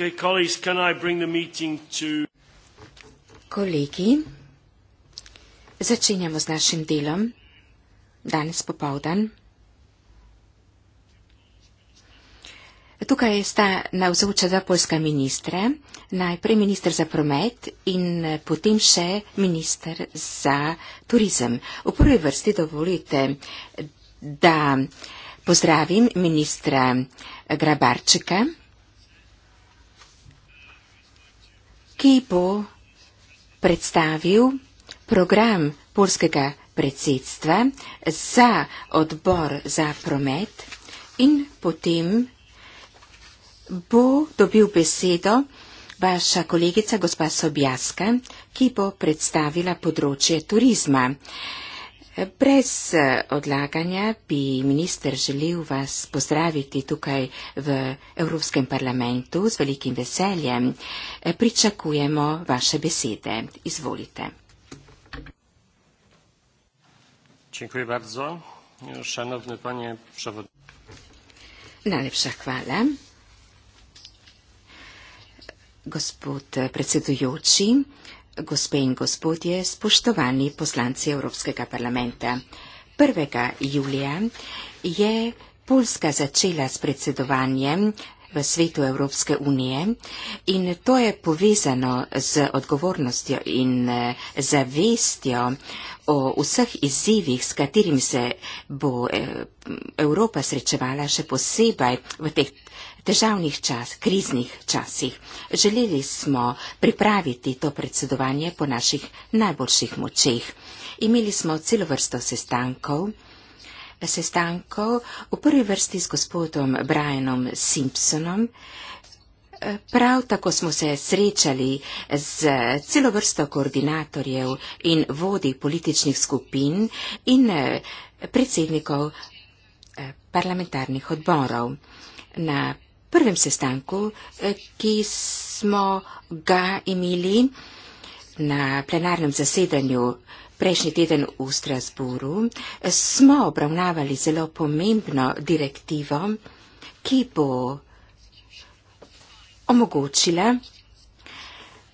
Okay, colleagues, can I bring the meeting to... Kolegi, začenjamo z našim delom danes popovdan. Tukaj sta navzoča dva polska ministra, najprej minister za promet in eh, potem še minister za turizem. V prvi vrsti dovolite, da pozdravim ministra Grabarčika. ki bo predstavil program polskega predsedstva za odbor za promet in potem bo dobil besedo vaša kolegica gospa Sobjaska, ki bo predstavila področje turizma. Brez eh, odlaganja bi minister želel vas pozdraviti tukaj v Evropskem parlamentu z velikim veseljem. Eh, pričakujemo vaše besede. Izvolite. Dziękuję bardzo. Szanowny panie przewodniczący. Najlepsza chwała. Gospod eh, przewodniczący gospe in gospodje, spoštovani poslanci Evropskega parlamenta. 1. julija je Poljska začela s predsedovanjem v svetu Evropske unije in to je povezano z odgovornostjo in eh, zavestjo o vseh izzivih, s katerim se bo eh, Evropa srečevala še posebej v teh težavnih čas, kriznih časih. Želeli smo pripraviti to predsedovanje po naših najboljših močeh. Imeli smo celo vrsto sestankov, sestankov v prvi vrsti s gospodom Brianom Simpsonom. Prav tako smo se srečali z celo vrsto koordinatorjev in vodij političnih skupin in eh, predsednikov eh, parlamentarnih odborov. Na prvem sestanku, eh, ki smo ga imeli na plenarnem zasedanju prejšnji teden v Strasburu, eh, smo obravnavali zelo pomembno direktivo, ki bo omogočila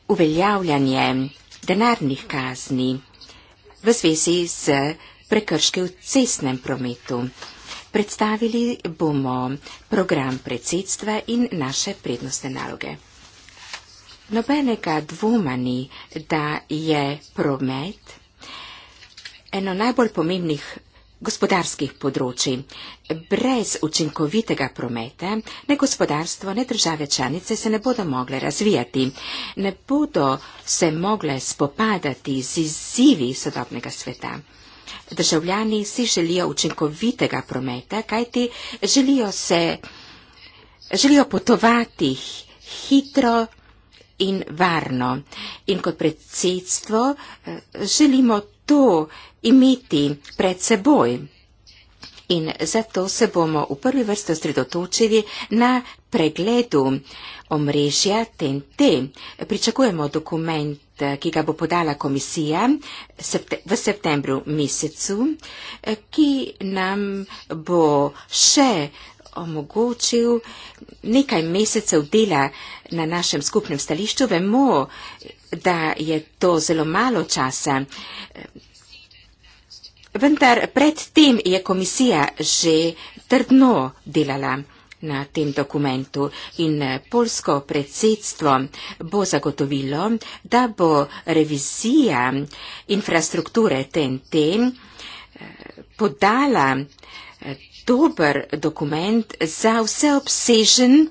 uveljavljanje denarnih kazni v zvezi z prekrške v cestnem prometu. Predstavili bomo program predsedstva in naše prednostne naloge. Nobenega dvoma ni, da je promet eno najbolj pomembnih gospodarskih področji. Brez učinkovitega prometa ne gospodarstvo, ne države članice se ne bodo mogle razvijati, ne bodo se mogle spopadati z izzivi sodobnega sveta. Državljani si želijo učinkovitega prometa, kajti želijo, se, želijo potovati hitro in varno. In kot predsedstvo eh, želimo to imeti pred seboj in zato se bomo v prvi vrsti osredotočili na pregledu omrežja TNT. Pričakujemo dokument, eh, ki ga bo podala komisija v septembru mesecu, eh, ki nam bo še omogočil nekaj mesecev dela na našem skupnem stališču. Vemo, da je to zelo malo časa. Vendar predtem je komisija že trdno delala na tem dokumentu in eh, polsko predsedstvo bo zagotovilo, da bo revizija infrastrukture TNT eh, podala eh, dober dokument za vseobsežen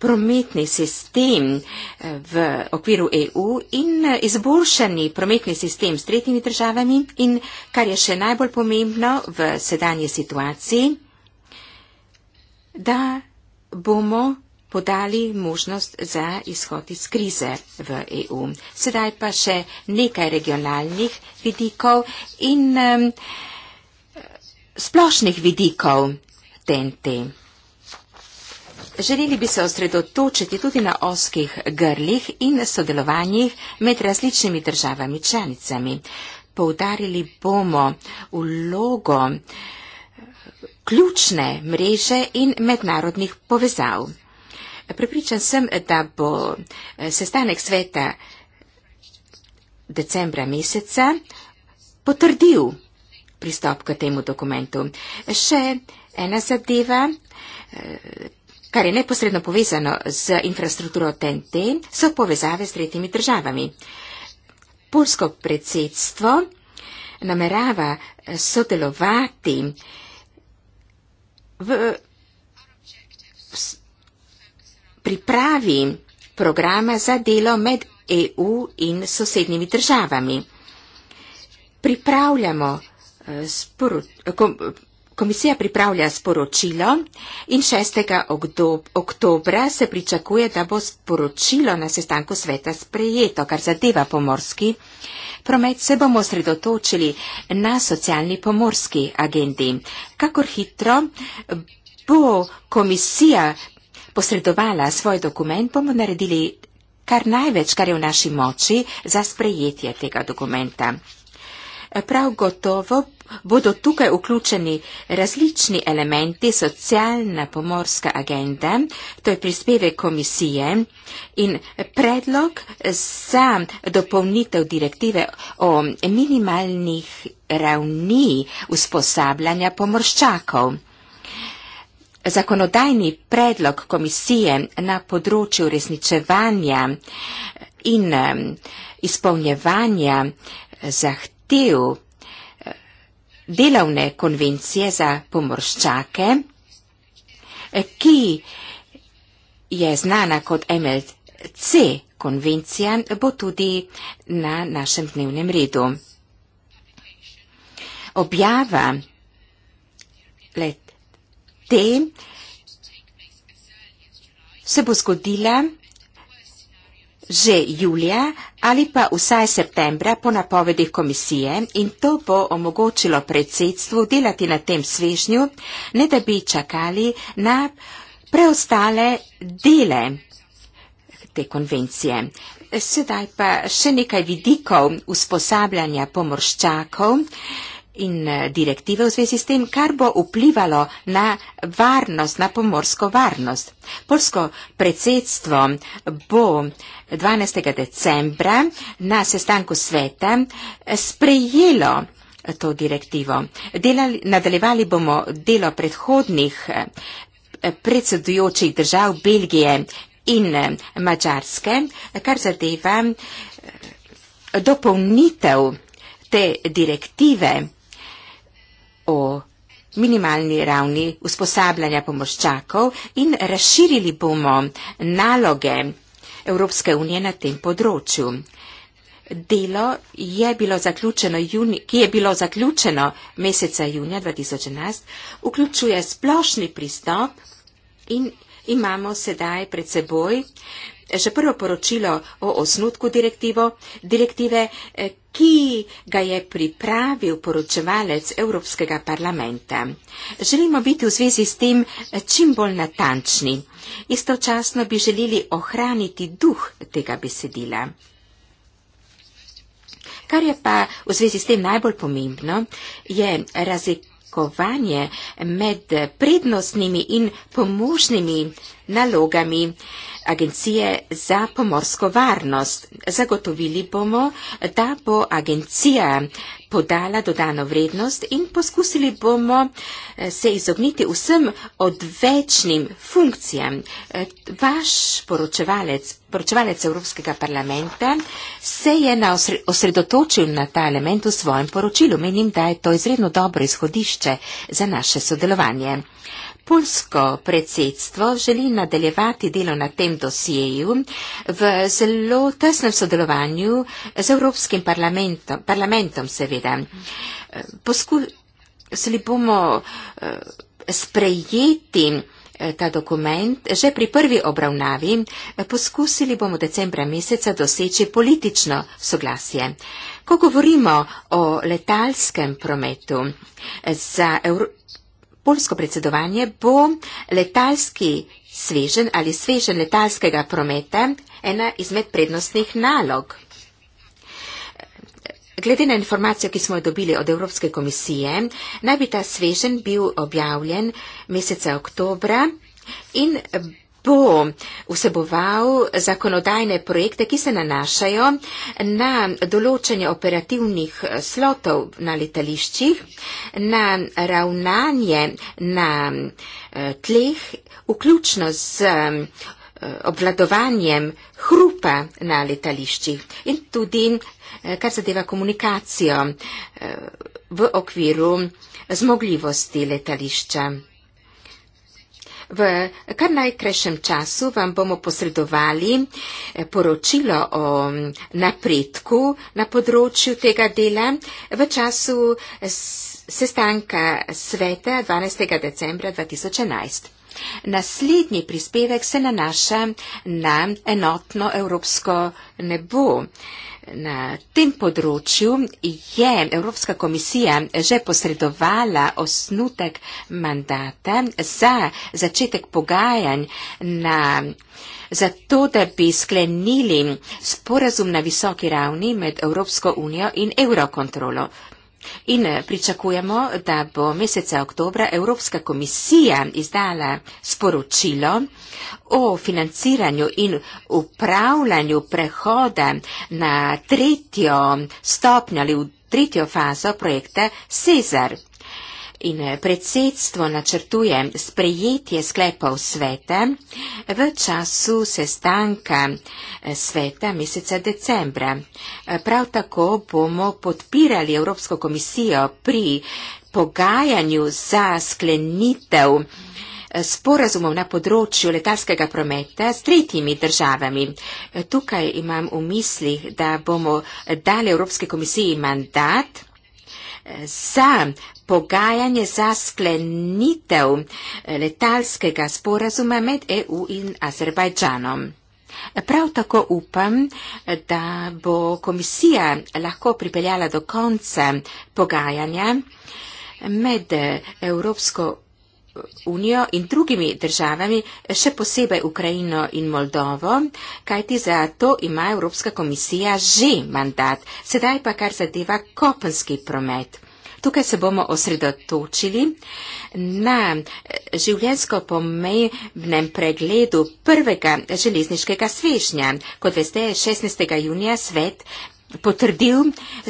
prometni sistem eh, v okviru EU in eh, izboljšani prometni sistem s tretjimi državami in, kar je še najbolj pomembno v sedanje situaciji, da bomo podali možnost za izhod iz krize v EU. Sedaj pa še nekaj regionalnih vidikov in um, splošnih vidikov TNT. Želeli bi se osredotočiti tudi na oskih grlih in sodelovanjih med različnimi državami članicami. Poudarili bomo vlogo eh, ključne mreže in mednarodnih povezav. Pripričan sem, da bo eh, sestanek sveta decembra meseca potrdil pristop k temu dokumentu. Še ena zadeva, eh, kar je neposredno povezano z infrastrukturo TNT, so povezave s tretjimi državami. Polsko predsedstvo namerava eh, sodelovati v eh, pripravi programa za delo med EU in sosednjimi državami. Pripravljamo eh, sporočilo, komisija pripravlja sporočilo in 6. oktobra se pričakuje, da bo sporočilo na sestanku sveta sprejeto, kar zadeva pomorski promet. Se bomo sredotočili na socialni pomorski agendi. Kakor hitro bo komisija posredovala svoj dokument, bomo naredili kar največ, kar je v naši moči za sprejetje tega dokumenta. Prav gotovo bodo tukaj vključeni različni elementi socialne pomorske agende, to je prispeve komisije in predlog za dopolnitev direktive o minimalnih ravni usposabljanja pomorščakov. Zakonodajni predlog komisije na področju resničevanja in um, izpolnjevanja zahtev del eh, delovne konvencije za pomorščake, eh, ki je znana kot MLC konvencija, bo tudi na našem dnevnem redu. Objava let te se bo zgodila že julija ali pa vsaj septembra po napovedih komisije in to bo omogočilo predsedstvu delati na tem svežnju, ne da bi čakali na preostale dele te konvencije. Sedaj pa še nekaj vidikov usposabljanja pomorščakov in eh, direktive v zvezi s tem, kar bo vplivalo na varnost, na pomorsko varnost. Polsko predsedstvo bo 12. decembra na sestanku sveta eh, sprejelo eh, to direktivo. Delali, nadaljevali bomo delo predhodnih predsedujočih držav Belgije in Mačarske, kar zadeva dopolnitev te direktive o minimalni ravni usposabljanja pomoščakov in razširili bomo naloge Evropske unije na tem področju. Delo je bilo zaključeno, juni, ki je bilo zaključeno meseca junija 2011, vključuje splošni pristop in imamo sedaj pred seboj že prvo poročilo o osnutku direktivo, direktive, eh, ki ga je pripravil poročevalec Evropskega parlamenta. Želimo biti v zvezi s tem čim bolj natančni. Istočasno bi želeli ohraniti duh tega besedila. Kar je pa v zvezi s tem najbolj pomembno, je razlikovanje med prednostnimi in pomožnimi nalogami, Agencije za pomorsko varnost. Zagotovili bomo, da bo agencija podala dodano vrednost in poskusili bomo eh, se izogniti vsem odvečnim funkcijam. Eh, vaš poročevalec, poročevalec Evropskega parlamenta se je osredotočil na ta element v svojem poročilu. Menim, da je to izredno dobro izhodišče za naše sodelovanje japonsko predsedstvo želi nadaljevati delo na tem dosjeju v zelo tesnem sodelovanju z Evropskim parlamentom, parlamentom seveda. Poskusili bomo eh, sprejeti eh, ta dokument že pri prvi obravnavi, poskusili bomo decembra meseca doseči politično soglasje. Ko govorimo o letalskem prometu za Evropsko poljsko predsedovanje bo letalski svežen ali svežen letalskega prometa ena izmed prednostnih nalog. Glede na informacijo, ki smo jo dobili od Evropske komisije, naj bi ta svežen bil objavljen meseca oktobra in bo vseboval zakonodajne projekte, ki se nanašajo na določanje operativnih slotov na letališčih, na ravnanje na eh, tleh, vključno z eh, obvladovanjem hrupa na letališčih in tudi, eh, kar zadeva komunikacijo v okviru zmogljivosti letališča. V kar najkrajšem času vam bomo posredovali eh, poročilo o mm, napredku na področju tega dela v času eh, sestanka sveta 12. decembra 2011. Naslednji prispevek se nanaša na enotno evropsko nebo na tem področju je Evropska komisija že posredovala osnutek mandata za začetek pogajanj na zato, da bi sklenili sporazum na visoki ravni med Evropsko unijo in Eurokontrolo. In eh, pričakujemo, da bo meseca oktobra Evropska komisija izdala sporočilo o financiranju in upravljanju prehoda na tretjo stopnjo ali v tretjo fazo projekta Cezar in eh, predsedstvo načrtuje sprejetje sklepov sveta v času sestanka eh, sveta meseca decembra. Eh, prav tako bomo podpirali Evropsko komisijo pri pogajanju za sklenitev sporazumov na področju letalskega prometa s tretjimi državami. Tukaj imam v misli, da bomo dali Evropske komisiji mandat za pogajanje za sklenitev letalskega sporazuma med EU in Azerbajdžanom. Prav tako upam, da bo komisija lahko pripeljala do konca pogajanja med Evropsko unijo in drugimi državami, še posebej Ukrajino in Moldovo, kajti za to ima Evropska komisija že mandat. Sedaj pa kar zadeva kopenski promet. Tukaj se bomo osredotočili na življensko pomembnem pregledu prvega železniškega svežnja. Kot veste, 16. junija svet potrdil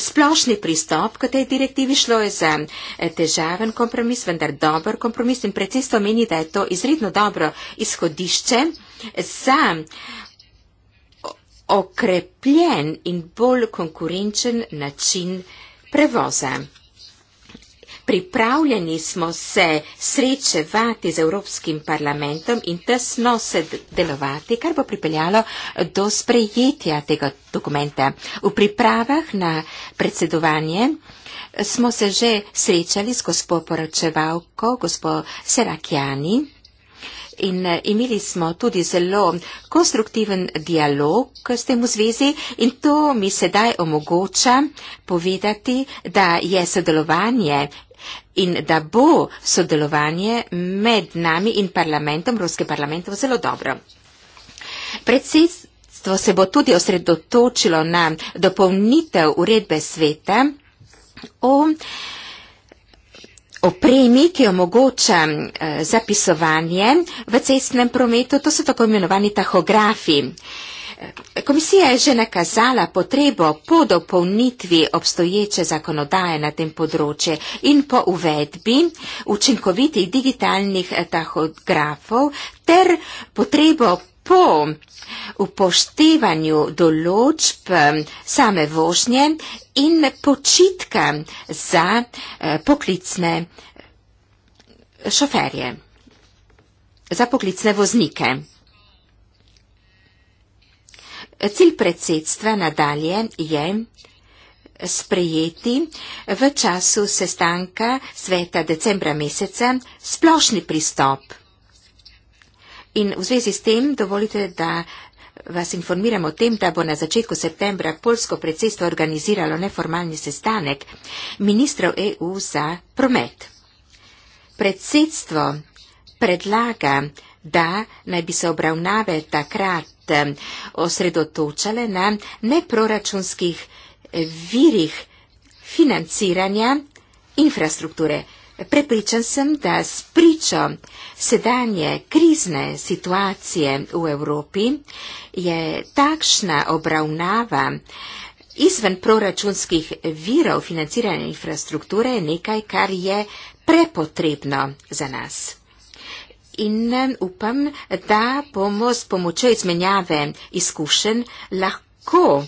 splošni pristop k tej direktivi. Šlo je za težaven kompromis, vendar dober kompromis in predsedstvo meni, da je to izredno dobro izhodišče za okrepljen in bolj konkurenčen način prevoza. Pripravljeni smo se srečevati z Evropskim parlamentom in tesno se delovati, kar bo pripeljalo do sprejetja tega dokumenta. V pripravah na predsedovanje smo se že srečali s gospo poročevalko, gospo Serakjani. In eh, imeli smo tudi zelo konstruktiven dialog s tem v zvezi in to mi sedaj omogoča povedati, da je sodelovanje in da bo sodelovanje med nami in parlamentom, ruskim parlamentom, zelo dobro. Predsedstvo se bo tudi osredotočilo na dopolnitev uredbe sveta o opremi, ki omogoča eh, zapisovanje v cestnem prometu, to so tako imenovani tahografi. Komisija je že nakazala potrebo po dopolnitvi obstoječe zakonodaje na tem področju in po uvedbi učinkovitih digitalnih tahografov ter potrebo po upoštevanju določb eh, same vožnje in počitka za eh, poklicne eh, šoferje, za poklicne voznike. Cilj predsedstva nadalje je sprejeti v času sestanka sveta decembra meseca splošni pristop. In v zvezi s tem dovolite, da vas informiram o tem, da bo na začetku septembra polsko predsedstvo organiziralo neformalni sestanek ministrov EU za promet. Predsedstvo predlaga, da naj bi se obravnave takrat Eh, osredotočale na neproračunskih virih financiranja infrastrukture. Prepričan sem, da s pričo sedanje krizne situacije v Evropi je takšna obravnava izven proračunskih virov financiranja infrastrukture nekaj, kar je prepotrebno za nas in upam, da bomo s pomočjo izmenjave izkušenj lahko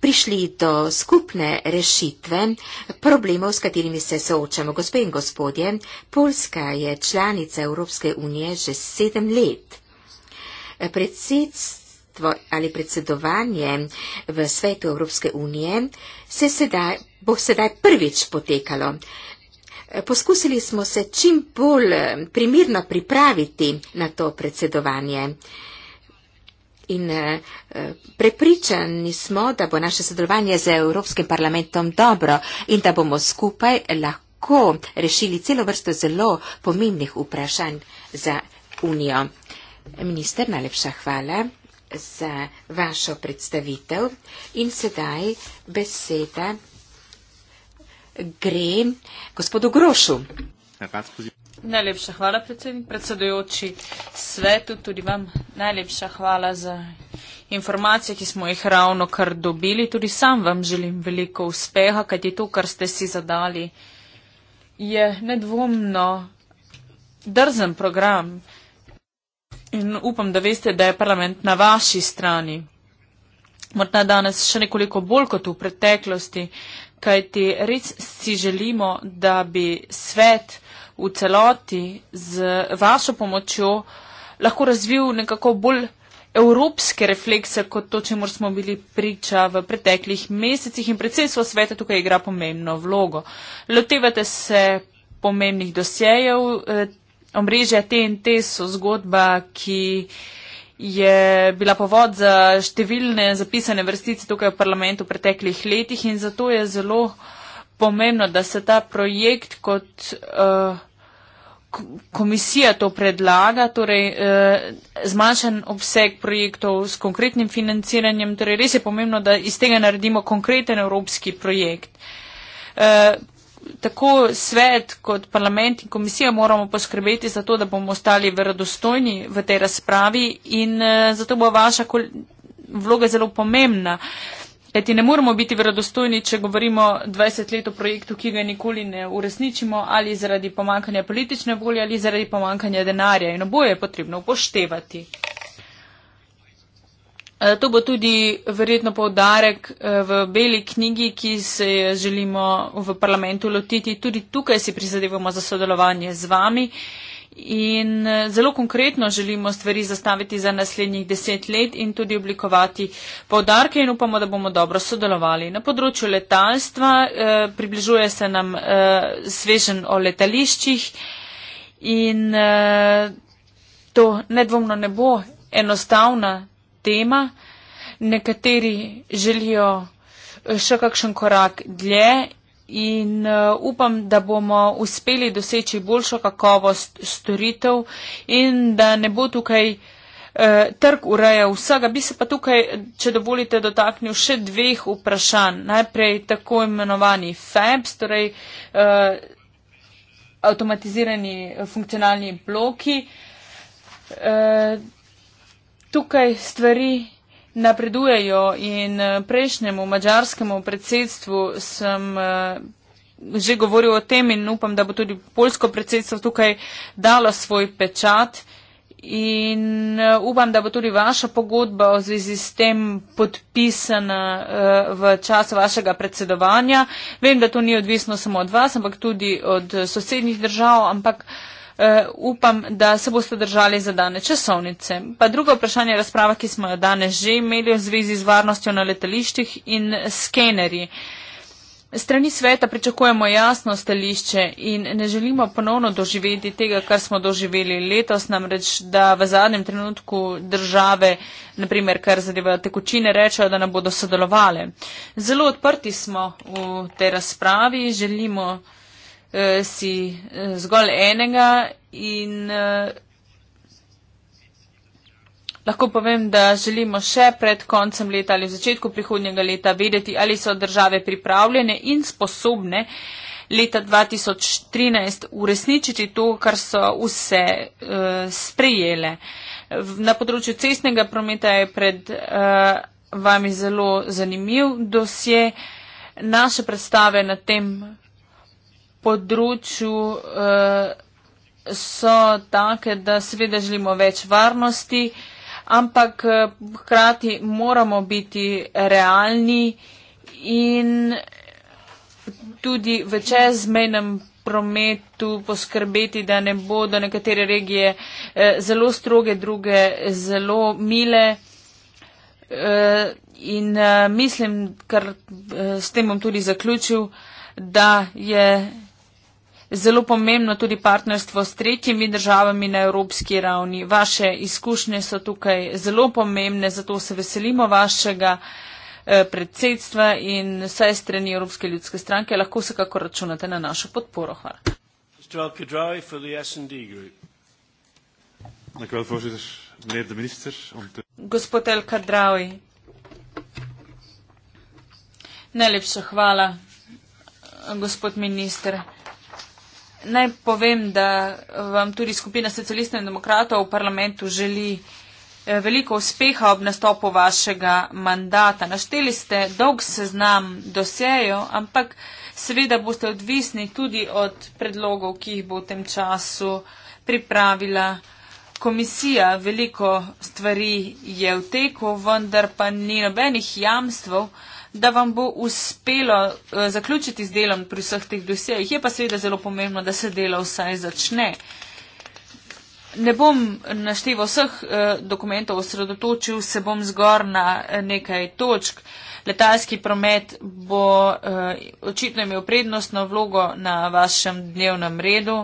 prišli do skupne rešitve problemov, s katerimi se soočamo. Gospe in gospodje, Poljska je članica Evropske unije že sedem let. Predsedstvo ali predsedovanje v svetu Evropske unije se sedaj, bo sedaj prvič potekalo. Eh, poskusili smo se čim bolj eh, primirno pripraviti na to predsedovanje. In eh, prepričani smo, da bo naše sodelovanje z Evropskim parlamentom dobro in da bomo skupaj lahko rešili celo vrsto zelo pomembnih vprašanj za Unijo. Minister, najlepša hvala za vašo predstavitev in sedaj beseda gre gospodu Grošu. Najlepša hvala, predsednik, predsedujoči svetu, tudi vam najlepša hvala za informacije, ki smo jih ravno kar dobili. Tudi sam vam želim veliko uspeha, kajti to, kar ste si zadali, je nedvomno drzen program. In upam, da veste, da je parlament na vaši strani. Morda danes še nekoliko bolj kot v preteklosti, kajti res si želimo, da bi svet v celoti z vašo pomočjo lahko razvil nekako bolj evropske reflekse, kot to, če mor smo bili priča v preteklih mesecih in predsedstvo sveta tukaj igra pomembno vlogo. Lotevate se pomembnih dosjejev, eh, omrežja TNT so zgodba, ki eh, je bila povod za številne zapisane vrstice tukaj v parlamentu v preteklih letih in zato je zelo pomembno, da se ta projekt kot eh, komisija to predlaga, torej eh, zmanjšan obseg projektov s konkretnim financiranjem, torej res je pomembno, da iz tega naredimo konkreten evropski projekt. Eh, tako svet kot parlament in komisija moramo poskrbeti za to, da bomo ostali verodostojni v tej razpravi in eh, zato bo vaša vloga zelo pomembna. Kajti ne moramo biti verodostojni, če govorimo 20 let o projektu, ki ga nikoli ne uresničimo ali zaradi pomankanja politične volje ali zaradi pomankanja denarja in oboje je potrebno upoštevati. Eh, to bo tudi verjetno povdarek eh, v beli knjigi, ki se želimo v parlamentu lotiti. Tudi tukaj si prizadevamo za sodelovanje z vami in eh, zelo konkretno želimo stvari zastaviti za naslednjih deset let in tudi oblikovati povdarke in upamo, da bomo dobro sodelovali. Na področju letalstva eh, približuje se nam eh, svežen o letališčih in eh, to nedvomno ne bo enostavna tema. Nekateri želijo eh, še kakšen korak dlje in eh, upam, da bomo uspeli doseči boljšo kakovost storitev in da ne bo tukaj eh, trg ureja vsega. Bi se pa tukaj, če dovolite, dotaknil še dveh vprašanj. Najprej tako imenovani FEBS, torej avtomatizirani funkcionalni bloki tukaj stvari napredujejo in eh, prejšnjemu mađarskemu predsedstvu sem eh, že govoril o tem in upam, da bo tudi polsko predsedstvo tukaj dalo svoj pečat in eh, upam, da bo tudi vaša pogodba v zvezi s tem podpisana v času vašega predsedovanja. Vem, da to ni odvisno samo od vas, ampak tudi od sosednjih držav, ampak uh, upam, da se boste držali zadane časovnice. Pa drugo vprašanje je razprava, ki smo jo danes že imeli v zvezi z varnostjo na letališčih in skenerji. Strani sveta pričakujemo jasno stališče in ne želimo ponovno doživeti tega, kar smo doživeli letos, namreč, da v zadnjem trenutku države, naprimer, kar zadeva tekočine, rečejo, da ne bodo sodelovali. Zelo odprti smo v tej razpravi, želimo uh, si uh, zgolj enega in uh, lahko povem, da želimo še pred koncem leta ali začetku prihodnjega leta vedeti, ali so države pripravljene in sposobne leta 2013 uresničiti to, kar so vse uh, sprejele. Na področju cestnega prometa je pred uh, vami zelo zanimiv dosje. Naše predstave na tem področju eh, so take, da seveda želimo več varnosti, ampak eh, hkrati moramo biti realni in tudi v čezmejnem prometu poskrbeti, da ne bodo nekatere regije eh, zelo stroge, druge zelo mile. In mislim, kar s tem bom tudi zaključil, da je zelo pomembno tudi partnerstvo s tretjimi državami na evropski ravni. Vaše izkušnje so tukaj zelo pomembne, zato se veselimo vašega eh, predsedstva in vse strani Evropske ljudske stranke. Lahko vsekako računate na našo podporo. Hvala. Gospod El Kadravi. Najlepša hvala, gospod minister naj povem, da vam tudi skupina socialistov in demokratov v parlamentu želi eh, veliko uspeha ob nastopu vašega mandata. Našteli ste dolg seznam dosejo, ampak seveda boste odvisni tudi od predlogov, ki jih bo v tem času pripravila komisija. Veliko stvari je v teku, vendar pa ni nobenih jamstvov, da vam bo uspelo uh, zaključiti z delom pri vseh teh dosejih. Je pa seveda zelo pomembno, da se delo vsaj začne. Ne bom našteval vseh uh, dokumentov, osredotočil se bom zgor na eh, nekaj točk. Letalski promet bo uh, očitno imel prednostno vlogo na vašem dnevnem redu.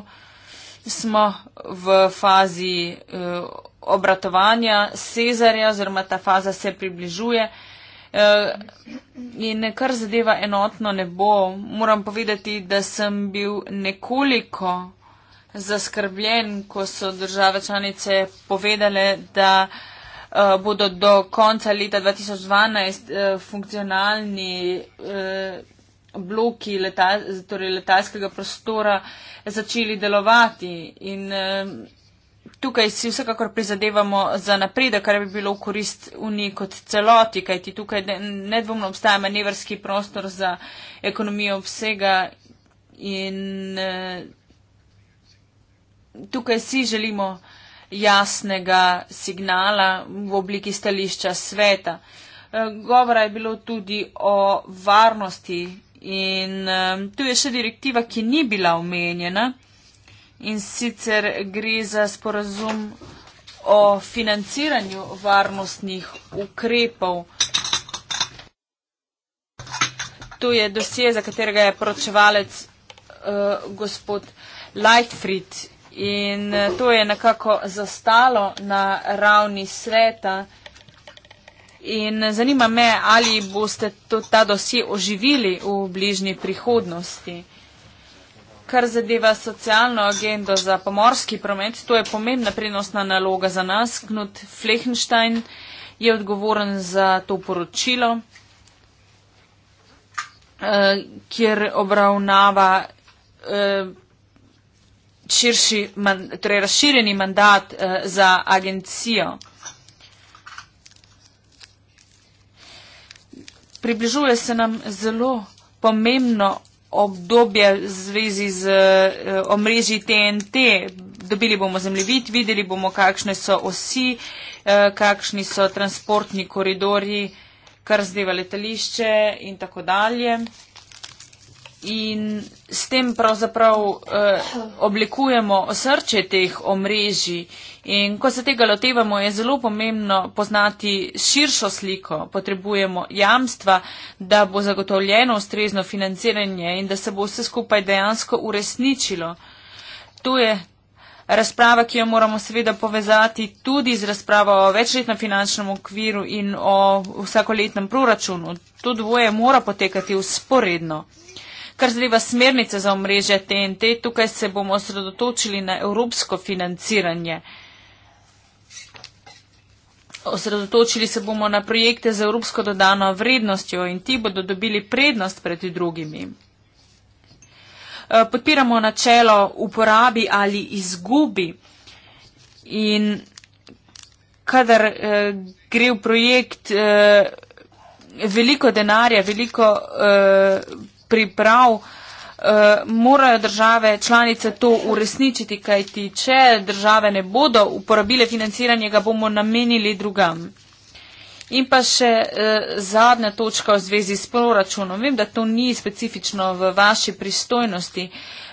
Smo v fazi uh, obratovanja Cezarja, oziroma ta faza se približuje. Uh, Eh, in kar zadeva enotno nebo, moram povedati, da sem bil nekoliko zaskrbljen, ko so države članice povedale, da eh, bodo do konca leta 2012 eh, funkcionalni bloki leta, torej letalskega prostora začeli delovati. In, tukaj si vsekakor prizadevamo za napredek, kar bi bilo v korist Uniji kot celoti, kajti tukaj nedvomno obstaja manevrski prostor za ekonomijo obsega in eh, tukaj si želimo jasnega signala v obliki stališča sveta. Eh, govora je bilo tudi o varnosti in eh, tu je še direktiva, ki ni bila omenjena in sicer gre za sporazum o financiranju varnostnih ukrepov. To je dosje, za katerega je poročevalec uh, gospod Lightfried in uh, to je nekako zastalo na ravni sveta. In zanima me, ali boste to, ta dosje oživili v bližnji prihodnosti kar zadeva socialno agendo za pomorski promet, to je pomembna prednostna naloga za nas. Knut Flechenstein je odgovoren za to poročilo, eh, kjer obravnava eh, širši, torej razširjeni mandat eh, za agencijo. Približuje se nam zelo pomembno obdobje v zvezi z uh, omrežji TNT. Dobili bomo zemljevid, videli bomo, kakšne so osi, uh, kakšni so transportni koridori, kar zdeva letališče in tako dalje in s tem pravzaprav eh, oblikujemo srče teh omrežij. In ko se tega lotevamo, je zelo pomembno poznati širšo sliko. Potrebujemo jamstva, da bo zagotovljeno ustrezno financiranje in da se bo vse skupaj dejansko uresničilo. To je razprava, ki jo moramo seveda povezati tudi z razpravo o večletnem finančnem okviru in o vsakoletnem proračunu. To dvoje mora potekati usporedno kar zadeva smernice za omrežje TNT, tukaj se bomo osredotočili na evropsko financiranje. Osredotočili se bomo na projekte z evropsko dodano vrednostjo in ti bodo dobili prednost pred drugimi. Eh, podpiramo načelo uporabi ali izgubi in kadar eh, gre v projekt eh, veliko denarja, veliko priprav, eh, morajo države članice to uresničiti, kajti če države ne bodo uporabile financiranje, ga bomo namenili drugam. In pa še eh, zadnja točka v zvezi s proračunom. Vem, da to ni specifično v vaši pristojnosti,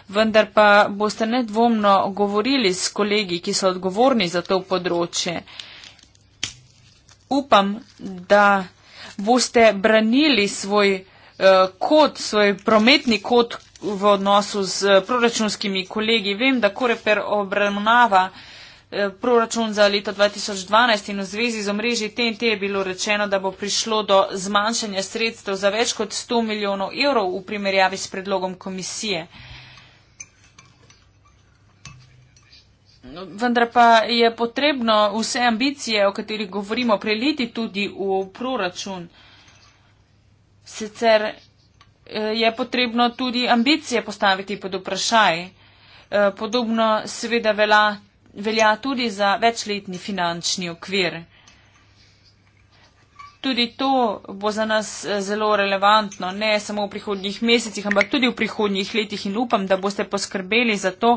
vendar pa boste nedvomno govorili s kolegi, ki so odgovorni za to področje. Upam, da boste branili svoj proračun. Eh, kot svoj prometni kot v odnosu z proračunskimi kolegi. Vem, da Koreper obravnava eh, proračun za leto 2012 in v zvezi z omrežji TNT je bilo rečeno, da bo prišlo do zmanjšanja sredstev za več kot 100 milijonov evrov v primerjavi s predlogom komisije. No, vendar pa je potrebno vse ambicije, o katerih govorimo, preliti tudi v proračun. Uh, Sicer eh, je potrebno tudi ambicije postaviti pod vprašaj. Eh, podobno seveda velja tudi za večletni finančni okvir tudi to bo za nas eh, zelo relevantno, ne samo v prihodnjih mesecih, ampak tudi v prihodnjih letih in upam, da boste poskrbeli za to,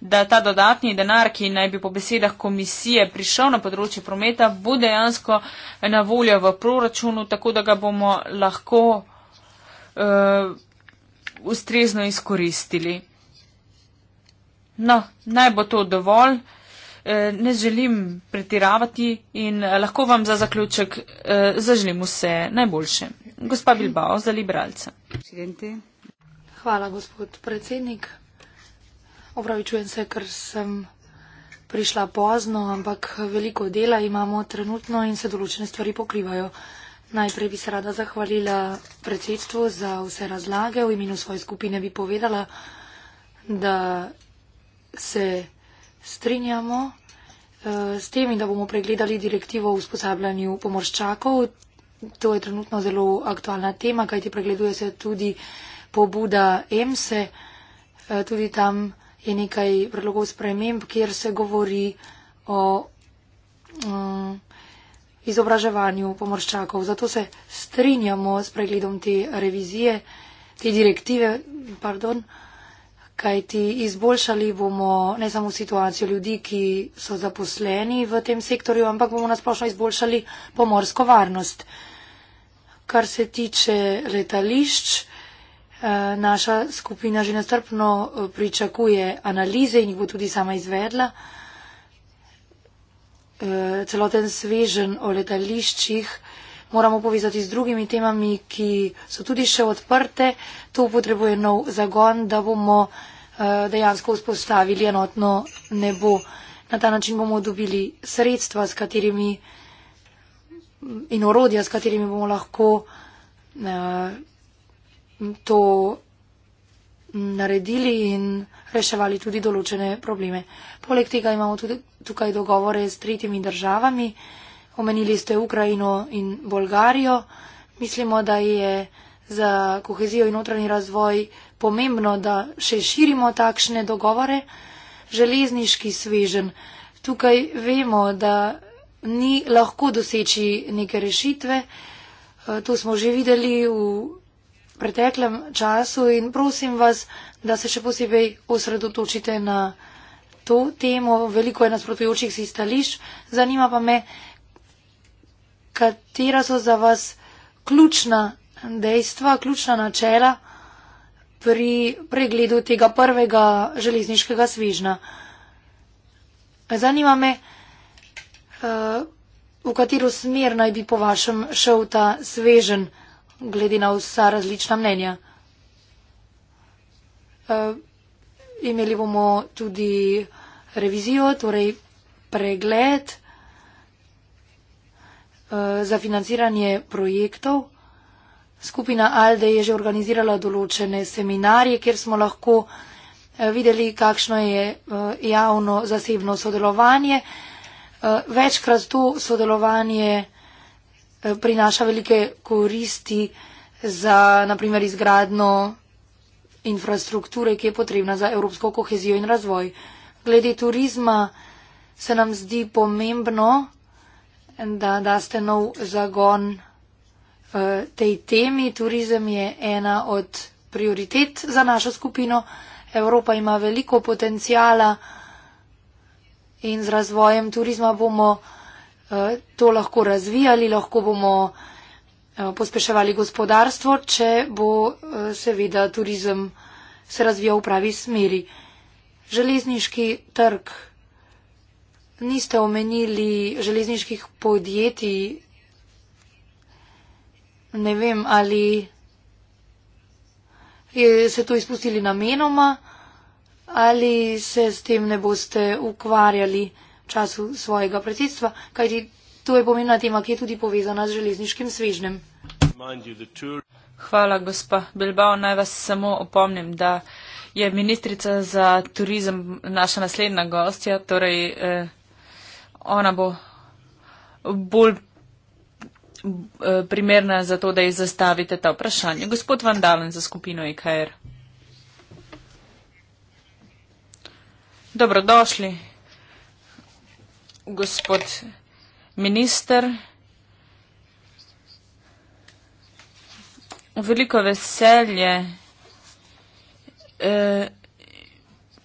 da ta dodatni denar, ki naj bi po besedah komisije prišel na področje prometa, bo dejansko na voljo v proračunu, tako da ga bomo lahko uh, ustrezno izkoristili. No, naj bo to dovolj. Eh, ne želim pretiravati in eh, lahko vam za zaključek eh, zaželim vse najboljše. Gospa Bilbao za liberalce. Hvala, gospod predsednik. Opravičujem se, ker sem prišla pozno, ampak veliko dela imamo trenutno in se določene stvari pokrivajo. Najprej bi se rada zahvalila predsedstvu za vse razlage. V imenu svoje skupine bi povedala, da se strinjamo eh, s temi, da bomo pregledali direktivo o usposabljanju pomorščakov. To je trenutno zelo aktualna tema, kajti pregleduje se tudi pobuda EMSE. Eh, tudi tam je nekaj predlogov sprememb, kjer se govori o um, izobraževanju pomorščakov. Zato se strinjamo s pregledom te revizije, te direktive. Pardon, uh, kajti izboljšali bomo ne samo situacijo ljudi, ki so zaposleni v tem sektorju, ampak bomo nasplošno izboljšali pomorsko varnost. Kar se tiče letališč, eh, naša skupina že nastrpno eh, pričakuje analize in jih bo tudi sama izvedla. Eh, celoten svežen o letališčih moramo povezati z drugimi temami, ki so tudi še odprte. To potrebuje nov zagon, da bomo Eh, dejansko vzpostavili enotno nebo. Na ta način bomo dobili sredstva s katerimi, in orodja, s katerimi bomo lahko eh, to naredili in reševali tudi določene probleme. Poleg tega imamo tudi tukaj dogovore s tretjimi državami. Omenili ste Ukrajino in Bolgarijo. Mislimo, da je za kohezijo in notranji razvoj pomembno, da še širimo takšne dogovore. Železniški svežen. Tukaj vemo, da ni lahko doseči neke rešitve. Eh, to smo že videli v preteklem času in prosim vas, da se še posebej osredotočite na to temo. Veliko je nasprotujočih si stališč. Zanima pa me, katera so za vas ključna dejstva, ključna načela pri pregledu tega prvega železniškega svižna. Zanima me, eh, v katero smer naj bi po vašem šel ta svežen, glede na vsa različna mnenja. Eh, imeli bomo tudi revizijo, torej pregled eh, za financiranje projektov skupina Alde je že organizirala določene seminarije, kjer smo lahko eh, videli, kakšno je eh, javno-zasebno sodelovanje. Eh, večkrat to sodelovanje prinaša velike koristi za, naprimer, izgradno infrastrukture, ki je potrebna za evropsko kohezijo in razvoj. Glede turizma se nam zdi pomembno, da daste nov zagon Eh, tej temi. Turizem je ena od prioritet za našo skupino. Evropa ima veliko potencijala in z razvojem turizma bomo eh, to lahko razvijali, lahko bomo eh, pospeševali gospodarstvo, če bo seveda turizem se razvijal v pravi smeri. Železniški trg. Niste omenili železniških podjetij, ne vem, ali je se to izpustili namenoma, ali se s tem ne boste ukvarjali v času svojega predsedstva, kajti to je pomembna tema, ki je tudi povezana z železniškim svežnem. Hvala, gospa Bilbao. Naj vas samo opomnim, da je ministrica za turizem naša naslednja gostja, torej eh, ona bo bolj Eh, primerna za to, da ji zastavite ta vprašanje. Gospod Van Dalen za skupino IKR. E Dobrodošli, gospod minister. Veliko veselje eh,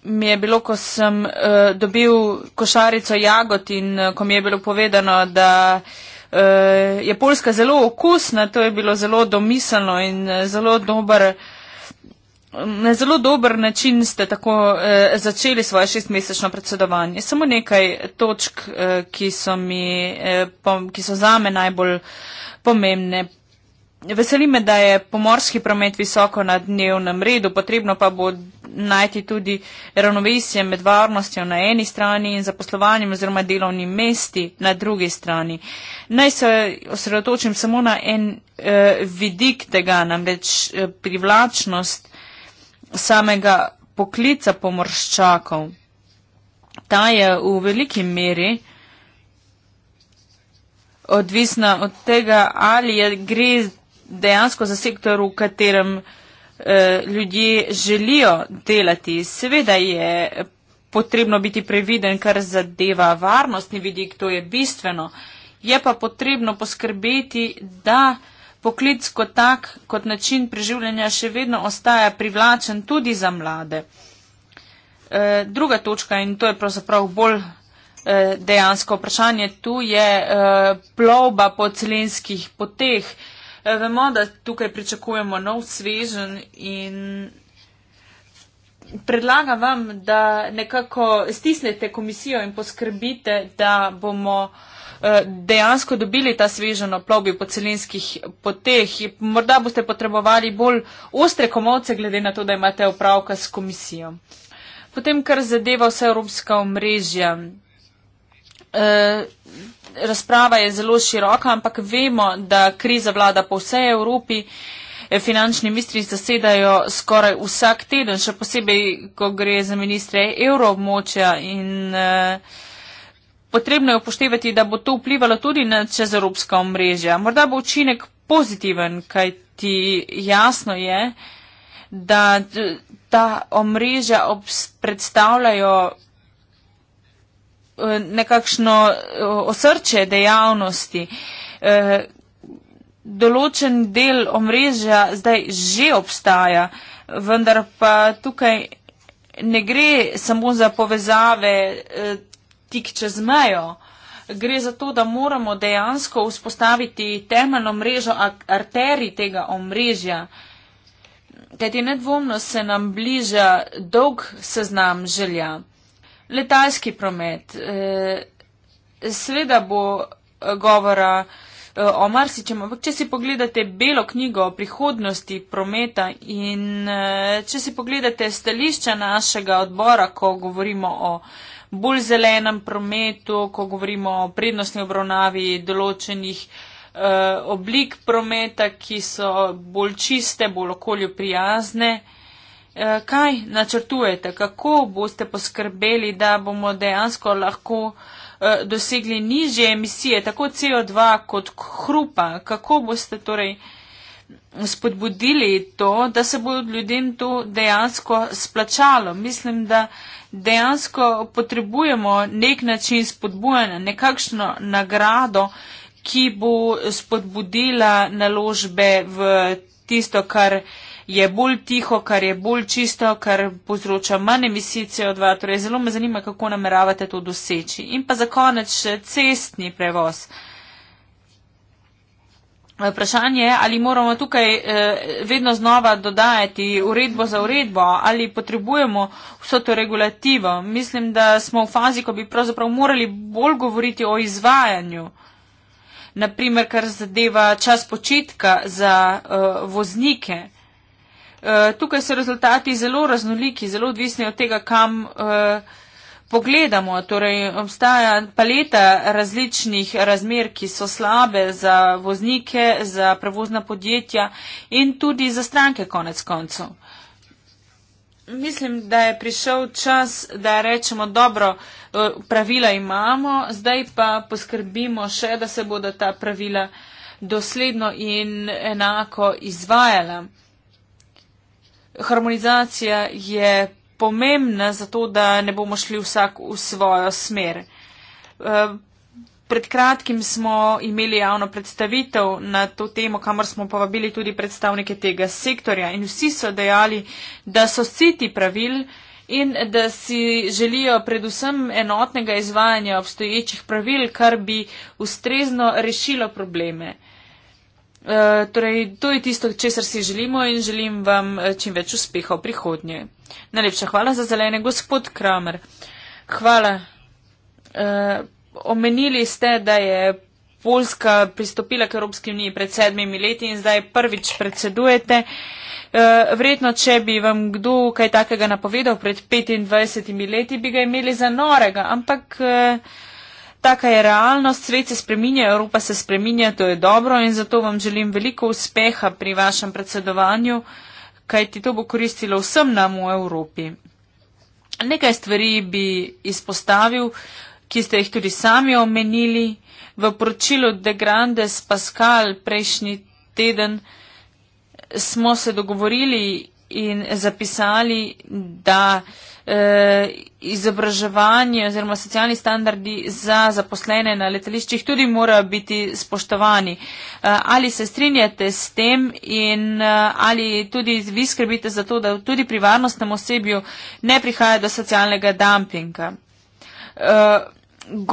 mi je bilo, ko sem eh, dobil košarico jagod in ko mi je bilo povedano, da Eh, je Poljska zelo okusna, to je bilo zelo domiselno in eh, zelo dober. Na zelo dober način ste tako eh, začeli svoje šestmesečno predsedovanje. Samo nekaj točk, eh, ki, so mi, eh, pom, ki so zame najbolj pomembne. Veseli me, da je pomorski promet visoko na dnevnem redu, potrebno pa bo najti tudi ravnovesje med varnostjo na eni strani in zaposlovanjem oziroma delovnim mesti na drugi strani. Naj se osredotočim samo na en eh, vidik tega, namreč eh, privlačnost samega poklica pomorščakov. Ta je v veliki meri odvisna od tega, ali je gre dejansko za sektor, v katerem Eh, ljudje želijo delati. Seveda je potrebno biti previden, kar zadeva varnostni vidik, to je bistveno. Je pa potrebno poskrbeti, da poklic kot tak, kot način preživljanja še vedno ostaja privlačen tudi za mlade. E, druga točka in to je pravzaprav bolj e, dejansko vprašanje, tu je e, plovba po celinskih poteh. E, Eh, vemo, da tukaj pričakujemo nov svežen in predlagam vam, da nekako stisnete komisijo in poskrbite, da bomo eh, dejansko dobili ta svežen oplovbi po celinskih poteh. Morda boste potrebovali bolj ostre komovce, glede na to, da imate upravka s komisijo. Potem, kar zadeva vse evropska omrežja. Uh, razprava je zelo široka, ampak vemo, da kriza vlada po vsej Evropi. Eh, finančni ministri zasedajo skoraj vsak teden, še posebej, ko gre za ministre evroobmočja in eh, potrebno je upoštevati, da bo to vplivalo tudi na čezevropska omrežja. Morda bo učinek pozitiven, kaj ti jasno je, da eh, ta omrežja predstavljajo nekakšno eh, osrče dejavnosti. Eh, določen del omrežja zdaj že obstaja, vendar pa tukaj ne gre samo za povezave eh, tik čez mejo. Gre za to, da moramo dejansko vzpostaviti temeljno mrežo arterij tega omrežja. Kajti nedvomno se nam bliža dolg seznam želja letalski promet. E, Sveda bo e, govora e, o marsičem, ampak če si pogledate belo knjigo o prihodnosti prometa in če si pogledate stališča našega odbora, ko govorimo o bolj zelenem prometu, ko govorimo o prednostni obravnavi določenih oblik prometa, ki so bolj čiste, bolj okolju prijazne. Eh, kaj načrtujete, kako boste poskrbeli, da bomo dejansko lahko eh, dosegli nižje emisije, tako CO2 kot hrupa, kako boste torej spodbudili to, da se bo ljudem to dejansko splačalo. Mislim, da dejansko potrebujemo nek način spodbujanja, nekakšno nagrado, ki bo spodbudila naložbe v tisto, kar je bolj tiho, kar je bolj čisto, kar povzroča manj emisij CO2. Torej, zelo me zanima, kako nameravate to doseči. In pa za konec še cestni prevoz. Vprašanje je, ali moramo tukaj eh, vedno znova dodajati uredbo za uredbo, ali potrebujemo vso to regulativo. Mislim, da smo v fazi, ko bi pravzaprav morali bolj govoriti o izvajanju. Naprimer, kar zadeva čas počitka za uh, voznike. Eh, tukaj so rezultati zelo raznoliki, zelo odvisni od tega, kam eh, pogledamo. Torej, obstaja paleta različnih razmer, ki so slabe za voznike, za prevozna podjetja in tudi za stranke konec koncev. Mislim, da je prišel čas, da rečemo, dobro, eh, pravila imamo, zdaj pa poskrbimo še, da se bodo ta pravila dosledno in enako izvajala harmonizacija je pomembna zato, da ne bomo šli vsak v svojo smer. Eh, pred kratkim smo imeli javno predstavitev na to temo, kamor smo povabili tudi predstavnike tega sektorja in vsi so dejali, da so siti pravil in da si želijo predvsem enotnega izvajanja obstoječih pravil, kar bi ustrezno rešilo probleme. Eh, torej, to je tisto, česar si želimo in želim vam eh, čim več uspeha v prihodnje. Najlepša hvala za zelene, gospod Kramer. Hvala. Uh, omenili ste, da je Poljska pristopila k Evropski uniji pred sedmimi leti in zdaj prvič predsedujete. Vredno, če bi vam kdo kaj takega napovedal pred 25 leti, bi ga imeli za norega, ampak Taka je realnost, svet se spreminja, Evropa se spreminja, to je dobro in zato vam želim veliko uspeha pri vašem predsedovanju, kaj ti to bo koristilo vsem nam v Evropi. Nekaj stvari bi izpostavil, ki ste jih tudi sami omenili. V poročilu De Grandes Pascal prejšnji teden smo se dogovorili in zapisali, da. Eh, izobraževanje oziroma socialni standardi za zaposlene na letališčih tudi morajo biti spoštovani. Eh, ali se strinjate s tem in eh, ali tudi vi skrbite za to, da tudi pri varnostnem osebju ne prihaja do socialnega dumpinga?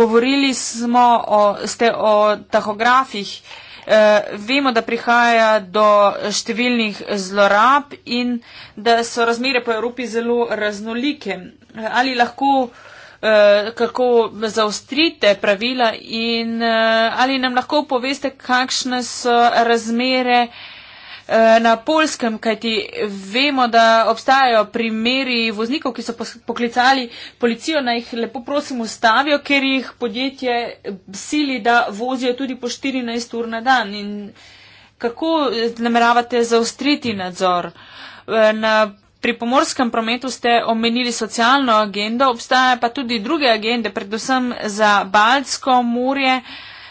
Govorili smo o, ste o tahografih, Eh, vemo, da prihaja do številnih zlorab in da so razmere po Evropi zelo raznolike. Eh, ali lahko eh, kako zaostrite pravila in ali nam lahko poveste, kakšne so razmere Eh, na polskem, kajti vemo, da obstajajo primeri voznikov, ki so poklicali policijo, naj jih lepo prosim ustavijo, ker jih podjetje sili, da vozijo tudi po 14 ur na dan. In kako nameravate zaostriti nadzor? Eh, na Pri pomorskem prometu ste omenili socialno agendo, obstajajo pa tudi druge agende, predvsem za Baltsko morje. Uh,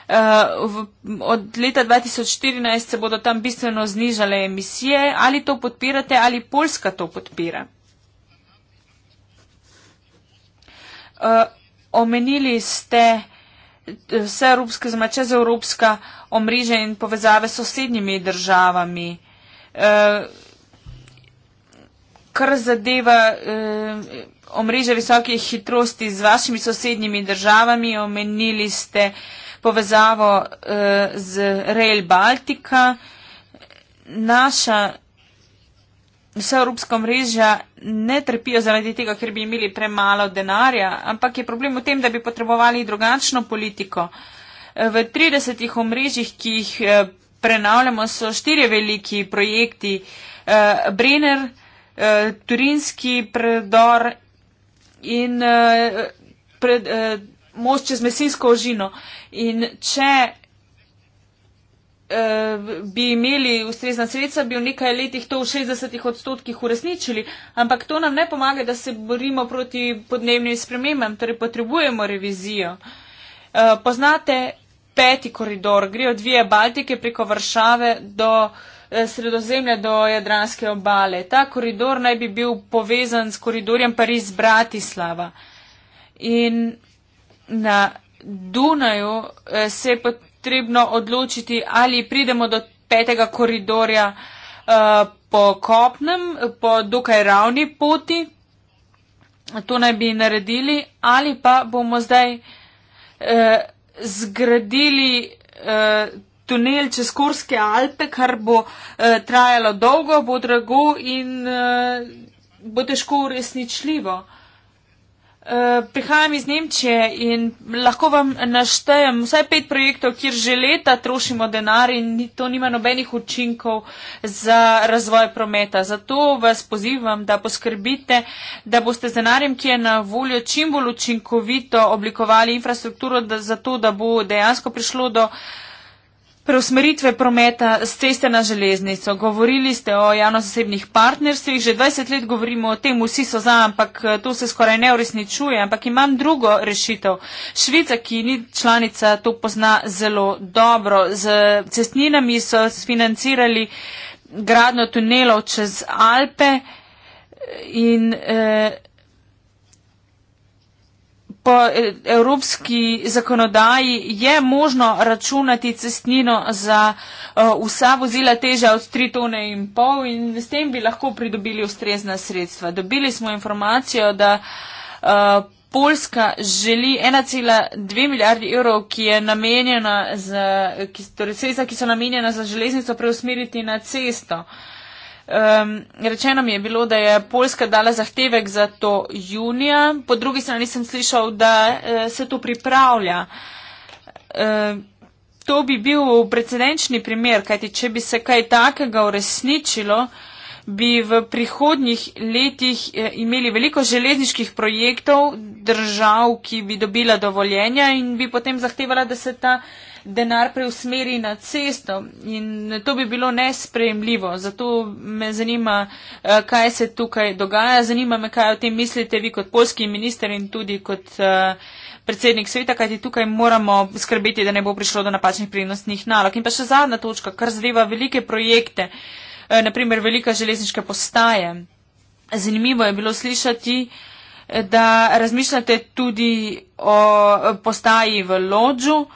Eh, v, od leta 2014 se bodo tam bistveno znižale emisije. Ali to podpirate ali Poljska to podpira? Uh, omenili ste eh, vse evropske, zma čez evropska omrežja in povezave s sosednjimi državami. Uh, kar zadeva uh, omrežja visokih hitrosti z vašimi sosednjimi državami, omenili ste uh, povezavo eh, z Rail Baltica. Naša vse evropska mreža ne trpijo zaradi tega, ker bi imeli premalo denarja, ampak je problem v tem, da bi potrebovali drugačno politiko. Eh, v 30 omrežjih, ki jih eh, prenavljamo, so štiri veliki projekti. Brenner, Turinski predor in pred, most čez mesinsko ožino. In če eh, bi imeli ustrezna sredstva, bi v nekaj letih to v 60 odstotkih uresničili, ampak to nam ne pomaga, da se borimo proti podnebnim spremembam, torej potrebujemo revizijo. Eh, poznate peti koridor, grejo dvije Baltike preko Varšave do eh, sredozemlja, do Jadranske obale. Ta koridor naj bi bil povezan s koridorjem Pariz-Bratislava. In na Dunaju eh, se je potrebno odločiti, ali pridemo do petega koridorja uh, po kopnem, po dokaj ravni poti, to naj bi naredili, ali pa bomo zdaj uh, zgradili uh, tunel čez Korske Alpe, kar bo uh, trajalo dolgo, bo drago in uh, bo težko uresničljivo. Uh, Eh, prihajam iz Nemčije in lahko vam naštejem vsaj pet projektov, kjer že leta trošimo denar in to nima nobenih učinkov za razvoj prometa. Zato vas pozivam, da poskrbite, da boste z denarjem, ki je na voljo, čim bolj učinkovito oblikovali infrastrukturo, da, zato da bo dejansko prišlo do Preusmeritve prometa z ceste na železnico. Govorili ste o javno-zasebnih partnerstvih, že 20 let govorimo o tem, vsi so za, ampak eh, to se skoraj ne uresničuje. Ampak imam drugo rešitev. Švica, ki ni članica, to pozna zelo dobro. Z cestninami so sfinancirali gradno tunelov čez Alpe in. Eh, po e, evropski zakonodaji je možno računati cestnino za uh, vsa vozila teža od 3 tone in pol in s tem bi lahko pridobili ustrezna sredstva. Dobili smo informacijo, da uh, Poljska želi 1,2 milijardi evrov, ki je namenjena za, ki, torej sredstva, ki so namenjena za železnico, preusmeriti na cesto. Uh, Um, rečeno mi je bilo, da je Poljska dala zahtevek za to junija, po drugi strani sem slišal, da uh, se to pripravlja. Uh, to bi bil precedenčni primer, kajti če bi se kaj takega uresničilo, bi v prihodnjih letih uh, imeli veliko železniških projektov držav, ki bi dobila dovoljenja in bi potem zahtevala, da se ta. Uh, denar preusmeri na cesto in to bi bilo nespremljivo. Zato me zanima, eh, kaj se tukaj dogaja. Zanima me, kaj o tem mislite vi kot polski minister in tudi kot eh, predsednik sveta, kajti tukaj moramo skrbeti, da ne bo prišlo do napačnih prednostnih nalog. In pa še zadnja točka, kar zadeva velike projekte, eh, naprimer velika železniška postaje. Zanimivo je bilo slišati, da razmišljate tudi o postaji v Lodžu.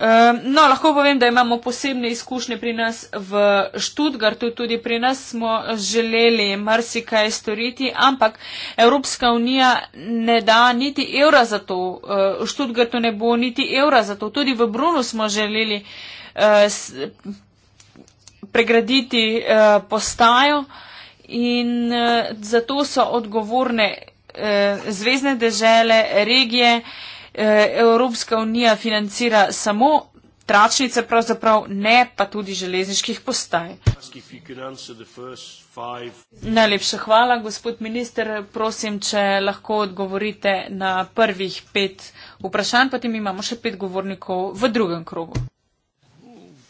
Ehm, no, lahko povem, da imamo posebne izkušnje pri nas v Študgartu, tudi pri nas smo želeli marsikaj storiti, ampak Evropska unija ne da niti evra za to, eh, v Študgartu ne bo niti evra za to, tudi v Brunu smo želeli eh, pregraditi eh, postajo in zato so odgovorne zvezdne dežele, regije. Eh, Evropska unija financira samo tračnice, pravzaprav ne pa tudi železniških postaj. Najlepša hvala, gospod minister. Prosim, če lahko odgovorite na prvih pet vprašanj, potem imamo še pet govornikov v drugem krogu.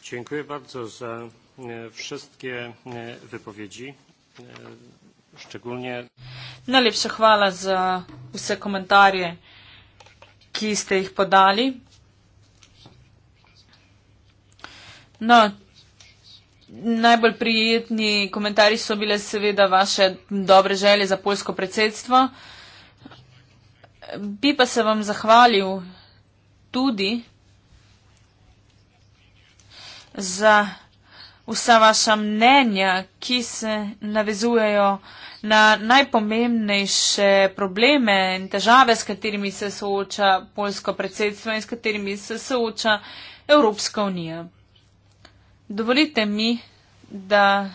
Dziękuję bardzo za e, wszystkie e, wypowiedzi, e, szczególnie. Najlepsza chwała za wszystkie komentarze ki ste jih podali. No, najbolj prijetni komentarji so bile seveda vaše dobre želje za polsko predsedstvo. Bi pa se vam zahvalil tudi za vsa vaša mnenja, ki se navezujejo na najpomembnejše probleme in težave, s katerimi se sooča polsko predsedstvo in s katerimi se sooča Evropska unija. Dovolite mi, da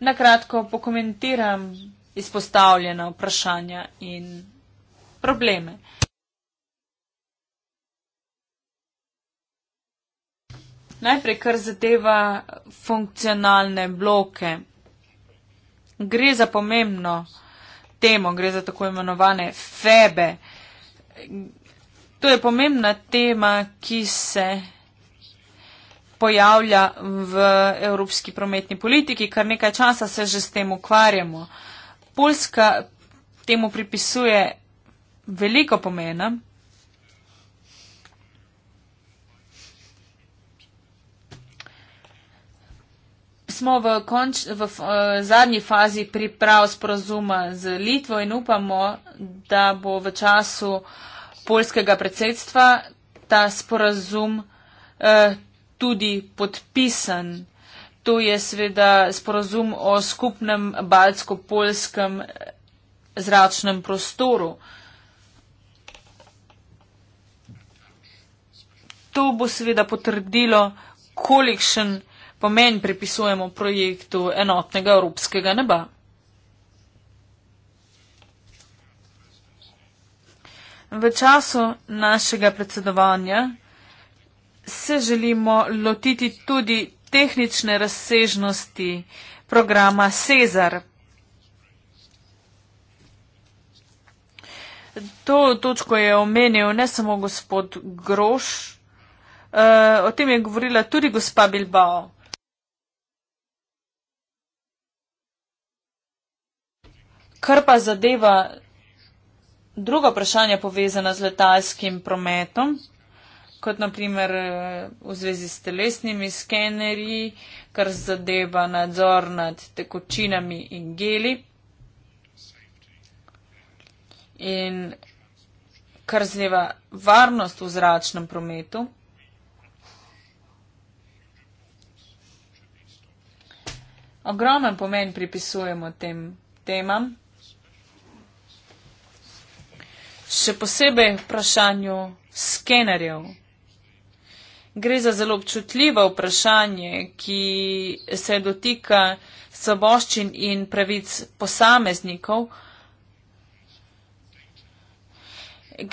nakratko pokomentiram izpostavljena vprašanja in probleme. Najprej, kar zadeva funkcionalne bloke. Gre za pomembno temo, gre za tako imenovane febe. To je pomembna tema, ki se pojavlja v evropski prometni politiki, kar nekaj časa se že s tem ukvarjamo. Poljska temu pripisuje veliko pomena. smo v, konč, v, v eh, zadnji fazi priprav sporozuma z Litvo in upamo, da bo v času polskega predsedstva ta sporozum eh, tudi podpisan. To je sveda sporozum o skupnem balsko-polskem eh, zračnem prostoru. To bo sveda potrdilo, kolikšen pomen pripisujemo projektu enotnega evropskega neba. V času našega predsedovanja se želimo lotiti tudi tehnične razsežnosti programa Cezar. To točko je omenil ne samo gospod Groš, eh, o tem je govorila tudi gospa Bilbao. Kar pa zadeva druga vprašanja povezana z letalskim prometom, kot naprimer eh, v zvezi s telesnimi skenerji, kar zadeva nadzor nad tekočinami in geli. In kar zadeva varnost v zračnem prometu. Ogromen pomen pripisujemo tem temam. še posebej vprašanju skenerjev. Gre za zelo občutljivo vprašanje, ki se dotika svoboščin in pravic posameznikov.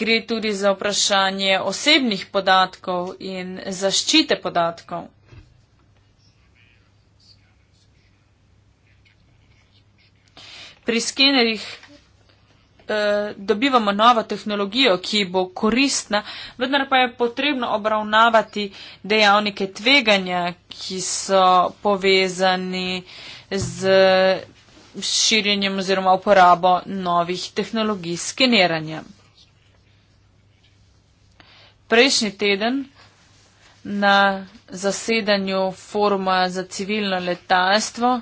Gre tudi za vprašanje osebnih podatkov in zaščite podatkov. Pri skenerjih eh, dobivamo novo tehnologijo, ki bo koristna, vendar pa je potrebno obravnavati dejavnike tveganja, ki so povezani z širjenjem oziroma uporabo novih tehnologij skeniranja. Prejšnji teden na zasedanju foruma za civilno letalstvo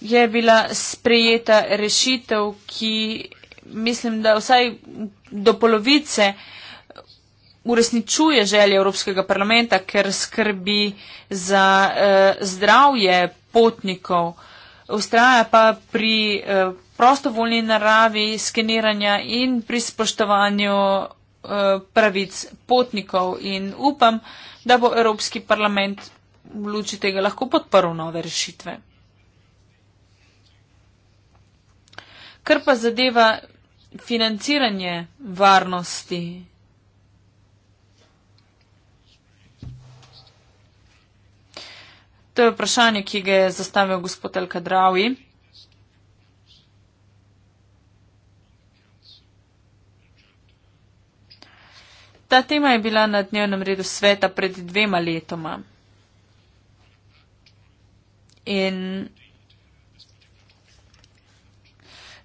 je bila sprejeta rešitev, ki mislim, da vsaj do polovice uresničuje želje Evropskega parlamenta, ker skrbi za eh, zdravje potnikov, ustraja pa pri eh, prostovoljni naravi skeniranja in pri spoštovanju eh, pravic potnikov in upam, da bo Evropski parlament v luči tega lahko podprl nove rešitve. Kar pa zadeva financiranje varnosti. To je vprašanje, ki ga je zastavil gospod Elkadravi. Ta tema je bila na dnevnem redu sveta pred dvema letoma. In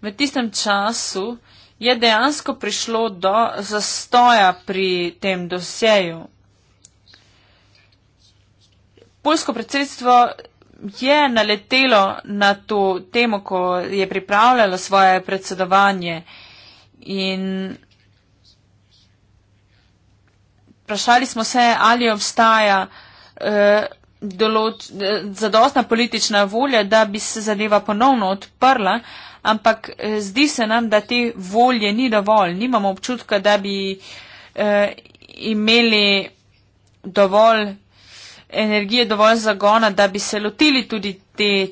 v tistem času je dejansko prišlo do zastoja pri tem doseju. Poljsko predsedstvo je naletelo na to temo, ko je pripravljalo svoje predsedovanje in vprašali smo se, ali obstaja eh, določ, eh, zadostna politična volja, da bi se zadeva ponovno odprla, ampak eh, zdi se nam, da te volje ni dovolj. Nimamo občutka, da bi eh, imeli dovolj energije, dovolj zagona, da bi se lotili tudi te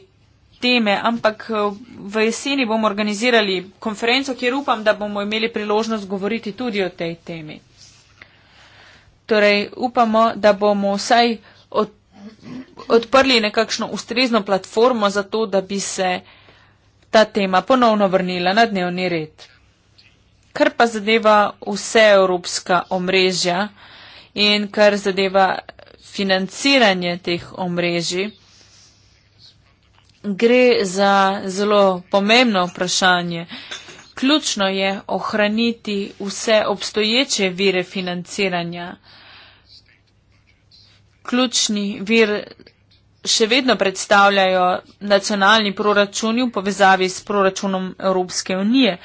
teme, ampak eh, v jeseni bomo organizirali konferenco, kjer upam, da bomo imeli priložnost govoriti tudi o tej temi. Torej, upamo, da bomo vsaj odprli nekakšno ustrezno platformo za to, da bi se ta tema ponovno vrnila na dnevni red. Kar pa zadeva vse evropska omrežja in kar zadeva financiranje teh omrežij, gre za zelo pomembno vprašanje. Ključno je ohraniti vse obstoječe vire financiranja ključni vir še vedno predstavljajo nacionalni proračuni v povezavi s proračunom Evropske unije.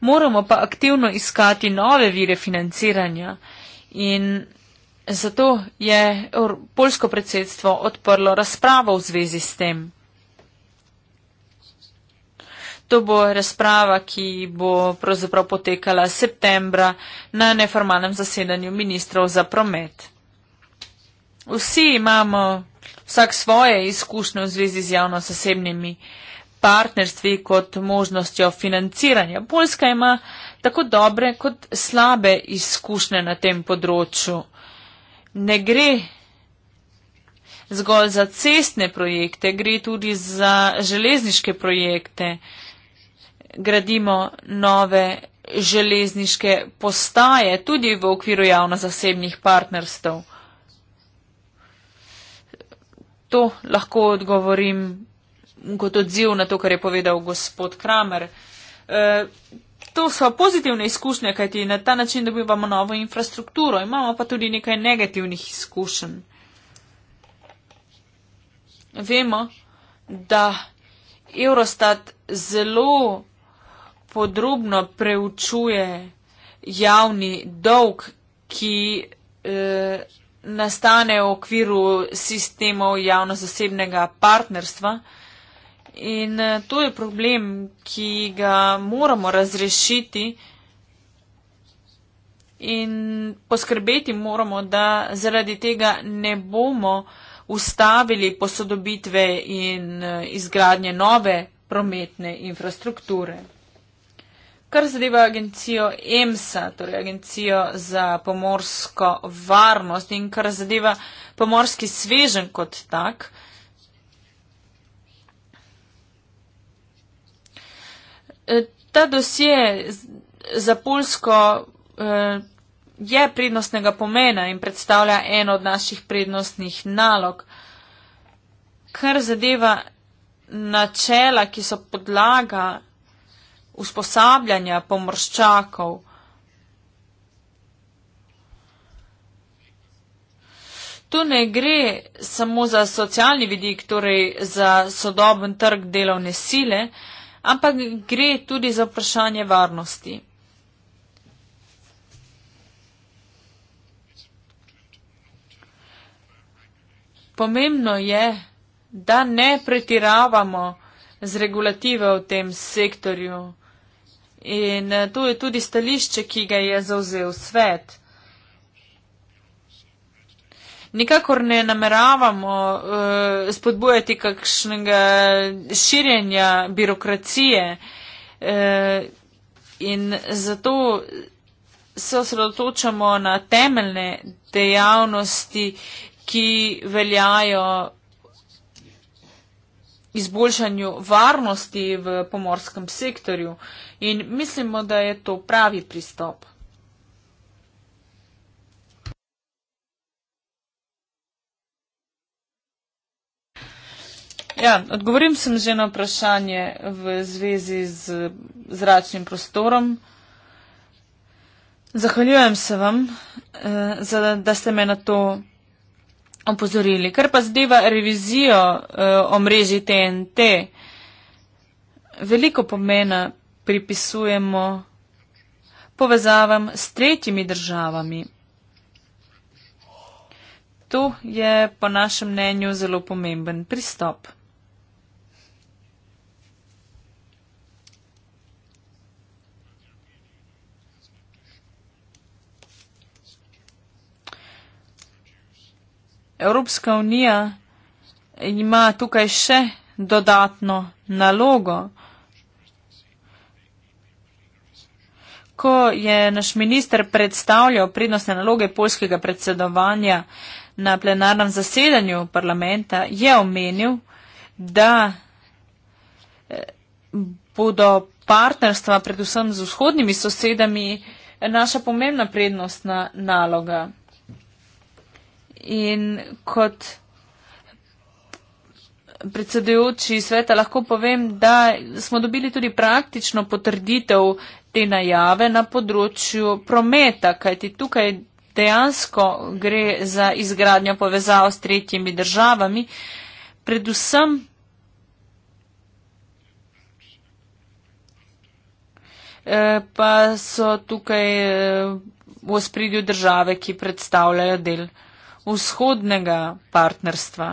Moramo pa aktivno iskati nove vire financiranja in zato je polsko predsedstvo odprlo razpravo v zvezi s tem. To bo razprava, ki bo pravzaprav potekala septembra na neformalnem zasedanju ministrov za promet. Vsi imamo vsak svoje izkušnje v zvezi z javno-sosebnimi partnerstvi kot možnostjo financiranja. Poljska ima tako dobre kot slabe izkušnje na tem področju. Ne gre zgolj za cestne projekte, gre tudi za železniške projekte. Gradimo nove železniške postaje tudi v okviru javno-zasebnih partnerstv to lahko odgovorim kot odziv na to, kar je povedal gospod Kramer. E, to so pozitivne izkušnje, kajti na ta način dobivamo novo infrastrukturo, imamo pa tudi nekaj negativnih izkušenj. Vemo, da Eurostat zelo podrobno preučuje javni dolg, ki eh, nastane v okviru sistemov javno-zasebnega partnerstva. In eh, to je problem, ki ga moramo razrešiti in poskrbeti moramo, da zaradi tega ne bomo ustavili posodobitve in eh, izgradnje nove prometne infrastrukture. Kar zadeva agencijo EMSA, torej agencijo za pomorsko varnost in kar zadeva pomorski svežen kot tak, e, ta dosje za Polsko e, je prednostnega pomena in predstavlja eno od naših prednostnih nalog. Kar zadeva načela, ki so podlaga usposabljanja pomorščakov. Tu ne gre samo za socialni vidik, torej za sodoben trg delovne sile, ampak gre tudi za vprašanje varnosti. Pomembno je, da ne pretiravamo z regulative v tem sektorju. In eh, to je tudi stališče, ki ga je zauzel svet. Nikakor ne nameravamo uh, spodbujati kakšnega širjenja birokracije uh, in zato se osredotočamo na temeljne dejavnosti, ki veljajo izboljšanju varnosti v pomorskem sektorju. Uh, in mislimo, da je to pravi pristop. Ja, odgovorim sem že na vprašanje v zvezi z zračnim prostorom. Zahvaljujem se vam, eh, za, da ste me na to opozorili. Ker pa zdeva revizijo eh, omrežji TNT, veliko pomena pripisujemo povezavam s tretjimi državami. Tu je po našem mnenju zelo pomemben pristop. Evropska unija ima tukaj še dodatno nalogo. ko je naš minister predstavljal prednostne naloge polskega predsedovanja na plenarnem zasedanju parlamenta, je omenil, da eh, bodo partnerstva predvsem z vzhodnimi sosedami naša pomembna prednostna naloga. In kot predsedujoči sveta lahko povem, da smo dobili tudi praktično potrditev te najave na področju prometa, kajti tukaj dejansko gre za izgradnjo povezav s tretjimi državami, predvsem eh, pa so tukaj eh, v ospredju države, ki predstavljajo del vzhodnega partnerstva.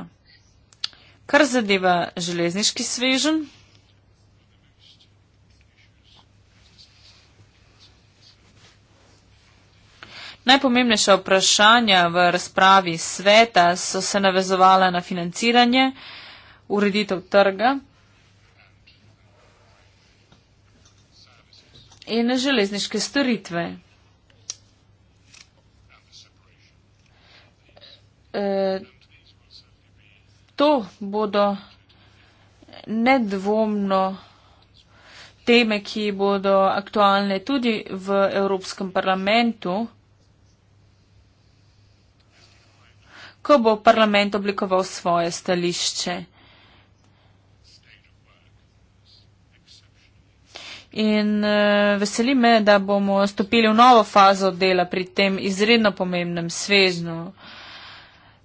Kar zadeva železniški svežen, Najpomembnejša vprašanja v razpravi sveta so se navezovala na financiranje, ureditev trga in železniške storitve. E, to bodo nedvomno teme, ki bodo aktualne tudi v Evropskem parlamentu. ko bo parlament oblikoval svoje stališče. In eh, veseli me, da bomo stopili v novo fazo dela pri tem izredno pomembnem svežnju.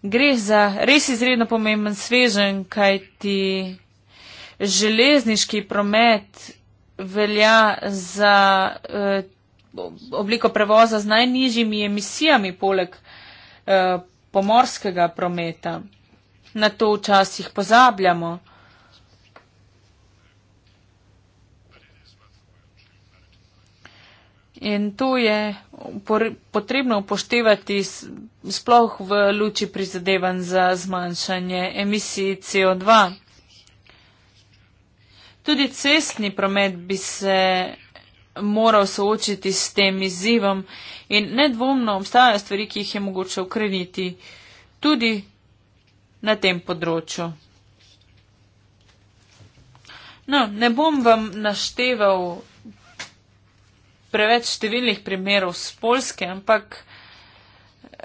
Gre za res izredno pomemben svežen, kajti železniški promet velja za eh, obliko prevoza z najnižjimi emisijami, poleg eh, pomorskega prometa. Na to včasih pozabljamo. In to je potrebno upoštevati sploh v luči prizadevanj za zmanjšanje emisij CO2. Tudi cestni promet bi se moral soočiti s tem izzivom in nedvomno obstajajo stvari, ki jih je mogoče ukreniti tudi na tem področju. No, ne bom vam našteval preveč številnih primerov z Polske, ampak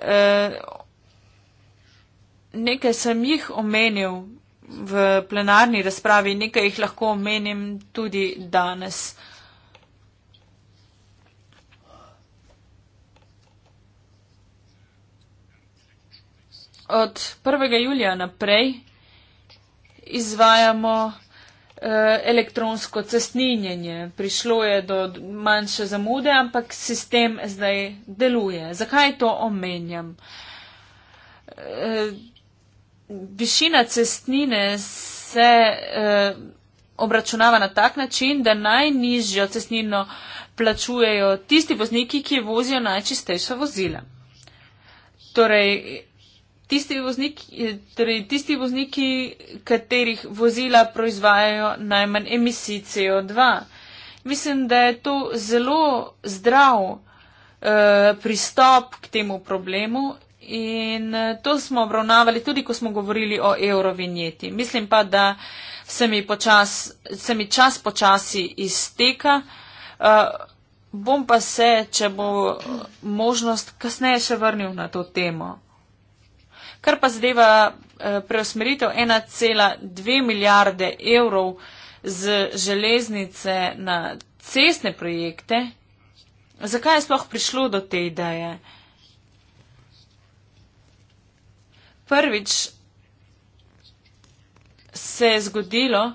eh, nekaj sem jih omenil v plenarni razpravi, nekaj jih lahko omenim tudi danes. od 1. julija naprej izvajamo eh, elektronsko cestninjenje. Prišlo je do manjše zamude, ampak sistem zdaj deluje. Zakaj to omenjam? Eh, višina cestnine se eh, obračunava na tak način, da najnižjo cestnino plačujejo tisti vozniki, ki vozijo najčistejša vozila. Torej, Tisti, voznik, eh, torej, tisti vozniki, katerih vozila proizvajajo najmanj emisij CO2. Mislim, da je to zelo zdrav eh, pristop k temu problemu in eh, to smo obravnavali tudi, ko smo govorili o eurovinjeti. Mislim pa, da se mi, počas, se mi čas počasi izteka. Eh, bom pa se, če bo eh, možnost, kasneje še vrnil na to temo. Kar pa zadeva eh, preusmeritev 1,2 milijarde evrov z železnice na cestne projekte, zakaj je sploh prišlo do te ideje? Prvič se je zgodilo,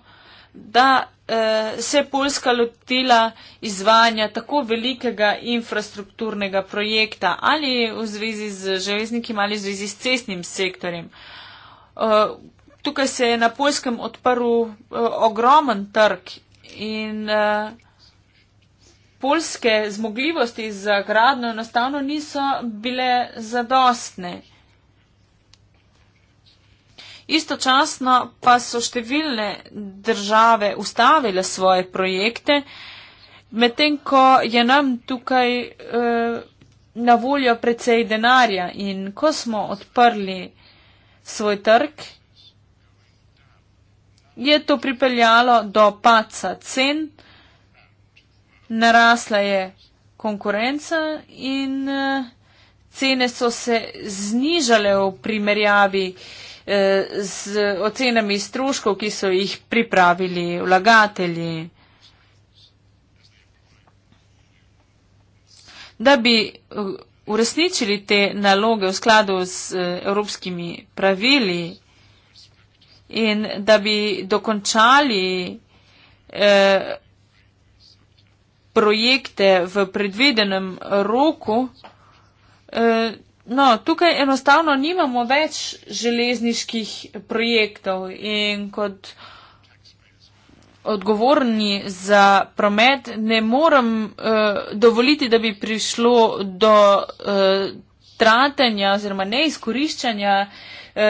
da eh, se Poljska lotila izvajanja tako velikega infrastrukturnega projekta ali v zvezi z železnikom ali v zvezi s cestnim sektorjem. Eh, tukaj se je na Poljskem odprl eh, ogromen trg in eh, poljske zmogljivosti za gradno enostavno niso bile zadostne. Istočasno pa so številne države ustavile svoje projekte, medtem ko je nam tukaj e, na voljo precej denarja in ko smo odprli svoj trg, je to pripeljalo do paca cen, narasla je konkurenca in e, cene so se znižale v primerjavi. Eh, z ocenami stroškov, ki so jih pripravili vlagatelji, da bi eh, uresničili te naloge v skladu z eh, evropskimi pravili in da bi dokončali projekte v predvidenem roku, No, tukaj enostavno nimamo več železniških projektov in kot odgovorni za promet ne morem uh, dovoliti, da bi prišlo do uh, tratenja oziroma neizkoriščanja uh,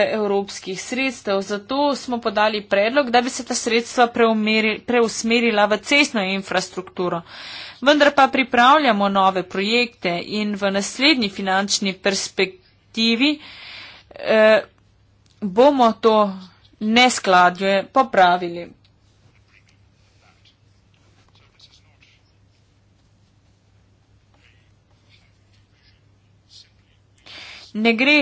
evropskih sredstev. Zato smo podali predlog, da bi se ta sredstva preusmerila v cestno infrastrukturo. Uh, vendar pa pripravljamo nove projekte in v naslednji finančni perspektivi eh, bomo to neskladje popravili. Ne gre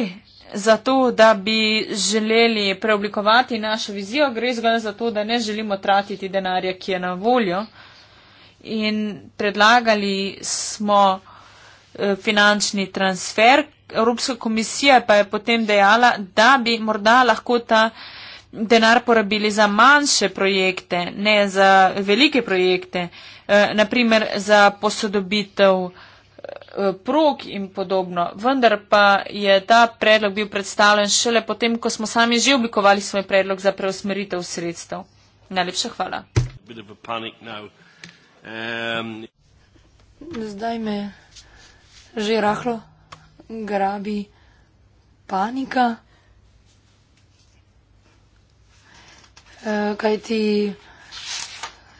za to, da bi želeli preoblikovati našo vizijo, gre zgolj za to, da ne želimo tratiti denarja, ki je na voljo in predlagali smo e, finančni transfer. Evropska komisija pa je potem dejala, da bi morda lahko ta denar porabili za manjše projekte, ne za velike projekte, e, naprimer za posodobitev e, prog in podobno. Vendar pa je ta predlog bil predstavljen šele potem, ko smo sami že oblikovali svoj predlog za preusmeritev sredstev. Najlepša hvala. A bit of a panic now. Um... Zdaj me že rahlo grabi panika. E, Kaj ti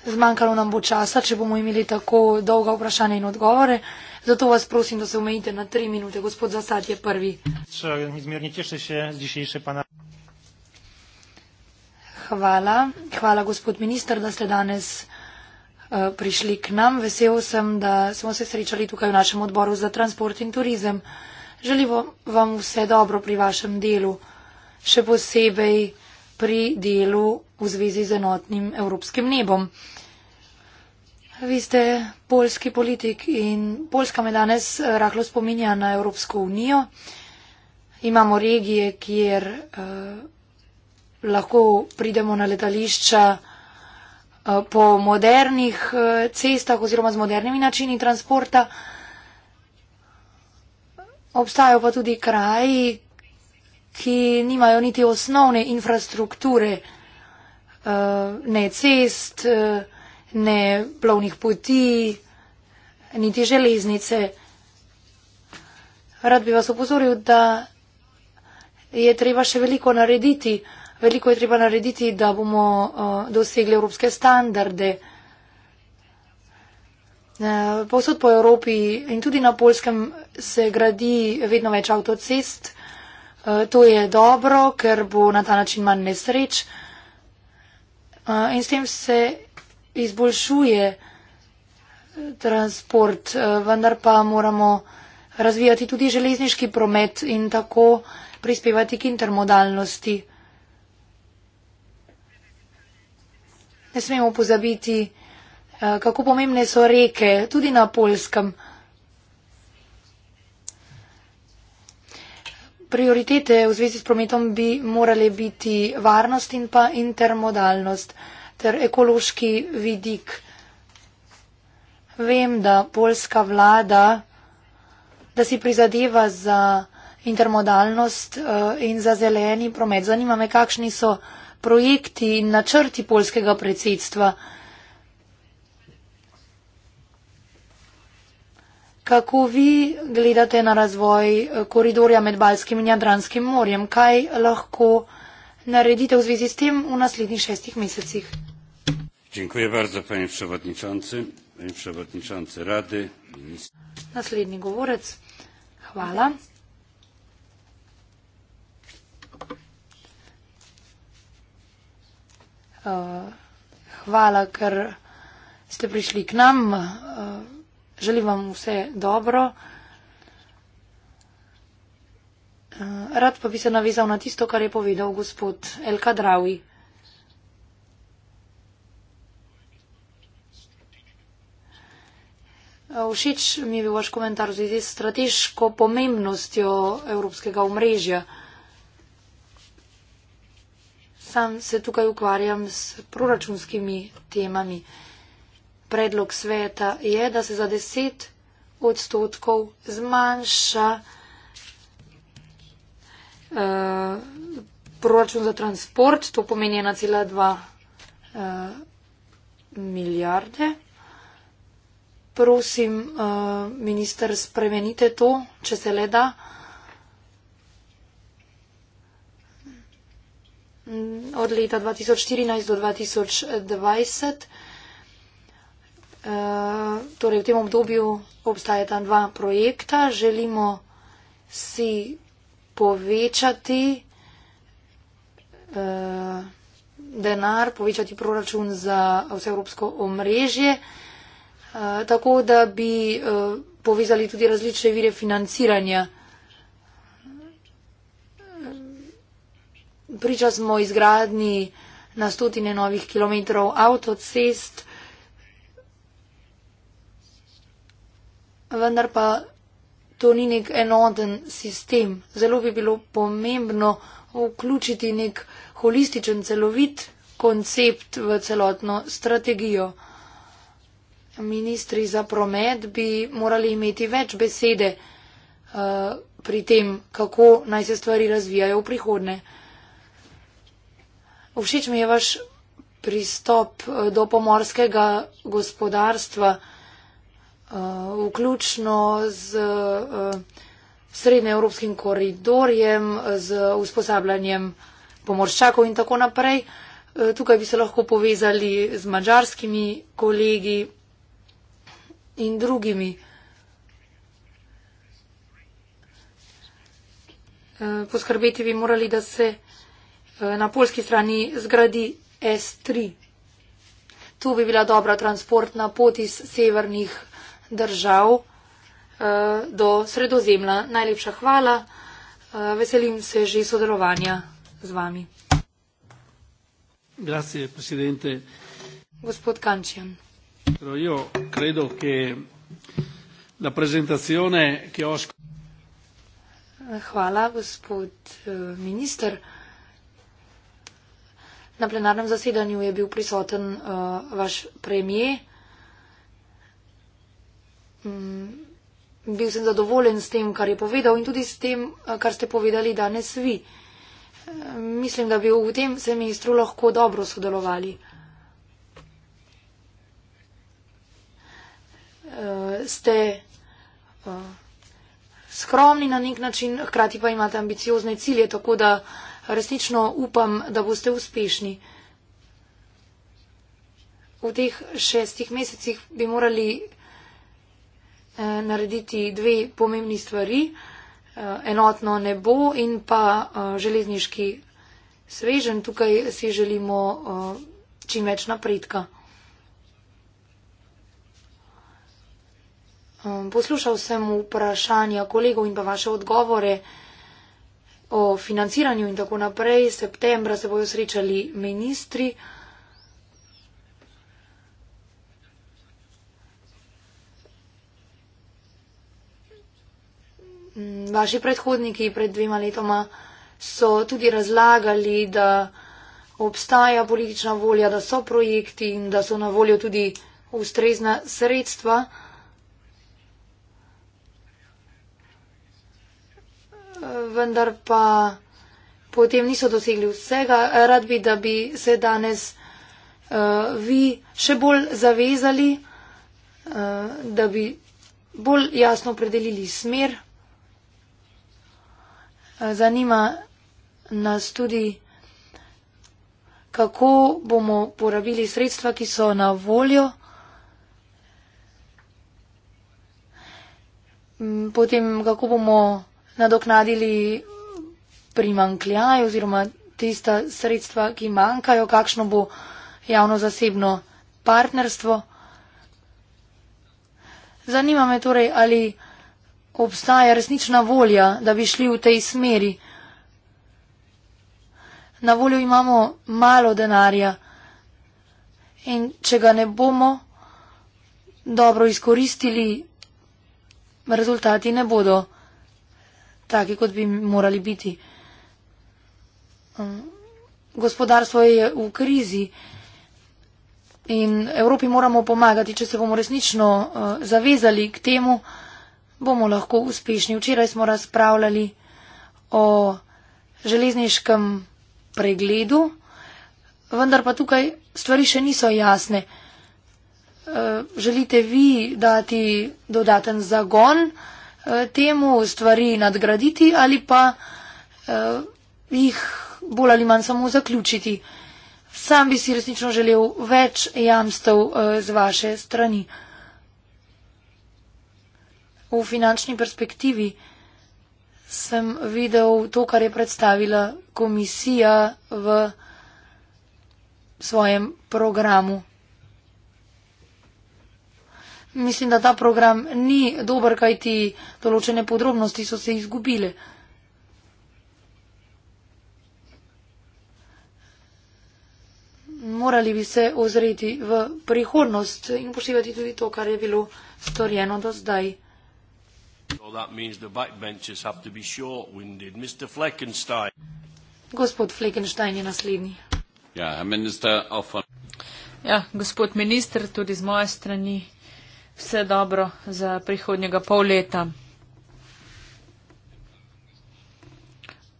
zmanjkalo nam bo časa, če bomo imeli tako dolga vprašanja in odgovore. Zato vas prosim, da se omejite na tri minute. Gospod Zasad je prvi. Hvala. Hvala, gospod minister, da ste danes. Eh, prišli k nam. Vesel sem, da smo se srečali tukaj v našem odboru za transport in turizem. Želimo vam vse dobro pri vašem delu, še posebej pri delu v zvezi z enotnim evropskim nebom. Vi ste polski politik in Poljska me danes rahlo spominja na Evropsko unijo. Imamo regije, kjer eh, lahko pridemo na letališča. Eh, po modernih eh, cestah oziroma z modernimi načini transporta. Obstajajo pa tudi kraji, ki nimajo niti osnovne infrastrukture, eh, ne cest, ne plovnih poti, niti železnice. Rad bi vas opozoril, da je treba še veliko narediti, Veliko je treba narediti, da bomo uh, dosegli evropske standarde. Uh, Posod po Evropi in tudi na Polskem se gradi vedno več avtocest. Uh, to je dobro, ker bo na ta način manj nesreč uh, in s tem se izboljšuje transport, vendar pa moramo razvijati tudi železniški promet in tako prispevati k intermodalnosti. Ne smemo pozabiti, eh, kako pomembne so reke, tudi na polskem. Prioritete v zvezi s prometom bi morale biti varnost in pa intermodalnost ter ekološki vidik. Vem, da polska vlada, da si prizadeva za intermodalnost eh, in za zeleni promet. Zanima me, kakšni so projekti in načrti polskega predsedstva. Kako vi gledate na razvoj koridorja med Balskim in Jadranskim morjem? Kaj lahko naredite v zvezi s tem v naslednjih šestih mesecih? Dziękuję bardzo, panie przewodniczący, panie przewodniczący Rady. Naslednji govorec. Hvala. Uh, hvala, ker ste prišli k nam. Uh, želim vam vse dobro. Eh, rad pa bi se navezal na tisto, kar je povedal gospod El Kadravi. Všeč mi je bil vaš komentar v zvezi s strateško pomembnostjo evropskega omrežja. Sam se tukaj ukvarjam s proračunskimi temami. Predlog sveta je, da se za 10 odstotkov zmanjša uh, proračun za transport, to pomeni 1,2 uh, eh, milijarde. Prosim, uh, minister, spremenite to, če se le da. Uh, Mm, od leta 2014 do 2020. Eh, torej v tem obdobju obstajata dva projekta. Želimo si povečati eh, denar, povečati proračun za vse evropsko omrežje, eh, tako da bi povezali tudi različne vire financiranja. priča smo izgradni na stotine novih kilometrov avtocest, vendar pa to ni nek enoten sistem. Zelo bi bilo pomembno vključiti nek holističen celovit koncept v celotno strategijo. Ministri za promet bi morali imeti več besede uh, pri tem, kako naj se stvari razvijajo v prihodnje. Všeč mi je vaš pristop eh, do pomorskega gospodarstva, eh, vključno z eh, srednjeevropskim koridorjem, z usposabljanjem pomorščakov in tako naprej. Tukaj bi se lahko povezali z madžarskimi kolegi in drugimi. Poskrbeti bi morali, da se na polski strani zgradi S3. Tu bi bila dobra transportna pot iz severnih držav eh, do sredozemlja. Najlepša hvala, eh, veselim se že sodelovanja z vami. Grazie, presidente. Gospod Kančjan. Io credo che la presentazione che ho ascoltato. Grazie, gospod eh, ministro. Na plenarnem zasedanju je bil prisoten uh, vaš premije. Mm, bil sem zadovoljen s tem, kar je povedal in tudi s tem, uh, kar ste povedali danes vi. Mislim, da bi v tem semestru lahko dobro sodelovali. Uh, ste uh, skromni na nek način, hkrati pa imate ambiciozne cilje, tako da uh, resnično upam, da boste uspešni. V teh šestih mesecih bi morali eh, narediti dve pomembni stvari. Eh, enotno nebo in pa eh, železniški svežen. Tukaj si želimo čim več napredka. Poslušal sem vprašanja kolegov in pa vaše odgovore o financiranju in tako naprej. Septembra se bojo srečali ministri. Vaši predhodniki pred dvema letoma so tudi razlagali, da obstaja politična volja, da so projekti in da so na voljo tudi ustrezna sredstva. vendar pa potem niso dosegli vsega. Rad bi, da bi se danes uh, vi še bolj zavezali, uh, da bi bolj jasno predelili smer. Eh, zanima nas tudi, kako bomo porabili sredstva, ki so na voljo. Mm, potem, kako bomo nadoknadili primankljaj oziroma tista sredstva, ki manjkajo, kakšno bo javno-zasebno partnerstvo. Zanima me torej, ali obstaja resnična volja, da bi šli v tej smeri. Na voljo imamo malo denarja in če ga ne bomo dobro izkoristili, rezultati ne bodo taki, kot bi morali biti. Eh, gospodarstvo je v krizi in Evropi moramo pomagati. Če se bomo resnično eh, zavezali k temu, bomo lahko uspešni. Včeraj smo razpravljali o železniškem pregledu, vendar pa tukaj stvari še niso jasne. Eh, želite vi dati dodaten zagon? Eh, temu stvari nadgraditi ali pa eh, jih bolj ali manj samo zaključiti. Sam bi si resnično želel več jamstev eh, z vaše strani. V finančni perspektivi sem videl to, kar je predstavila komisija v svojem programu. Mislim, da ta program ni dober, kaj ti določene podrobnosti so se izgubile. Morali bi se ozreti v prihodnost in poštevati tudi to, kar je bilo storjeno do zdaj. Gospod Fleckenstein je naslednji. Ja, minister, ja, gospod minister, tudi z moje strani vse dobro za prihodnjega pol leta.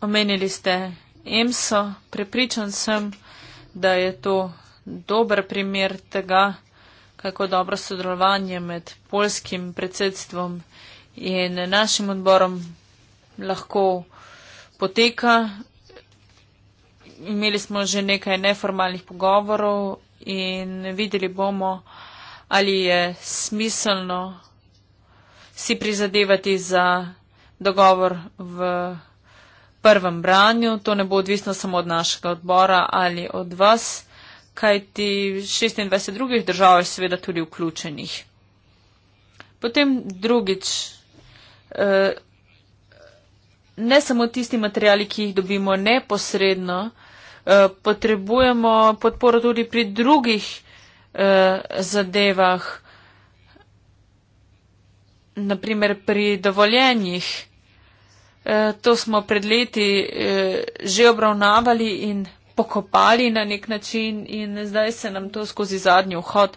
Omenili ste EMSO, prepričan sem, da je to dober primer tega, kako dobro sodelovanje med polskim predsedstvom in našim odborom lahko poteka. Imeli smo že nekaj neformalnih pogovorov in videli bomo, ali je smiselno si prizadevati za dogovor v prvem branju. To ne bo odvisno samo od našega odbora ali od vas, kajti 26 drugih držav je seveda tudi vključenih. Potem drugič, eh, ne samo tisti materijali, ki jih dobimo neposredno, eh, potrebujemo podporo tudi pri drugih eh, zadevah, naprimer pri dovoljenjih. Eh, to smo pred leti eh, že obravnavali in pokopali na nek način in zdaj se nam to skozi zadnji vhod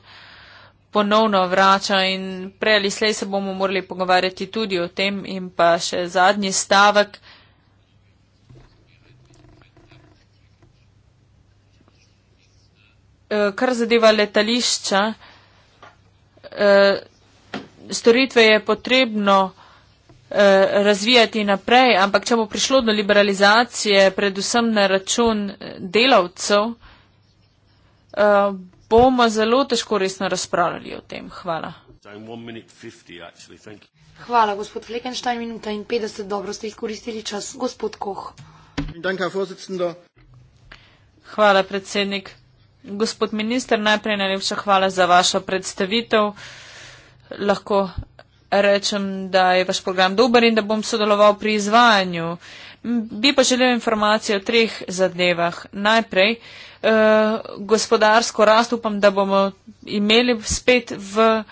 ponovno vrača in prej ali slej se bomo morali pogovarjati tudi o tem in pa še zadnji stavek. Eh, kar zadeva letališča, eh, storitve je potrebno eh, razvijati naprej, ampak če bo prišlo do liberalizacije, predvsem na račun delavcev, bomo zelo težko resno razpravljali o tem. Hvala. Hvala, gospod Fleckenstein, minuta in 50, dobro ste izkoristili čas. Gospod Koh. Hvala, predsednik. Gospod minister, najprej najlepša hvala za vašo predstavitev. Lahko rečem, da je vaš program dober in da bom sodeloval pri izvajanju. Bi pa želel informacije o treh zadevah. Najprej, eh, gospodarsko rast upam, da bomo imeli spet v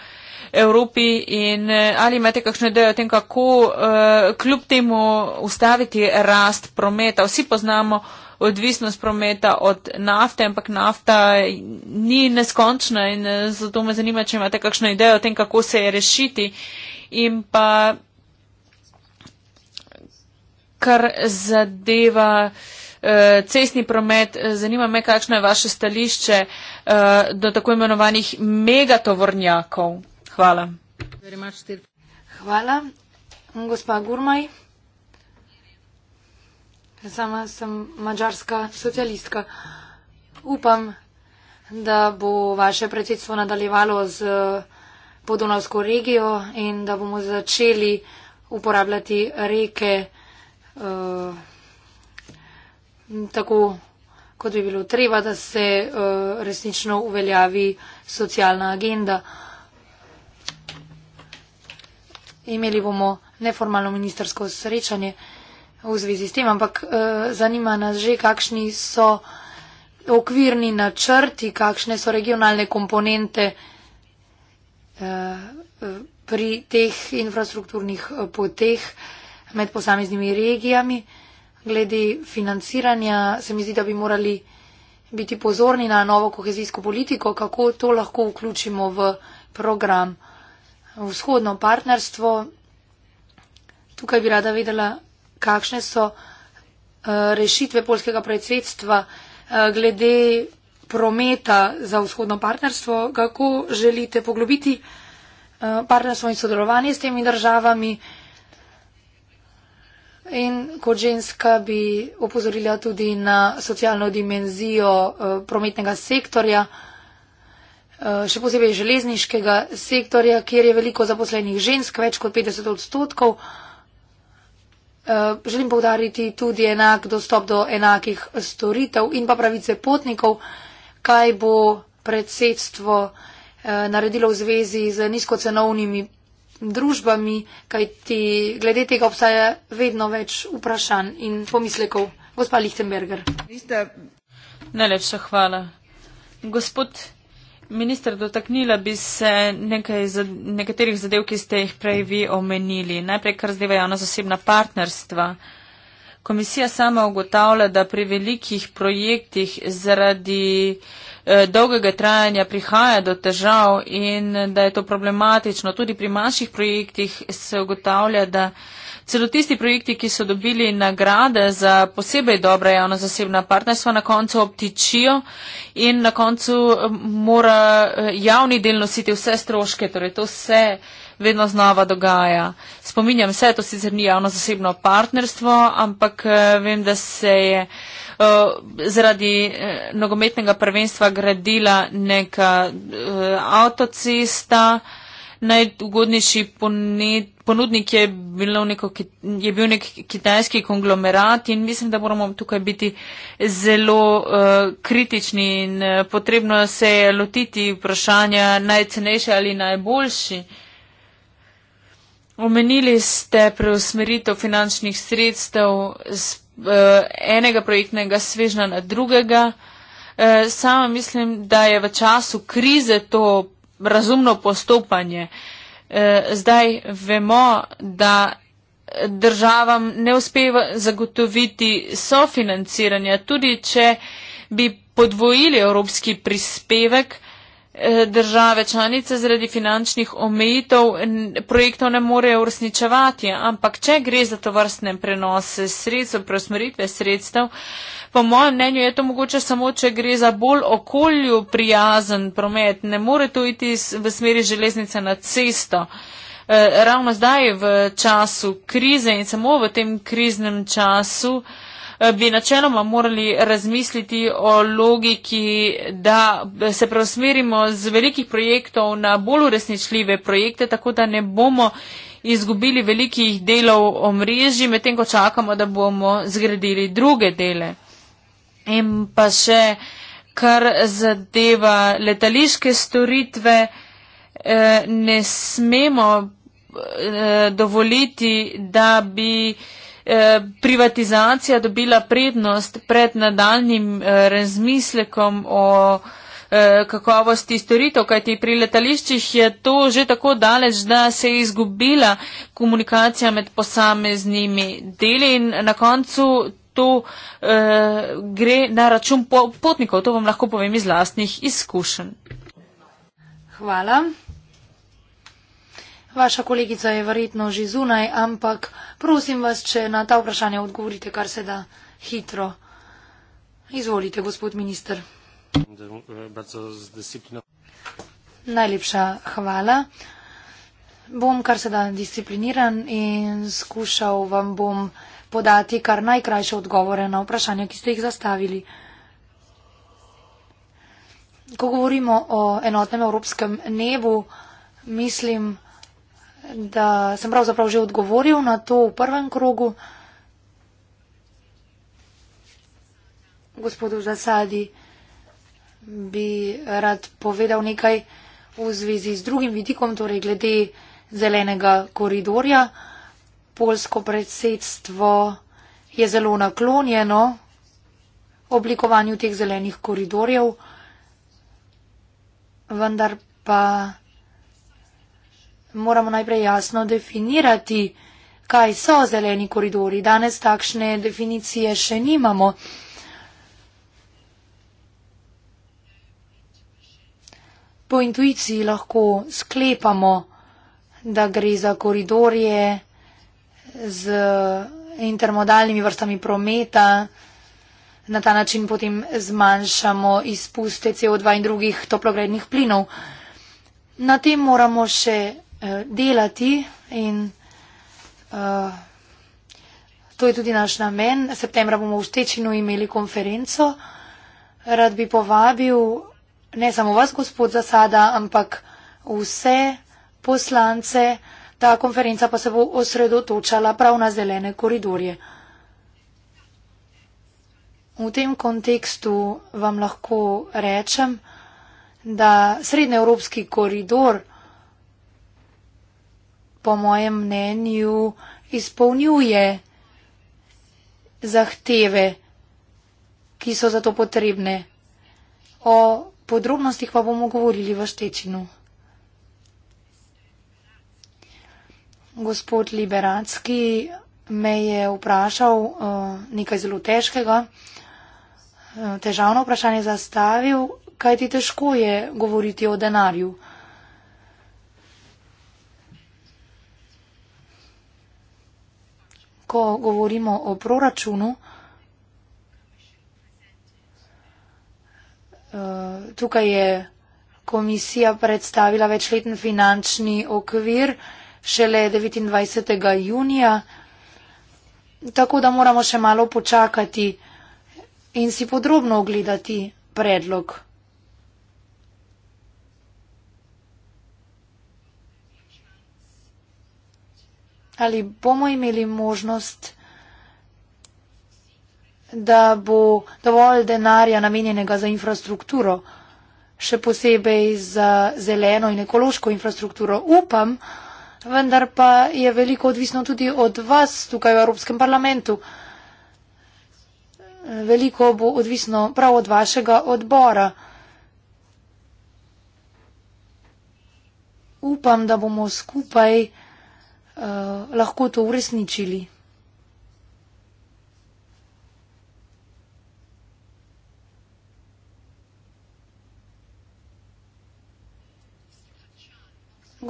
Evropi in eh, ali imate kakšno idejo o tem, kako eh, kljub temu ustaviti rast prometa. Vsi poznamo odvisnost prometa od nafte, ampak nafta ni neskončna in eh, zato me zanima, če imate kakšno idejo o tem, kako se je rešiti. In pa kar zadeva eh, cestni promet, eh, zanima me, kakšno je vaše stališče do tako imenovanih megatovornjakov. Hvala. Hvala. Gospa Gurmaj. Sama sem mačarska socialistka. Upam, da bo vaše predsedstvo nadaljevalo z eh, podonavsko regijo in da bomo začeli uporabljati reke uh, tako, kot bi bilo treba, da se uh, resnično uveljavi socialna agenda. Imeli bomo neformalno ministersko srečanje v zvezi s tem, ampak uh, zanima nas že, kakšni so okvirni načrti, kakšne so regionalne komponente uh, pri teh infrastrukturnih eh, poteh med posameznimi regijami. Glede financiranja se mi zdi, da bi morali biti pozorni na novo kohezijsko politiko, kako to lahko vključimo v program. Vzhodno partnerstvo. Tukaj bi rada vedela, kakšne so eh, rešitve polskega predsedstva eh, glede prometa za vzhodno partnerstvo, kako želite poglobiti eh, partnerstvo in sodelovanje s temi državami. In kot ženska bi opozorila tudi na socialno dimenzijo prometnega sektorja, še posebej železniškega sektorja, kjer je veliko zaposlenih žensk, več kot 50 odstotkov. Eh, želim povdariti tudi enak dostop do enakih storitev in pa pravice potnikov, kaj bo predsedstvo eh, naredilo v zvezi z nizkocenovnimi družbami, kaj ti glede tega obstaja vedno več vprašanj in pomislekov. Gospa Lichtenberger. Najlepša hvala. Gospod Minister, dotaknila bi se za, nekaterih zadev, ki ste jih prej vi omenili. Najprej, kar zdaj vajo na zasebna partnerstva. Komisija sama ugotavlja, da pri velikih projektih zaradi eh, dolgega trajanja prihaja do težav in da je to problematično. Tudi pri manjših projektih se ugotavlja, da eh, Celo tisti projekti, ki so dobili nagrade za posebej dobra javno-zasebna partnerstva, na koncu obtičijo in na koncu eh, mora eh, javni del nositi vse stroške, torej to vse vedno znova dogaja. Spominjam se, to sicer ni javno-zasebno partnerstvo, ampak eh, vem, da se je zaradi nogometnega prvenstva gradila neka avtocesta, najugodnejši ponudnik je, neko, je bil nek kitajski konglomerat in mislim, da moramo tukaj biti zelo uh, kritični in uh, potrebno se je lotiti vprašanja najcenejše ali najboljši. Omenili ste preusmeritev finančnih sredstev z uh, eh, enega projektnega svežna na drugega. Uh, sama mislim, da je v času krize to razumno postopanje. Uh, Eh, zdaj vemo, da državam ne uspeva zagotoviti sofinanciranja, tudi če bi podvojili evropski prispevek eh, države članice zaradi finančnih omejitev, projektov ne morejo uresničevati, ampak če gre za to vrstne prenose sredstv, prosmeritve sredstev, Po mojem mnenju je to mogoče samo, če gre za bolj okolju prijazen promet. Ne more to iti v smeri železnice na cesto. E, ravno zdaj v času krize in samo v tem kriznem času e, bi načeloma morali razmisliti o logiki, da se preusmerimo z velikih projektov na bolj uresničljive projekte, tako da ne bomo izgubili velikih delov omrežji, medtem ko čakamo, da bomo zgradili druge dele. In pa še, kar zadeva letališke storitve, eh, ne smemo eh, dovoliti, da bi eh, privatizacija dobila prednost pred nadaljnim razmislekom o kakovosti storitev, kajti pri letališčih je to že tako daleč, da se je izgubila komunikacija med posameznimi deli in na koncu to e, gre na račun potnikov. To vam lahko povem iz lastnih izkušenj. Hvala. Vaša kolegica je verjetno že zunaj, ampak prosim vas, če na ta vprašanja odgovorite kar se da hitro. Izvolite, gospod minister. Najlepša hvala. Bom kar se da discipliniran in skušal vam bom podati kar najkrajše odgovore na vprašanja, ki ste jih zastavili. Ko govorimo o enotnem evropskem nebu, mislim, da sem pravzaprav že odgovoril na to v prvem krogu. Gospodu Zasadi bi rad povedal nekaj v zvezi z drugim vidikom, torej glede zelenega koridorja polsko predsedstvo je zelo naklonjeno oblikovanju teh zelenih koridorjev, vendar pa moramo najprej jasno definirati, kaj so zeleni koridori. Danes takšne definicije še nimamo. Po intuiciji lahko sklepamo, da gre za koridorje, z intermodalnimi vrstami prometa. Na ta način potem zmanjšamo izpuste CO2 in drugih toplogrednih plinov. Na tem moramo še eh, delati in uh, to je tudi naš namen. Septembra bomo v Štečinu imeli konferenco. Rad bi povabil ne samo vas, gospod Zasada, ampak vse poslance. Ta konferenca pa se bo osredotočala prav na zelene koridorje. V tem kontekstu vam lahko rečem, da srednjeevropski koridor po mojem mnenju izpolnjuje zahteve, ki so za to potrebne. O podrobnostih pa bomo govorili v štečinu. gospod Liberacki me je vprašal uh, nekaj zelo težkega, eh, težavno vprašanje zastavil, kaj ti težko je govoriti o denarju. Ko govorimo o proračunu, uh, tukaj je komisija predstavila večleten finančni okvir, šele 29. junija, tako da moramo še malo počakati in si podrobno ogledati predlog. Ali bomo imeli možnost, da bo dovolj denarja namenjenega za infrastrukturo, še posebej za zeleno in ekološko infrastrukturo? Upam, da vendar pa je veliko odvisno tudi od vas tukaj v Evropskem parlamentu. Veliko bo odvisno prav od vašega odbora. Upam, da bomo skupaj uh, lahko to uresničili.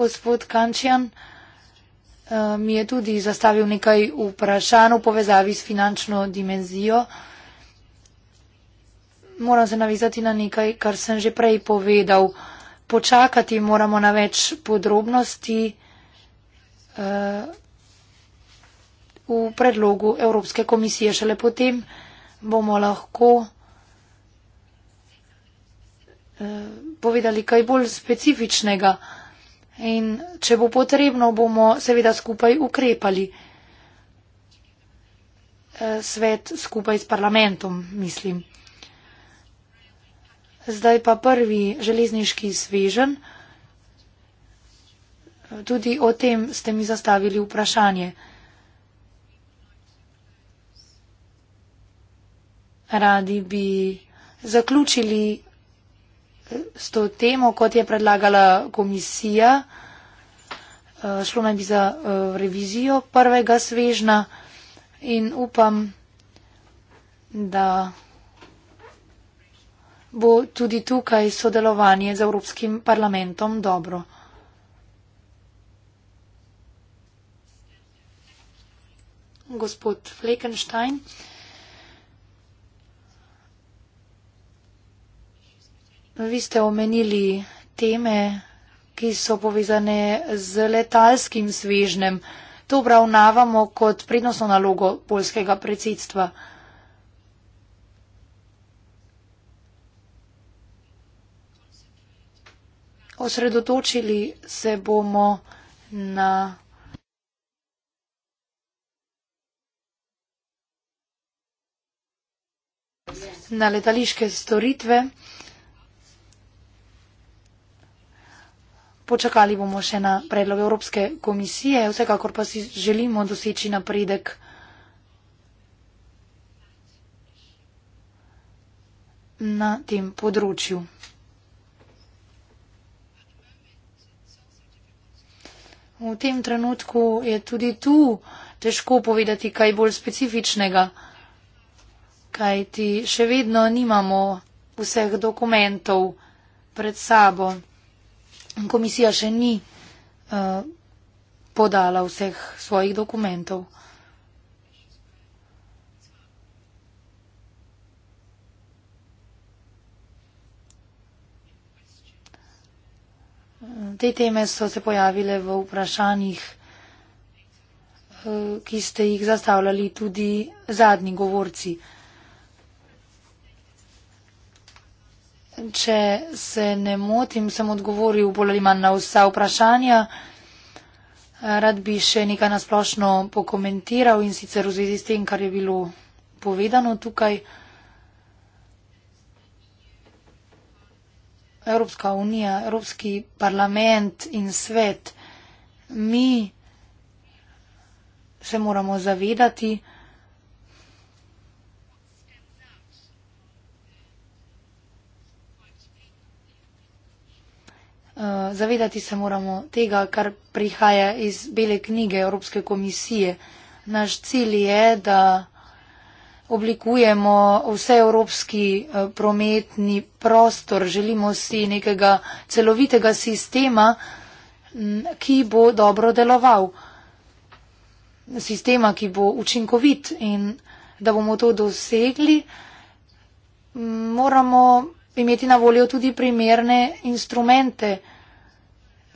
gospod Kančjan eh, mi je tudi zastavil nekaj vprašanj v povezavi s finančno dimenzijo. Moram se navizati na nekaj, kar sem že prej povedal. Počakati moramo na več podrobnosti eh, v predlogu Evropske komisije. Šele potem bomo lahko eh, povedali kaj bolj specifičnega. In če bo potrebno, bomo seveda skupaj ukrepali. Eh, svet skupaj s parlamentom, mislim. Zdaj pa prvi železniški svežen. Eh, tudi o tem ste mi zastavili vprašanje. Radi bi zaključili s to temo, kot je predlagala komisija. Eh, šlo naj bi za eh, revizijo prvega svežna in upam, da bo tudi tukaj sodelovanje z Evropskim parlamentom dobro. Gospod Fleckenstein. Vi ste omenili teme, ki so povezane z letalskim svežnem. To obravnavamo kot prednostno nalogo polskega predsedstva. Osredotočili se bomo na. na letališke storitve. počakali bomo še na predlog Evropske komisije, vsekakor pa si želimo doseči napredek. na tem področju. V tem trenutku je tudi tu težko povedati kaj bolj specifičnega, kaj ti še vedno nimamo vseh dokumentov pred sabo komisija še ni uh, podala vseh svojih dokumentov. Te teme so se pojavile v vprašanjih, eh, ki ste jih zastavljali tudi zadnji govorci. če se ne motim, sem odgovoril bolj ali manj na vsa vprašanja. Rad bi še nekaj nasplošno pokomentiral in sicer v zvezi s tem, kar je bilo povedano tukaj. Evropska unija, Evropski parlament in svet, mi se moramo zavedati, Eh, zavedati se moramo tega, kar prihaja iz bele knjige Evropske komisije. Naš cilj je, da oblikujemo vse evropski eh, prometni prostor, želimo si nekega celovitega sistema, ki bo dobro deloval, sistema, ki bo učinkovit in da bomo to dosegli, moramo imeti na voljo tudi primerne instrumente,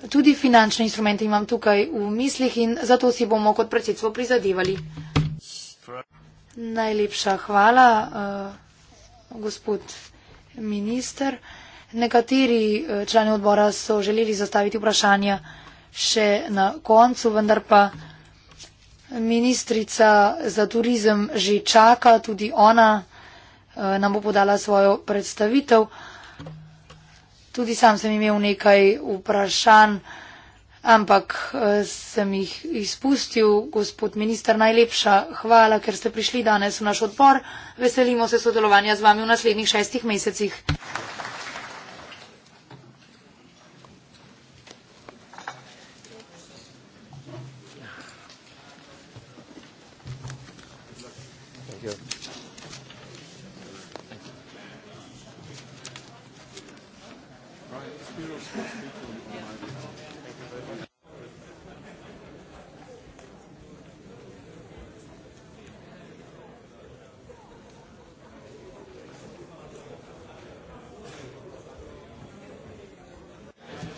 tudi finančne instrumente imam tukaj v mislih in zato si bomo kot predsedstvo prizadevali. Najlepša hvala, uh, gospod minister. Nekateri eh, člani odbora so želeli zastaviti vprašanja še na koncu, vendar pa ministrica za turizem že čaka, tudi ona. Eh, nam bo podala svojo predstavitev. Tudi sam sem imel nekaj vprašanj, ampak eh, sem jih izpustil. Gospod minister, najlepša hvala, ker ste prišli danes v naš odbor. Veselimo se sodelovanja z vami v naslednjih šestih mesecih.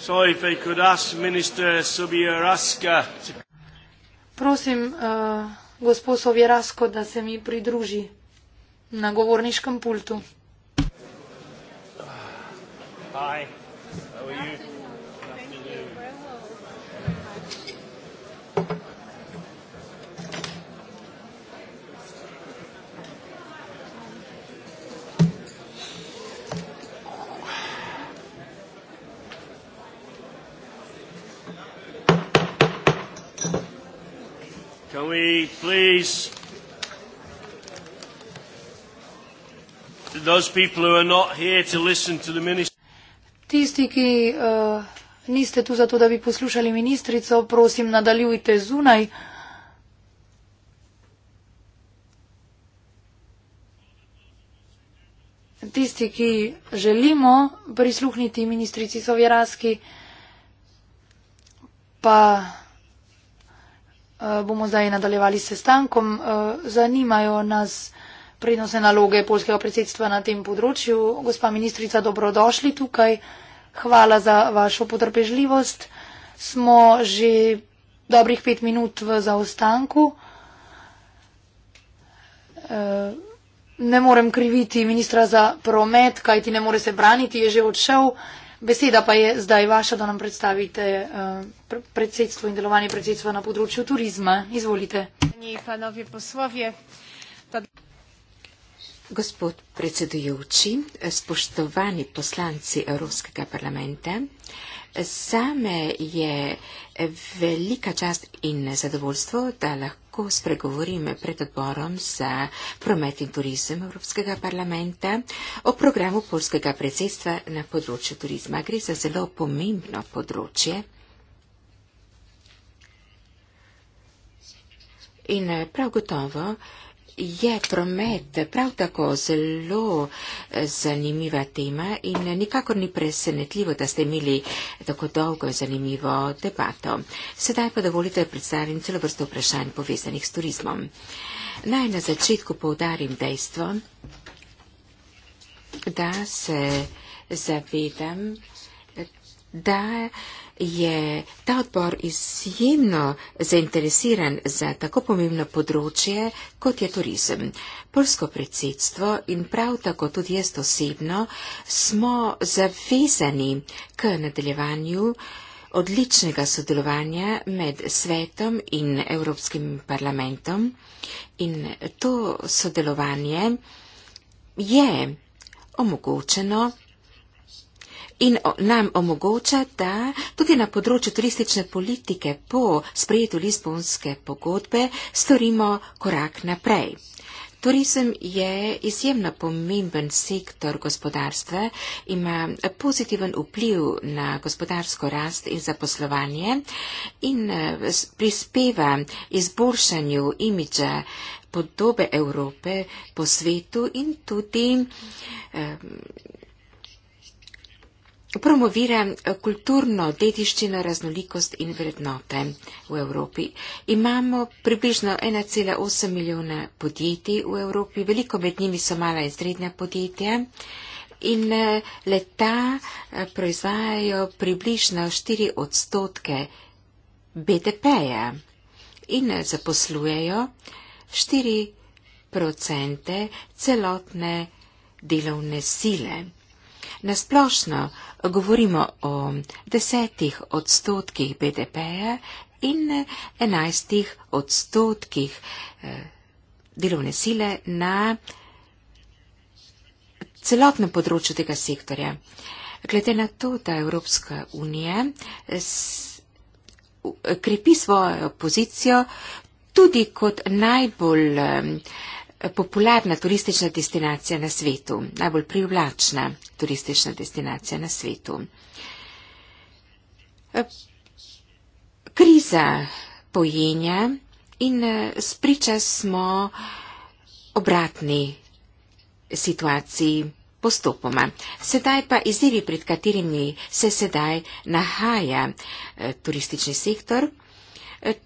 So if I could ask Minister Sobieraska to... Prosim, uh, gospod Sobierasko, da se mi pridruži na govorniškem pultu. we please, those people who are not here to listen to the minister. Tisti, ki, uh, Niste tu zato, da bi poslušali ministrico, prosim, nadaljujte zunaj. Tisti, ki želimo prisluhniti ministrici Sovjeraski, pa Eh, bomo zdaj nadaljevali s sestankom. Eh, zanimajo nas prednostne naloge polskega predsedstva na tem področju. Gospa ministrica, dobrodošli tukaj. Hvala za vašo potrpežljivost. Smo že dobrih pet minut v zaostanku. Eh, ne morem kriviti ministra za promet, kajti ne more se braniti, je že odšel. Beseda pa je zdaj vaša, da nam predstavite eh, predsedstvo in delovanje predsedstva na področju turizma. Izvolite. Gospod predsedujoči, spoštovani poslanci Evropskega parlamenta, Zame je velika čast in zadovoljstvo, da lahko spregovorim pred odborom za promet in turizem Evropskega parlamenta o programu polskega predsedstva na področju turizma. Gre za zelo pomembno področje. In prav gotovo je promet prav tako zelo eh, zanimiva tema in nikakor ni presenetljivo, da ste imeli tako dolgo zanimivo debato. Sedaj pa dovolite predstavim celo vrsto vprašanj povezanih s turizmom. Naj na začetku poudarim dejstvo, da se zavedam, da je ta odbor izjemno zainteresiran za tako pomembno področje, kot je turizem. Polsko predsedstvo in prav tako tudi jaz osebno smo zavezani k nadaljevanju odličnega sodelovanja med svetom in Evropskim parlamentom in to sodelovanje je omogočeno in nam omogoča, da tudi na področju turistične politike po sprejetu Lizbonske pogodbe storimo korak naprej. Turizem je izjemno pomemben sektor gospodarstva, ima pozitiven vpliv na gospodarsko rast in zaposlovanje in eh, prispeva izboljšanju imidža podobe Evrope po svetu in tudi eh, promovira eh, kulturno dediščino, raznolikost in vrednote v Evropi. Imamo približno 1,8 milijona podjetij v Evropi, veliko med njimi so mala in srednja podjetja. In eh, leta eh, proizvajajo približno 4 odstotke BDP-ja in zaposlujejo 4 procente celotne delovne sile. Nasplošno govorimo o desetih odstotkih BDP-ja in enajstih odstotkih eh, delovne sile na celotnem področju tega sektorja. Glede na to, da Evropska unija eh, eh, krepi svojo pozicijo tudi kot najbolj popularna turistična destinacija na svetu, najbolj privlačna turistična destinacija na svetu. E, kriza pojenja in e, spriča smo obratni situaciji postopoma. Sedaj pa izdiri, pred katerimi se sedaj nahaja e, turistični sektor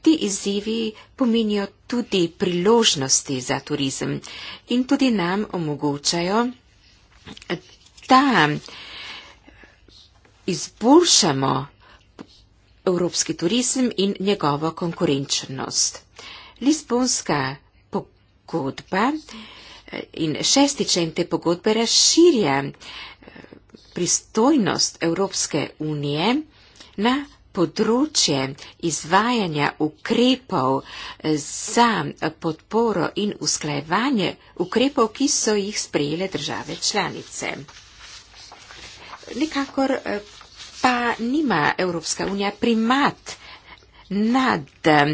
ti izzivi pomenijo tudi priložnosti za turizem in tudi nam omogočajo, da izboljšamo evropski turizem in njegovo konkurenčnost. Lisbonska pogodba in šesti člen te pogodbe razširja eh, pristojnost Evropske unije na področje izvajanja ukrepov za podporo in usklajevanje ukrepov, ki so jih sprejele države članice. Nekakor eh, pa nima Evropska unija primat nad eh,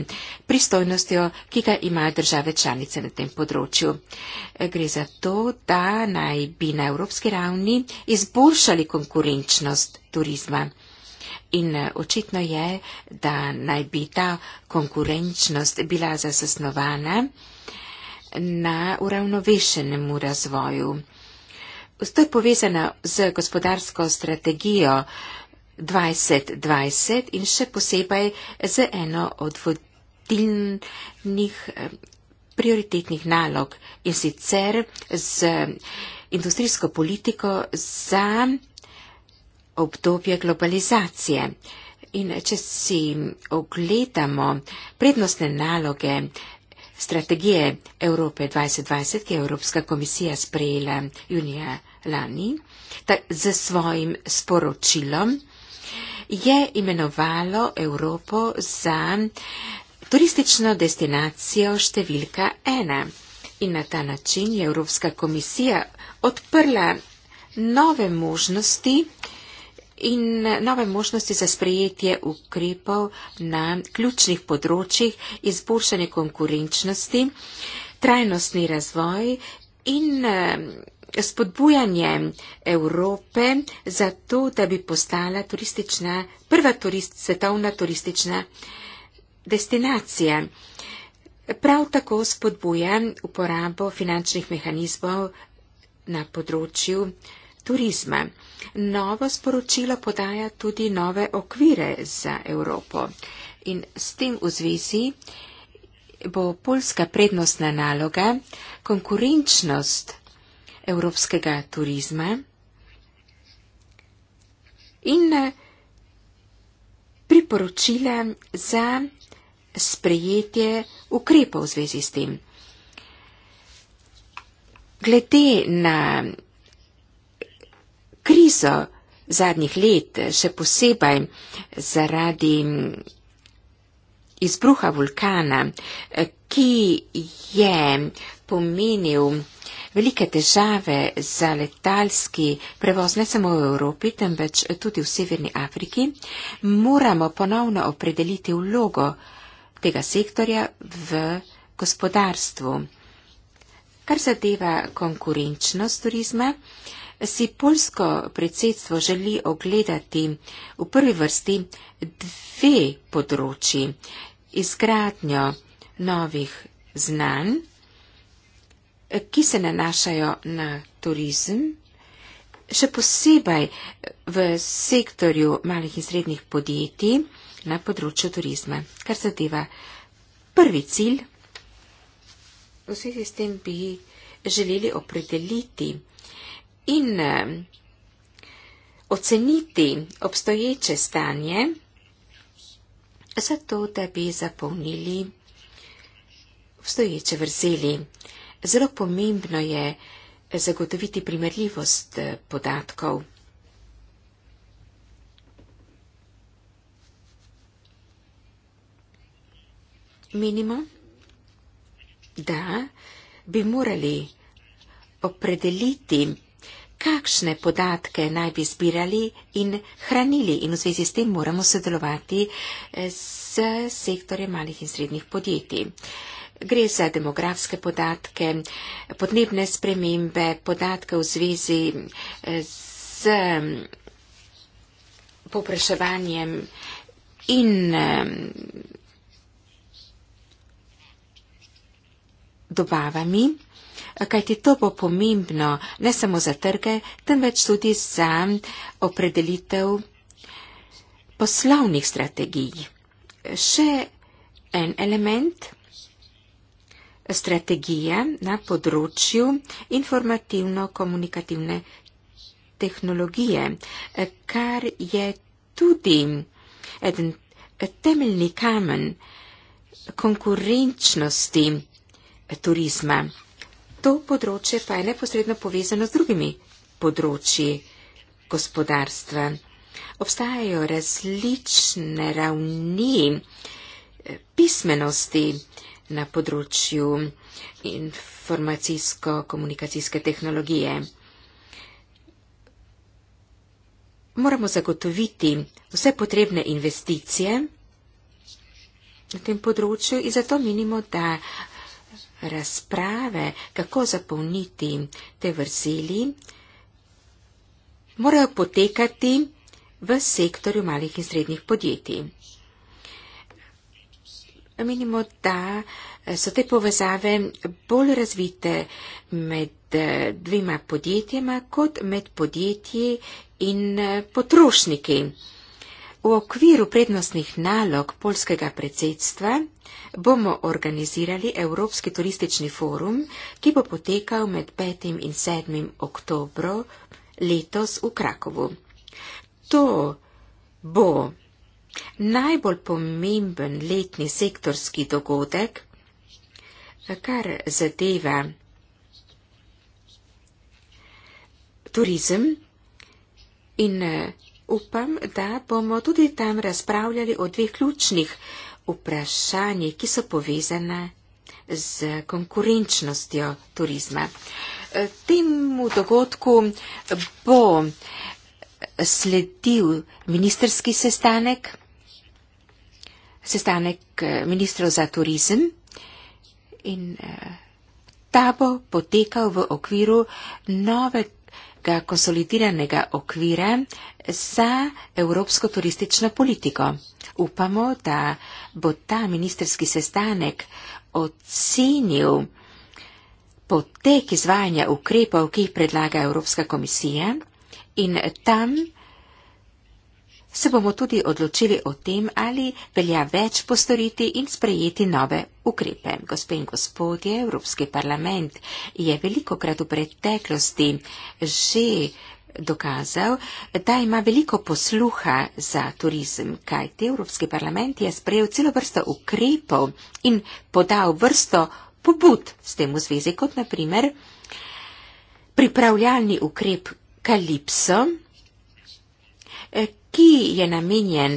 pristojnostjo, ki ga imajo države članice na tem področju. Eh, gre za to, da naj bi na evropski ravni izboljšali konkurenčnost turizma. In eh, očitno je, da naj bi ta konkurenčnost bila zasnovana na uravnovešenemu razvoju. To je povezano z gospodarsko strategijo 2020 in še posebej z eno od vodilnih eh, prioritetnih nalog in sicer z industrijsko politiko za obdobje globalizacije. In če si ogledamo prednostne naloge strategije Evrope 2020, ki je Evropska komisija sprejela junija lani, tak z svojim sporočilom je imenovalo Evropo za turistično destinacijo številka ena. In na ta način je Evropska komisija odprla nove možnosti, in nove možnosti za sprejetje ukrepov na ključnih področjih izboljšanje konkurenčnosti, trajnostni razvoj in eh, spodbujanje Evrope za to, da bi postala turistična, prva turist, svetovna turistična destinacija. Prav tako spodbuja uporabo finančnih mehanizmov na področju turizma. Novo sporočilo podaja tudi nove okvire za Evropo. In s tem v zvezi bo polska prednostna naloga konkurenčnost evropskega turizma in eh, priporočila za sprejetje ukrepov v zvezi s tem. Glede na krizo zadnjih let, še posebej zaradi izbruha vulkana, ki je pomenil velike težave za letalski prevoz ne samo v Evropi, temveč tudi v Severni Afriki, moramo ponovno opredeliti vlogo tega sektorja v gospodarstvu. Kar zadeva konkurenčnost turizma, si polsko predsedstvo želi ogledati v prvi vrsti dve področji. Izgradnjo novih znanj, ki se nanašajo na turizem, še posebej v sektorju malih in srednjih podjetij na področju turizma. Kar zadeva prvi cilj, v svi sistem bi želeli opredeliti, in eh, oceniti obstoječe stanje, zato da bi zapolnili obstoječe vrzeli. Zelo pomembno je zagotoviti primerljivost eh, podatkov. Menimo, da bi morali opredeliti kakšne podatke naj bi zbirali in hranili in v zvezi s tem moramo sodelovati eh, s sektorjem malih in srednjih podjetij. Gre za demografske podatke, podnebne spremembe, podatke v zvezi eh, z mm, popraševanjem in mm, dobavami kaj ti to bo pomembno ne samo za trge, temveč tudi za opredelitev poslovnih strategij. Še en element strategije na področju informativno-komunikativne tehnologije, kar je tudi eden temeljni kamen konkurenčnosti turizma. To področje pa je neposredno povezano z drugimi področji gospodarstva. Obstajajo različne ravni eh, pismenosti na področju informacijsko-komunikacijske tehnologije. Moramo zagotoviti vse potrebne investicije na tem področju in zato menimo, da razprave, kako zapolniti te vrzeli, morajo potekati v sektorju malih in srednjih podjetij. Menimo, da so te povezave bolj razvite med dvima podjetjema kot med podjetji in potrošniki. V okviru prednostnih nalog polskega predsedstva bomo organizirali Evropski turistični forum, ki bo potekal med 5. in 7. oktobro letos v Krakovu. To bo najbolj pomemben letni sektorski dogodek, kar zadeva turizem in eh, Upam, da bomo tudi tam razpravljali o dveh ključnih vprašanjih, ki so povezane z konkurenčnostjo turizma. E, temu dogodku bo sledil ministerski sestanek, sestanek e, ministrov za turizem in e, ta bo potekal v okviru nove ga konsolidiranega okvira za evropsko turistično politiko. Upamo, da bo ta ministerski sestanek ocenil potek izvajanja ukrepov, ki jih predlaga Evropska komisija in tam se bomo tudi odločili o tem, ali velja več postoriti in sprejeti nove ukrepe. Gospe in gospodje, Evropski parlament je velikokrat v preteklosti že dokazal, da ima veliko posluha za turizem, kajti Evropski parlament je sprejel celo vrsto ukrepov in podal vrsto pobud s tem v zvezi, kot naprimer pripravljalni ukrep Kalipso, ki je namenjen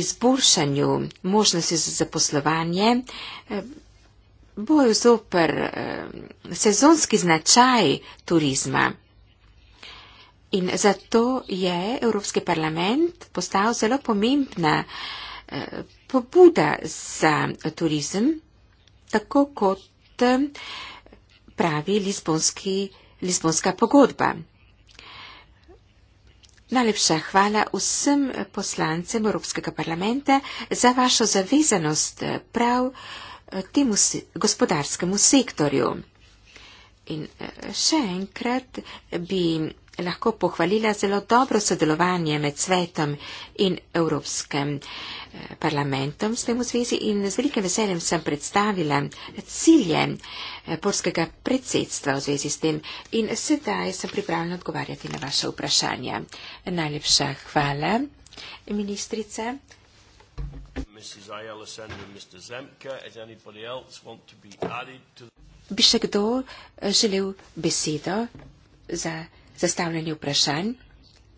izboljšanju možnosti za zaposlovanje, eh, boju zoper eh, sezonski značaj turizma. In zato je Evropski parlament postal zelo pomembna eh, pobuda za turizem, tako kot pravi Lisbonski, Lisbonska pogodba. Najlepša hvala vsem poslancem Evropskega parlamenta za vašo zavezanost prav temu gospodarskemu sektorju. In eh, še enkrat bi lahko pohvalila zelo dobro sodelovanje med svetom in Evropskem eh, parlamentom s tem v zvezi in z velikim veseljem sem predstavila cilje eh, polskega predsedstva v zvezi s tem in sedaj sem pripravljena odgovarjati na vaše vprašanje. Najlepša hvala, ministrice. Bi še kdo eh, želel besedo za zastavljanje vprašanj.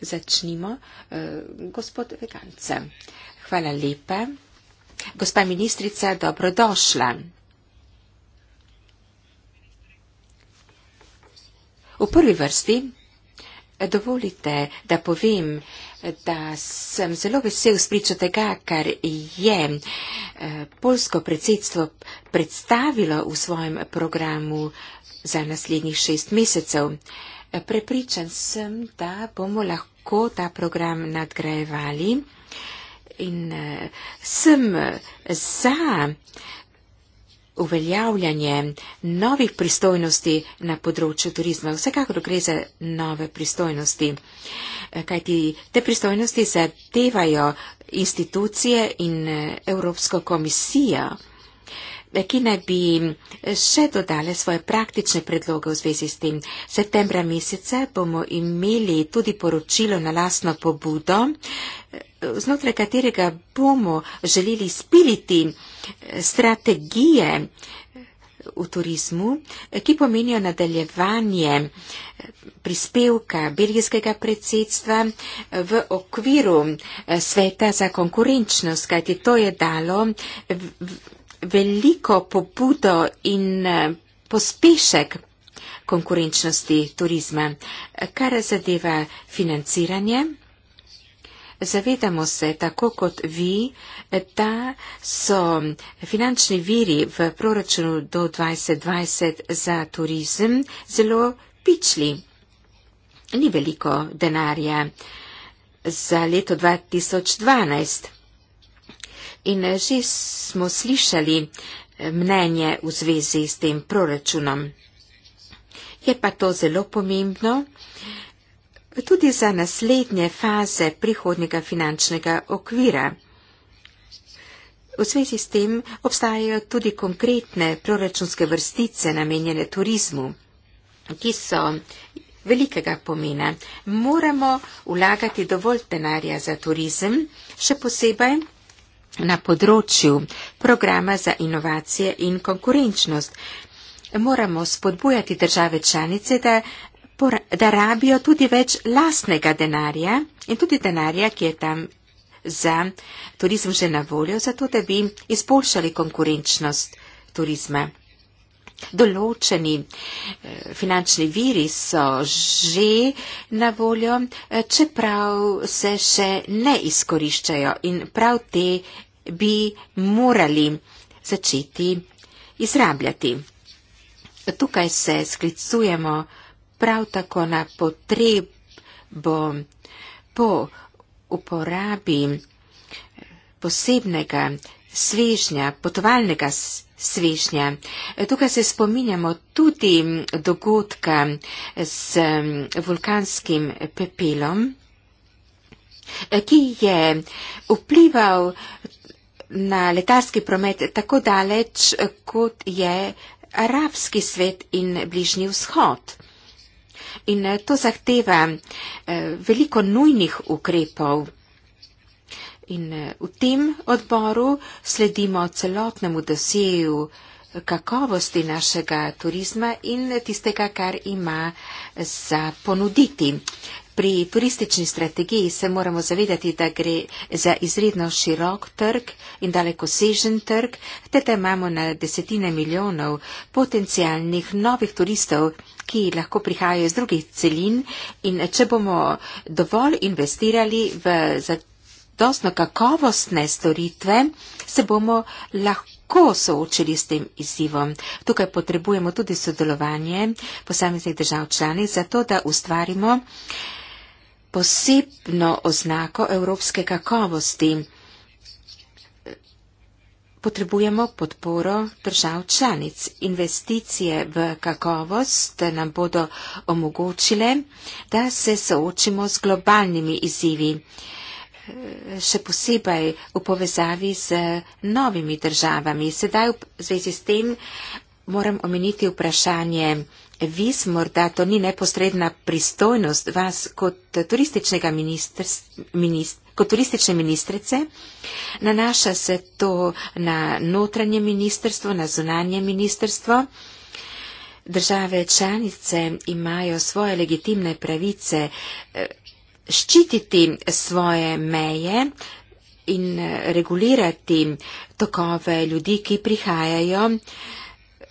Začnimo, eh, gospod Vegance. Hvala lepa. Gospa ministrica, dobrodošla. V prvi vrsti eh, dovolite, da povem, da sem zelo vesel spričo tega, kar je eh, polsko predsedstvo predstavilo v svojem programu za naslednjih šest mesecev. Prepričan sem, da bomo lahko ta program nadgrajevali in eh, sem eh, za uveljavljanje novih pristojnosti na področju turizma. Vsekakor gre za nove pristojnosti, eh, kajti te pristojnosti zadevajo institucije in Evropsko komisijo ki naj bi še dodale svoje praktične predloge v zvezi s tem. Septembra mesece bomo imeli tudi poročilo na lasno pobudo, znotraj katerega bomo želeli spiliti strategije v turizmu, ki pomenijo nadaljevanje prispevka belgijskega predsedstva v okviru eh, sveta za konkurenčnost, kajti to je dalo veliko pobudo in eh, pospešek konkurenčnosti turizma. Kar zadeva financiranje, zavedamo se, tako kot vi, da so finančni viri v proračunu do 2020 za turizem zelo pičli. Ni veliko denarja za leto 2012. In eh, že smo slišali eh, mnenje v zvezi s tem proračunom. Je pa to zelo pomembno eh, tudi za naslednje faze prihodnega finančnega okvira. V zvezi s tem obstajajo tudi konkretne proračunske vrstice namenjene turizmu, ki so velikega pomena. Moramo vlagati dovolj denarja za turizem, še posebej na področju programa za inovacije in konkurenčnost. Moramo spodbujati države članice, da, da rabijo tudi več lastnega denarja in tudi denarja, ki je tam za turizem že na voljo, zato da bi izboljšali konkurenčnost turizma. Določeni eh, finančni viri so že na voljo, eh, čeprav se še ne izkoriščajo in prav te bi morali začeti izrabljati. Tukaj se sklicujemo prav tako na potrebo po uporabi posebnega svežnja, potovalnega svežnja. Tukaj se spominjamo tudi dogodka z vulkanskim pepelom, ki je vplival na letalski promet tako daleč, kot je arabski svet in bližnji vzhod. In eh, to zahteva eh, veliko nujnih ukrepov. In eh, v tem odboru sledimo celotnemu dosjeju kakovosti našega turizma in tistega, kar ima za ponuditi. Pri turistični strategiji se moramo zavedati, da gre za izredno širok trg in dalekosežen trg, te da imamo na desetine milijonov potencijalnih novih turistov, ki lahko prihajajo iz drugih celin in če bomo dovolj investirali v zadostno kakovostne storitve, se bomo lahko. Ko so učili s tem izzivom, tukaj potrebujemo tudi sodelovanje posameznih držav članic, zato da ustvarimo eh, posebno oznako evropske kakovosti. Potrebujemo podporo držav članic. Investicije v kakovost nam bodo omogočile, da se soočimo z globalnimi izzivi, še posebej v povezavi z novimi državami. Sedaj v zvezi s tem moram omeniti vprašanje Vis morda to ni neposredna pristojnost vas kot, minister, minist, kot turistične ministrice, nanaša se to na notranje ministrstvo, na zunanje ministrstvo. Države članice imajo svoje legitimne pravice eh, ščititi svoje meje in eh, regulirati tokove ljudi, ki prihajajo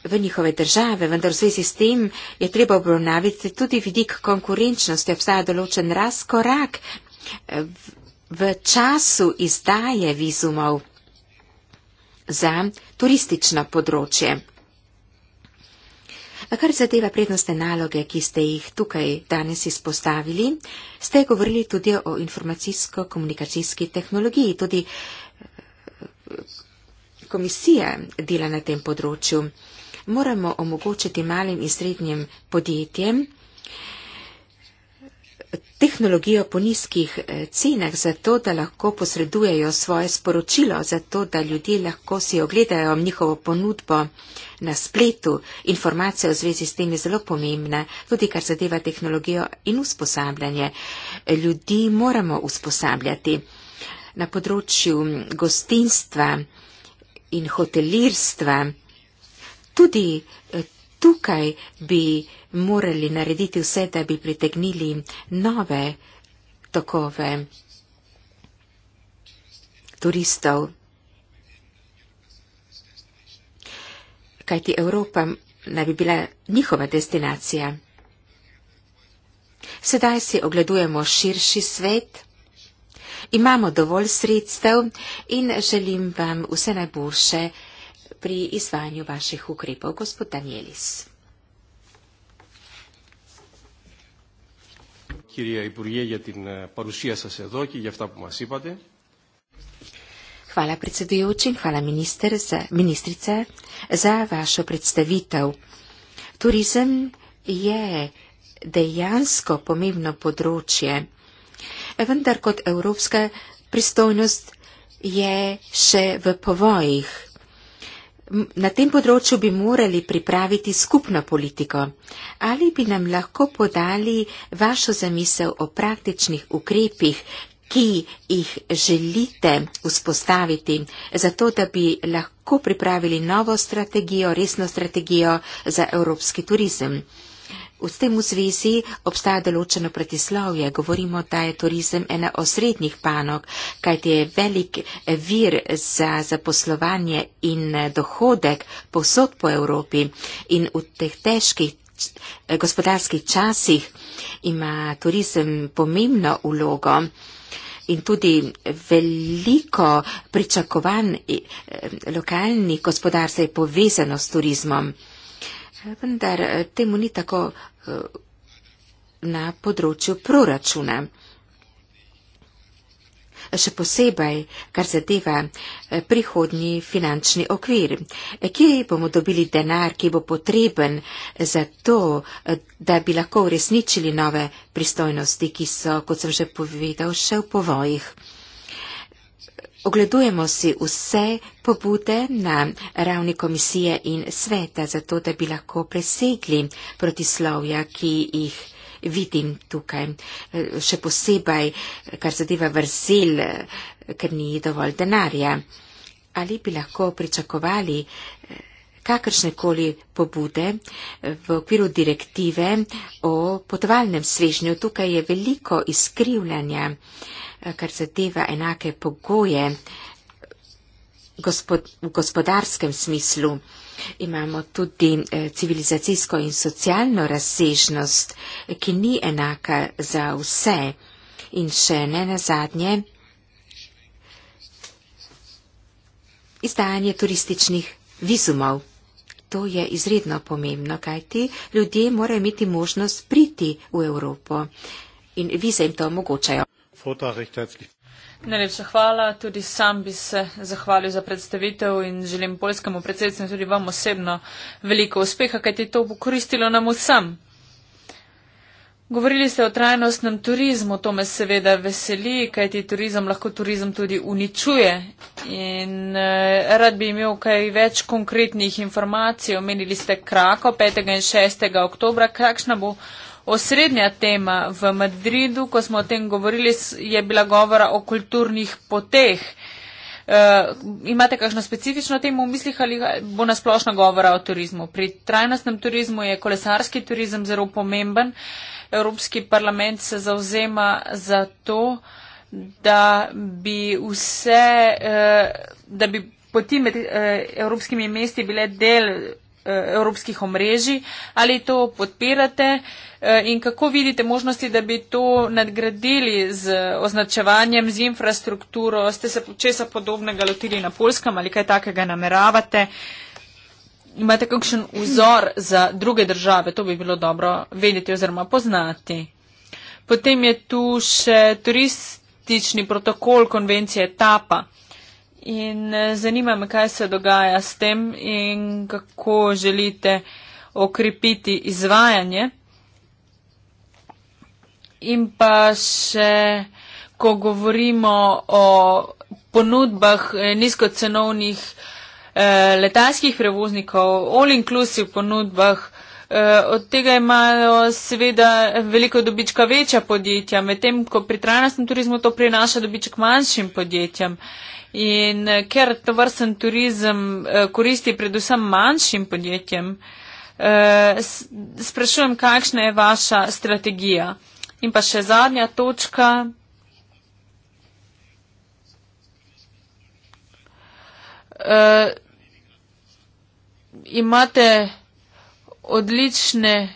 v njihove države, vendar v zvezi s tem je treba obravnaviti tudi vidik konkurenčnosti. Obstaja določen razkorak eh, v času izdaje vizumov za turistično področje. Na kar zadeva prednostne naloge, ki ste jih tukaj danes izpostavili, ste govorili tudi o informacijsko-komunikacijski tehnologiji. Tudi eh, komisija dela na tem področju moramo omogočiti malim in srednjim podjetjem tehnologijo po nizkih eh, cenah, zato da lahko posredujejo svoje sporočilo, zato da ljudje lahko si ogledajo njihovo ponudbo na spletu. Informacija v zvezi s tem je zelo pomembna, tudi kar zadeva tehnologijo in usposabljanje. Eh, ljudi moramo usposabljati na področju mm, gostinstva in hotelirstva tudi eh, tukaj bi morali narediti vse, da bi pritegnili nove tokove turistov. Kajti Evropa naj bi bila njihova destinacija. Sedaj si ogledujemo širši svet, imamo dovolj sredstev in želim vam vse najboljše pri izvajanju vaših ukrepov, gospod Danielis. Hvala predsedujoči in hvala za, ministrice za vašo predstavitev. Turizem je dejansko pomembno področje, vendar kot evropska pristojnost je še v povojih na tem področju bi morali pripraviti skupno politiko. Ali bi nam lahko podali vašo zamisel o praktičnih ukrepih, ki jih želite vzpostaviti, zato da bi lahko pripravili novo strategijo, resno strategijo za evropski turizem? V tem v zvezi obstaja določeno pretislovje. Govorimo, da je turizem ena osrednjih panog, kajti je velik vir za zaposlovanje in dohodek posod po Evropi in v teh težkih eh, gospodarskih časih ima turizem pomembno ulogo. In tudi veliko pričakovanj eh, lokalnih gospodarstv je povezano s turizmom. Vendar eh, temu ni tako Eh, na področju proračuna. Še posebej, kar zadeva eh, prihodnji finančni okvir. Eh, kje bomo dobili denar, ki bo potreben za to, da bi lahko uresničili nove pristojnosti, ki so, kot sem že povedal, še v povojih? Ogledujemo si vse pobude na ravni komisije in sveta, zato da bi lahko presegli protislovja, ki jih vidim tukaj. Še posebej, kar zadeva vrzel, ker ni dovolj denarja. Ali bi lahko pričakovali kakršne koli pobude eh, v okviru direktive o potovalnem svežnju. Tukaj je veliko izkrivljanja, eh, kar zadeva enake pogoje eh, v gospodarskem smislu. Imamo tudi civilizacijsko in socialno razsežnost, ki ni enaka za vse. In še ne na zadnje, izdajanje turističnih vizumov. To je izredno pomembno, kajti ljudje morajo imeti možnost priti v Evropo in vize jim to omogočajo. Najlepša hvala, tudi sam bi se zahvalil za predstavitev in želim poljskemu predsednicu tudi vam osebno veliko uspeha, kajti to bo koristilo nam vsem. Govorili ste o trajnostnem turizmu, to me seveda veseli, kajti turizem lahko turizem tudi uničuje. In eh, rad bi imel kaj več konkretnih informacij. Omenili ste Krako 5. in 6. oktobra. Kakšna bo osrednja tema v Madridu, ko smo o tem govorili, je bila govora o kulturnih poteh. Eh, imate kakšno specifično temo v mislih ali bo nasplošno govora o turizmu? Pri trajnostnem turizmu je kolesarski turizem zelo pomemben. Evropski parlament se zauzema za to, da bi vse, eh, da bi poti med eh, evropskimi mesti bile del eh, evropskih omrežij. Ali to podpirate in kako vidite možnosti, da bi to nadgradili z označevanjem, z infrastrukturo? Ste se česa podobnega lotili na Polskem ali kaj takega nameravate? imate kakšen vzor za druge države, to bi bilo dobro vedeti oziroma poznati. Potem je tu še turistični protokol konvencije TAPA. In eh, zanima me, kaj se dogaja s tem in kako želite okrepiti izvajanje. In pa še, ko govorimo o ponudbah eh, nizkocenovnih eh, Eh, letalskih prevoznikov, all inclusive ponudbah. Eh, od tega imajo seveda veliko dobička večja podjetja, medtem ko pri trajnostnem turizmu to prinaša dobiček manjšim podjetjem. In eh, ker to vrsten turizem koristi predvsem manjšim podjetjem, sprašujem, kakšna je vaša strategija. In pa še zadnja točka. Uh, imate odlične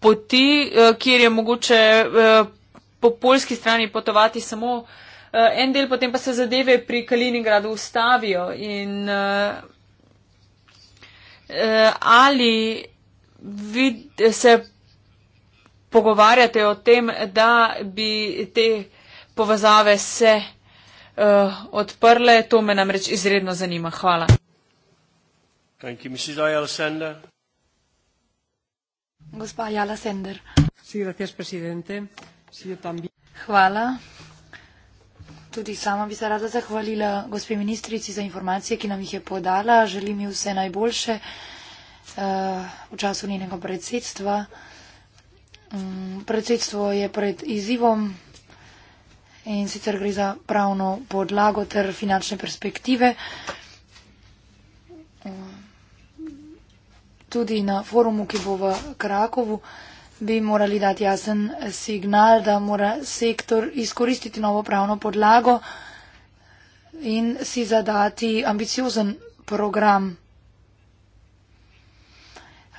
poti, eh, kjer je mogoče eh, po polski strani potovati samo eh, en del, potem pa se zadeve pri Kaliningradu ustavijo. In ali vid, se pogovarjate o tem, da bi te povezave se odprle, to me namreč izredno zanima. Hvala. Hvala. Tudi sama bi se rada zahvalila gospe ministrici za informacije, ki nam jih je podala. Želim ji vse najboljše eh, v času njenega predsedstva. Mm, predsedstvo je pred izzivom in sicer gre za pravno podlago ter finančne perspektive. tudi na forumu, ki bo v Krakovu, bi morali dati jasen signal, da mora sektor izkoristiti novo pravno podlago in si zadati ambiciozen program,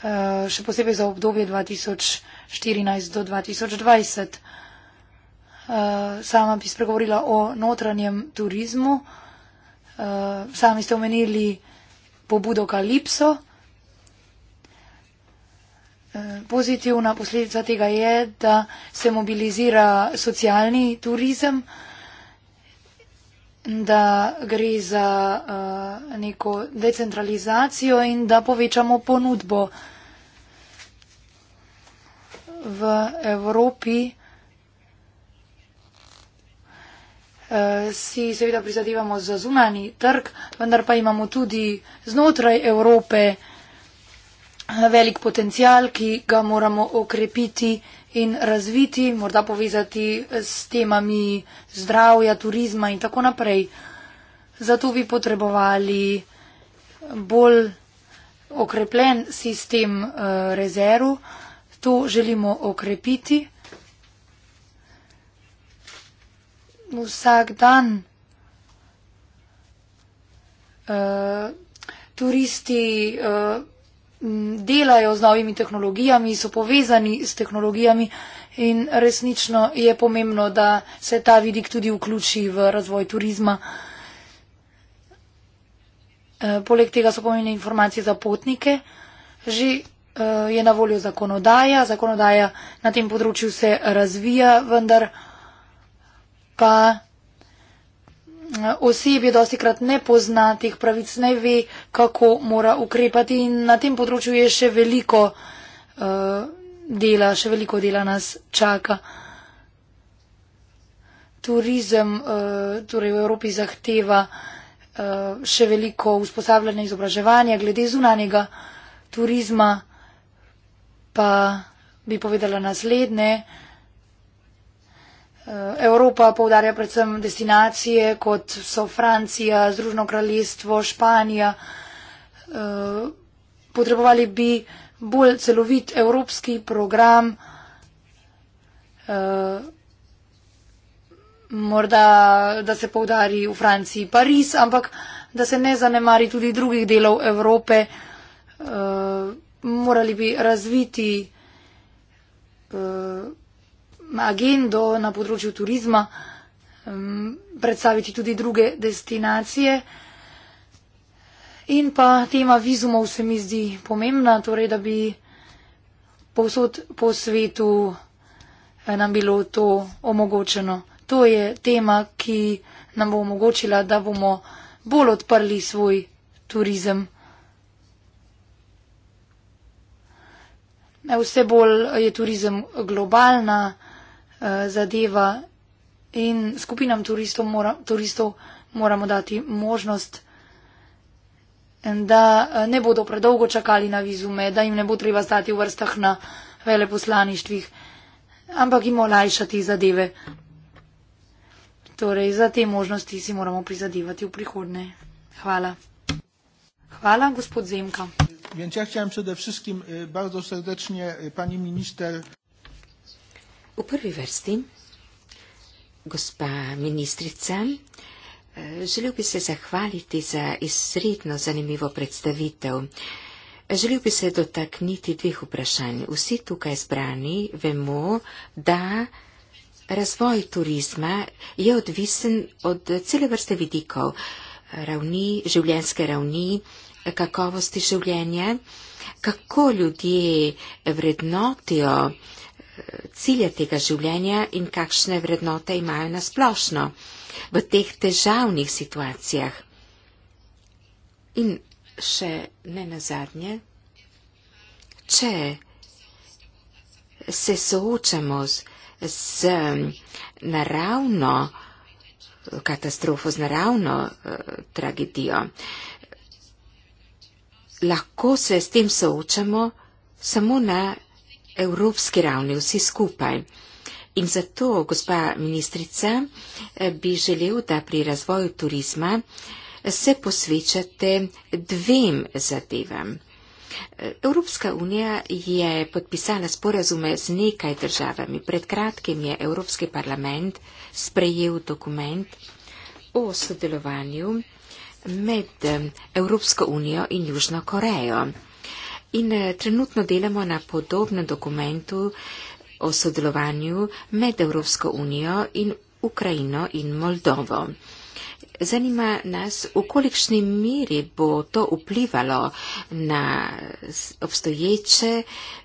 eh, še posebej za obdobje 2014 do 2020. Eh, sama bi spregovorila o notranjem turizmu. Eh, sami ste omenili pobudo Kalipso pozitivna posledica tega je, da se mobilizira socialni turizem, da gre za uh, neko decentralizacijo in da povečamo ponudbo. V Evropi uh, si seveda prizadevamo za zunani trg, vendar pa imamo tudi znotraj Evrope velik potencial, ki ga moramo okrepiti in razviti, morda povezati s temami zdravja, turizma in tako naprej. Zato bi potrebovali bolj okrepljen sistem eh, rezerv. To želimo okrepiti. Vsak dan uh, turisti uh, delajo z novimi tehnologijami, so povezani s tehnologijami in resnično je pomembno, da se ta vidik tudi vključi v razvoj turizma. Eh, poleg tega so pomembne informacije za potnike. Že eh, je na voljo zakonodaja, zakonodaja na tem področju se razvija, vendar pa oseb je dosti krat ne pozna teh pravic, ne ve, kako mora ukrepati in na tem področju je še veliko uh, dela, še veliko dela nas čaka. Turizem uh, torej v Evropi zahteva uh, še veliko usposabljanja in izobraževanja glede zunanjega turizma, pa bi povedala naslednje. Uh, Eh, Evropa povdarja predvsem destinacije, kot so Francija, Združeno kraljestvo, Španija. Eh, potrebovali bi bolj celovit evropski program, eh, morda da se povdari v Franciji Pariz, ampak da se ne zanemari tudi drugih delov Evrope. Morali bi razviti agendo na področju turizma, um, predstaviti tudi druge destinacije. In pa tema vizumov se mi zdi pomembna, torej da bi povsod po svetu eh, nam bilo to omogočeno. To je tema, ki nam bo omogočila, da bomo bolj odprli svoj turizem. Vse bolj je turizem globalna. Eh, zadeva in skupinam turistov, mora, turistov moramo dati možnost, da eh, ne bodo predolgo čakali na vizume, da jim ne bo treba stati v vrstah na veleposlaništvih, ampak jim olajšati zadeve. Torej, za te možnosti si moramo prizadevati v prihodne. Hvala. Hvala, gospod Zemka. Vem, če ja hočem predvsem, e, bardzo srdečne, e, pani minister. V prvi vrsti, gospa ministrica, želel bi se zahvaliti za izredno zanimivo predstavitev. Želel bi se dotakniti dveh vprašanj. Vsi tukaj zbrani vemo, da razvoj turizma je odvisen od cele vrste vidikov, ravni, življenske ravni, kakovosti življenja, kako ljudje vrednotijo eh, cilje tega življenja in kakšne vrednote imajo nasplošno v teh težavnih situacijah. In še ne nazadnje, če se soočamo z, z naravno katastrofo, z naravno uh, tragedijo, lahko se s tem soočamo samo na evropski ravni vsi skupaj. In zato, gospa ministrica, eh, bi želel, da pri razvoju turizma eh, se posvečate dvem zadevam. Eh, Evropska unija je podpisala sporazume z nekaj državami. Pred kratkim je Evropski parlament sprejel dokument o sodelovanju med Evropsko unijo in Južno Korejo. In eh, trenutno delamo na podobnem dokumentu o sodelovanju med Evropsko unijo in Ukrajino in Moldovo. Zanima nas, v kolikšni miri bo to vplivalo na obstoječe,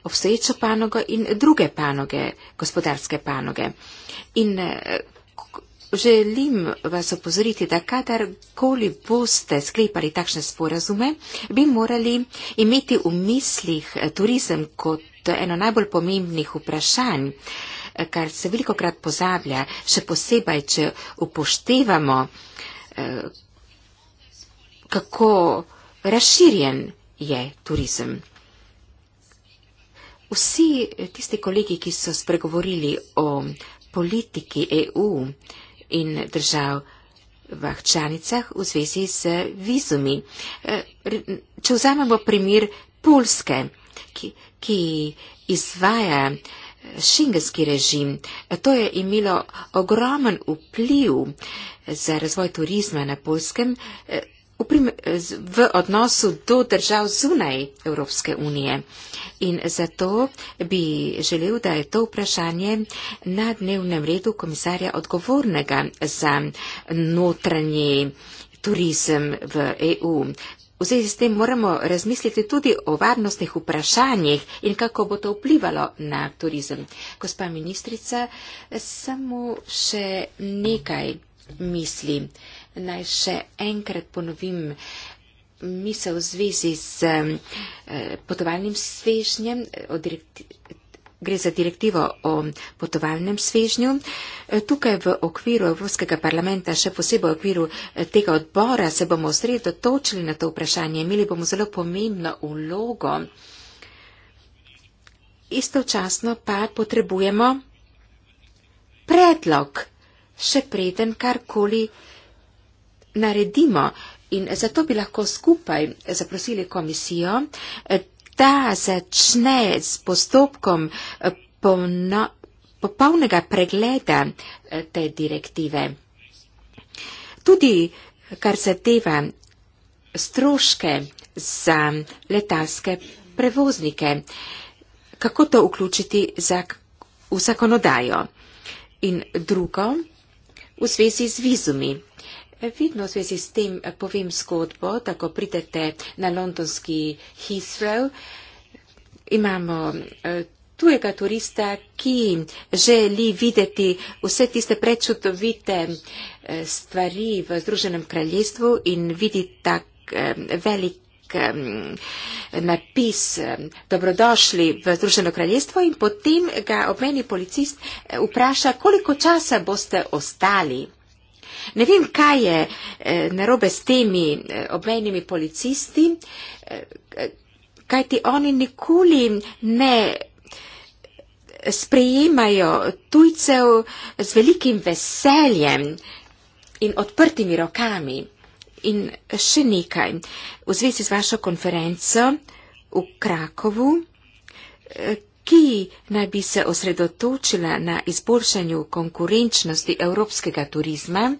obstoječo panogo in druge panoge, gospodarske panoge. In eh, Želim vas opozoriti, da kadarkoli boste sklepali takšne sporazume, bi morali imeti v mislih turizem kot eno najbolj pomembnih vprašanj, kar se veliko krat pozablja, še posebej, če upoštevamo, eh, kako razširjen je turizem. Vsi tisti kolegi, ki so spregovorili o politiki EU, in držav v članicah v zvezi z vizumi. E, če vzamemo primer Polske, ki, ki izvaja šingenski režim, e, to je imelo ogromen vpliv za razvoj turizma na Polskem, e, v, prim, v odnosu do držav zunaj Evropske unije. In zato bi želel, da je to vprašanje na dnevnem redu komisarja odgovornega za notranji turizem v EU. V zvezi s tem moramo razmisliti tudi o varnostnih vprašanjih in kako bo to vplivalo na turizem. Gospa ministrica, samo še nekaj mislim naj še enkrat ponovim misel v zvezi z eh, potovalnim svežnjem. Gre za direktivo o potovalnem svežnju. E, tukaj v okviru Evropskega parlamenta, še posebej v okviru e, tega odbora, se bomo osredotočili na to vprašanje. Imeli bomo zelo pomembno vlogo. Istočasno pa potrebujemo predlog, še preden karkoli naredimo in zato bi lahko skupaj zaprosili komisijo, eh, da začne s postopkom eh, polno, popolnega pregleda eh, te direktive. Tudi kar zadeva stroške za letalske prevoznike, kako to vključiti v zakonodajo. In drugo, v zvezi z vizumi vidno v zvezi s tem eh, povem zgodbo, tako pridete na londonski Heathrow. Imamo eh, tujega turista, ki želi videti vse tiste prečudovite eh, stvari v Združenem kraljestvu in vidi tak velik napis dobrodošli v Združeno kraljestvo in potem ga obmeni policist vpraša, koliko časa boste ostali. Ne vem, kaj je eh, narobe s temi eh, obmejnimi policisti, eh, kaj ti oni nikoli ne sprejemajo tujcev z velikim veseljem in odprtimi rokami. In še nekaj, v zvezi z vašo konferenco v Krakovu, strategiji naj bi se osredotočila na izboljšanju konkurenčnosti evropskega turizma.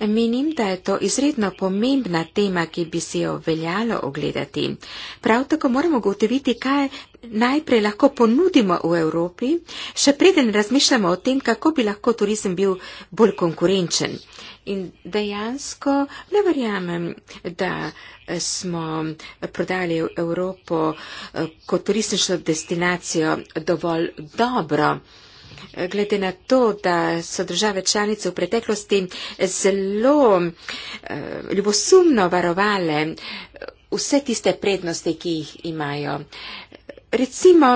Menim, da je to izredno pomembna tema, ki bi si jo veljalo ogledati. Prav tako moramo ugotoviti, kaj najprej lahko ponudimo v Evropi, še preden razmišljamo o tem, kako bi lahko turizem bil bolj konkurenčen. In dejansko ne verjamem, da smo prodali Evropo eh, kot turistično destinacijo dovolj dobro. Glede na to, da so države članice v preteklosti zelo eh, ljubosumno varovale eh, vse tiste prednosti, ki jih imajo. Recimo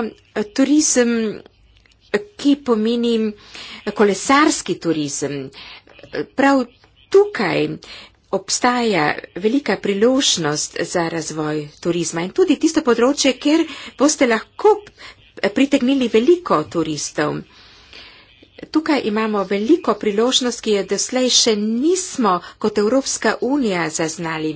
turizem, ki pomeni kolesarski turizem. Prav tukaj obstaja velika priložnost za razvoj turizma in tudi tisto področje, kjer boste lahko pritegnili veliko turistov. Tukaj imamo veliko priložnost, ki jo doslej še nismo kot Evropska unija zaznali,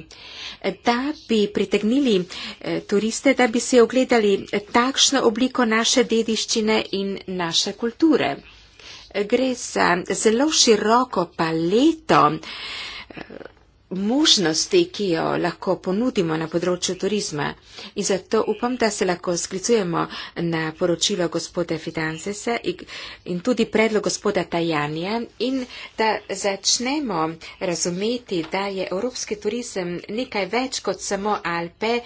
da bi pritegnili eh, turiste, da bi si ogledali takšno obliko naše dediščine in naše kulture gre za zelo široko paleto eh, možnosti, ki jo lahko ponudimo na področju turizma. In zato upam, da se lahko sklicujemo na poročilo gospoda Fidansesa in tudi predlog gospoda Tajanja in da začnemo razumeti, da je evropski turizem nekaj več kot samo Alpe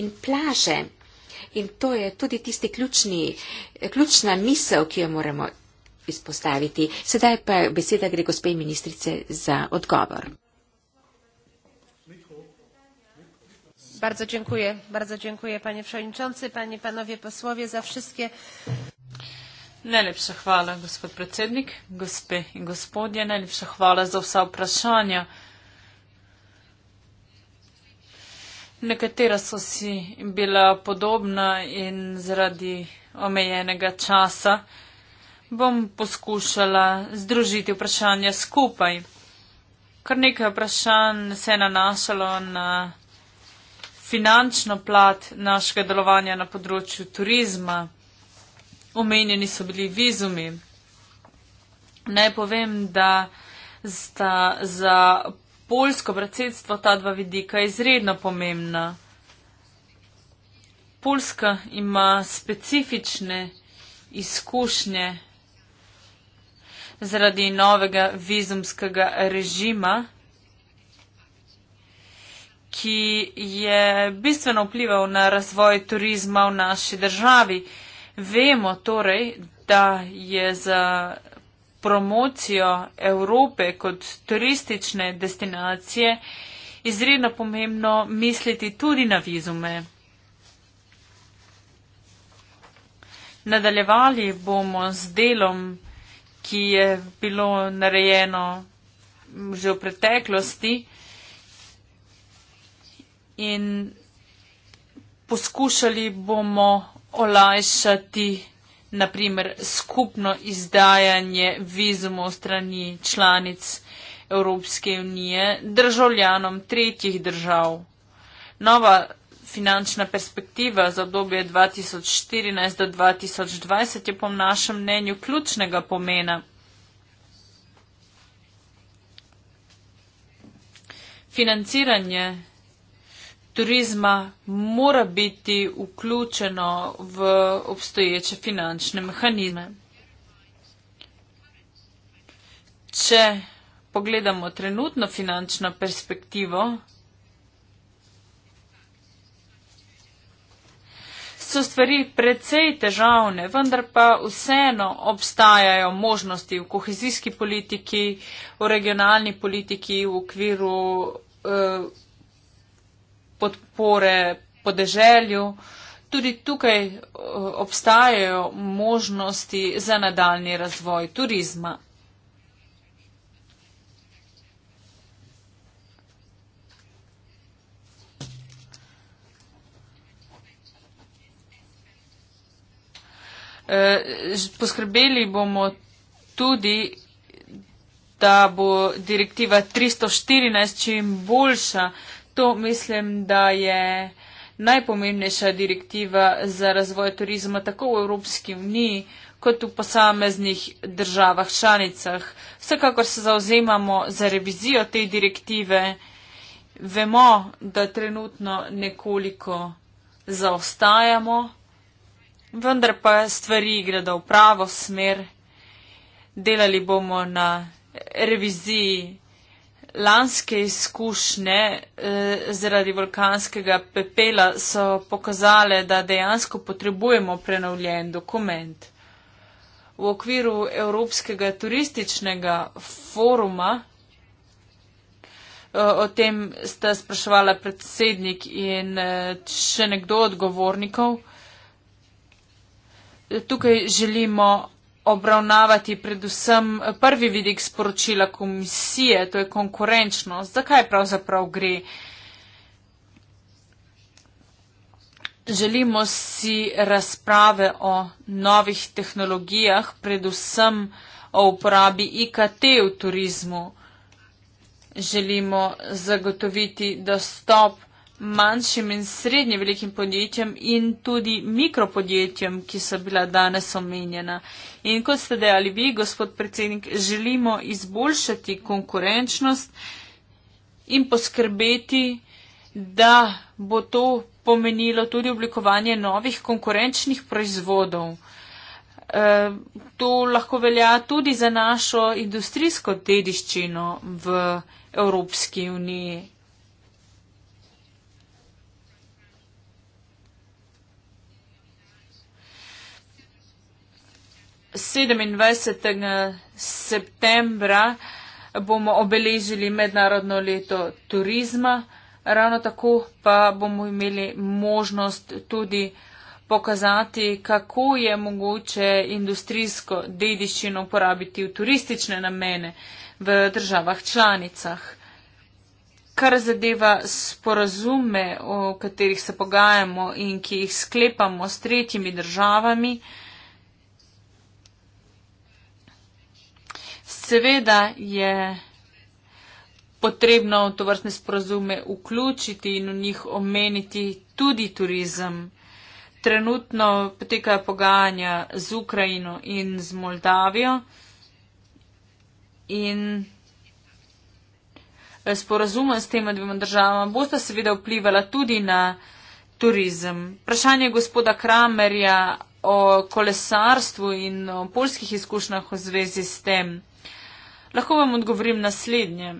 in plaže. In to je tudi tisti ključni, ključna misel, ki jo moramo izpostaviti. Sedaj pa beseda gre gospe ministrice za odgovor. Bardzo dziękuję, bardzo dziękuję panie przewodniczący, panie panowie posłowie za wszystkie. Najlepsza chwała, gospod przewodnik, gospy i gospodzie, najlepsza chwała za wsa opraszania. Nekatera so si bila podobna in zaradi omejenega časa bom poskušala združiti vprašanja skupaj. Kar nekaj vprašanj se je nanašalo na finančno plat našega delovanja na področju turizma. Omenjeni so bili vizumi. Naj povem, da sta za polsko predsedstvo ta dva vidika izredno pomembna. Polska ima specifične izkušnje zaradi novega vizumskega režima, ki je bistveno vplival na razvoj turizma v naši državi. Vemo torej, da je za promocijo Evrope kot turistične destinacije izredno pomembno misliti tudi na vizume. Nadaljevali bomo z delom ki je bilo narejeno že v preteklosti in poskušali bomo olajšati naprimer skupno izdajanje vizumov strani članic Evropske unije državljanom tretjih držav. Nova finančna perspektiva za obdobje 2014 do 2020 je po našem mnenju ključnega pomena. Financiranje turizma mora biti vključeno v obstoječe finančne mehanizme. Če pogledamo trenutno finančno perspektivo, so stvari precej težavne, vendar pa vseeno obstajajo možnosti v kohezijski politiki, v regionalni politiki, v okviru eh, podpore podeželju. Tudi tukaj eh, obstajajo možnosti za nadaljni razvoj turizma. Eh, poskrbeli bomo tudi, da bo direktiva 314 čim boljša. To mislim, da je najpomembnejša direktiva za razvoj turizma tako v Evropski uniji kot v posameznih državah članicah. Vsekakor se zauzemamo za revizijo te direktive. Vemo, da trenutno nekoliko zaostajamo vendar pa stvari gredo v pravo smer. Delali bomo na reviziji lanske izkušnje eh, zaradi vulkanskega pepela, so pokazale, da dejansko potrebujemo prenovljen dokument. V okviru Evropskega turističnega foruma eh, o tem sta spraševala predsednik in eh, še nekdo odgovornikov tukaj želimo obravnavati predvsem prvi vidik sporočila komisije, to je konkurenčnost. Zakaj pravzaprav gre? Želimo si razprave o novih tehnologijah, predvsem o uporabi IKT v turizmu. Želimo zagotoviti dostop manjšim in srednje velikim podjetjem in tudi mikropodjetjem, ki so bila danes omenjena. In kot ste dejali vi, gospod predsednik, želimo izboljšati konkurenčnost in poskrbeti, da bo to pomenilo tudi oblikovanje novih konkurenčnih proizvodov. E, to lahko velja tudi za našo industrijsko dediščino v Evropski uniji. 27. septembra bomo obeležili mednarodno leto turizma, ravno tako pa bomo imeli možnost tudi pokazati, kako je mogoče industrijsko dediščino uporabiti v turistične namene v državah članicah. Kar zadeva sporazume, o katerih se pogajamo in ki jih sklepamo s tretjimi državami, Seveda je potrebno v to vrstne sporazume vključiti in v njih omeniti tudi turizem. Trenutno potekajo pogajanja z Ukrajino in z Moldavijo in eh, sporazuma s tema dvema državama bosta seveda vplivala tudi na turizem. Vprašanje gospoda Kramerja o kolesarstvu in o polskih izkušnjah v zvezi s tem. Lahko vam odgovorim naslednje.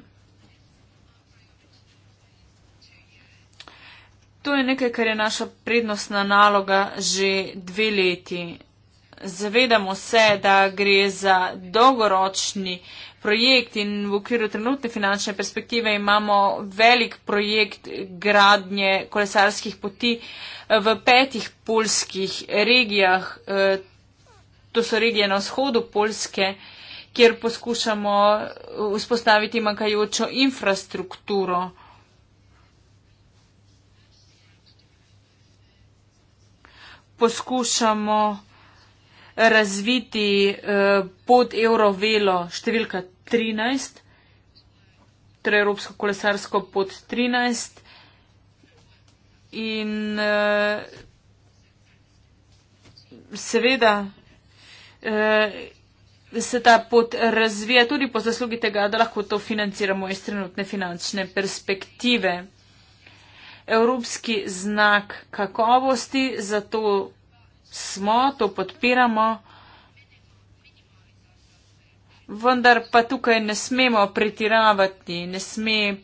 To je nekaj, kar je naša prednostna naloga že dve leti. Zavedamo se, da gre za dolgoročni projekt in v okviru trenutne finančne perspektive imamo velik projekt gradnje kolesarskih poti eh, v petih polskih regijah. Eh, to so regije na vzhodu Polske, kjer poskušamo uh, vzpostaviti manjkajočo infrastrukturo. Poskušamo razviti uh, pod Eurovelo številka 13, torej Evropsko kolesarsko pod 13 in uh, seveda se ta pot razvija tudi po zaslugi tega, da lahko to financiramo iz trenutne finančne perspektive. Evropski znak kakovosti, zato smo, to podpiramo, vendar pa tukaj ne smemo pretiravati, ne sme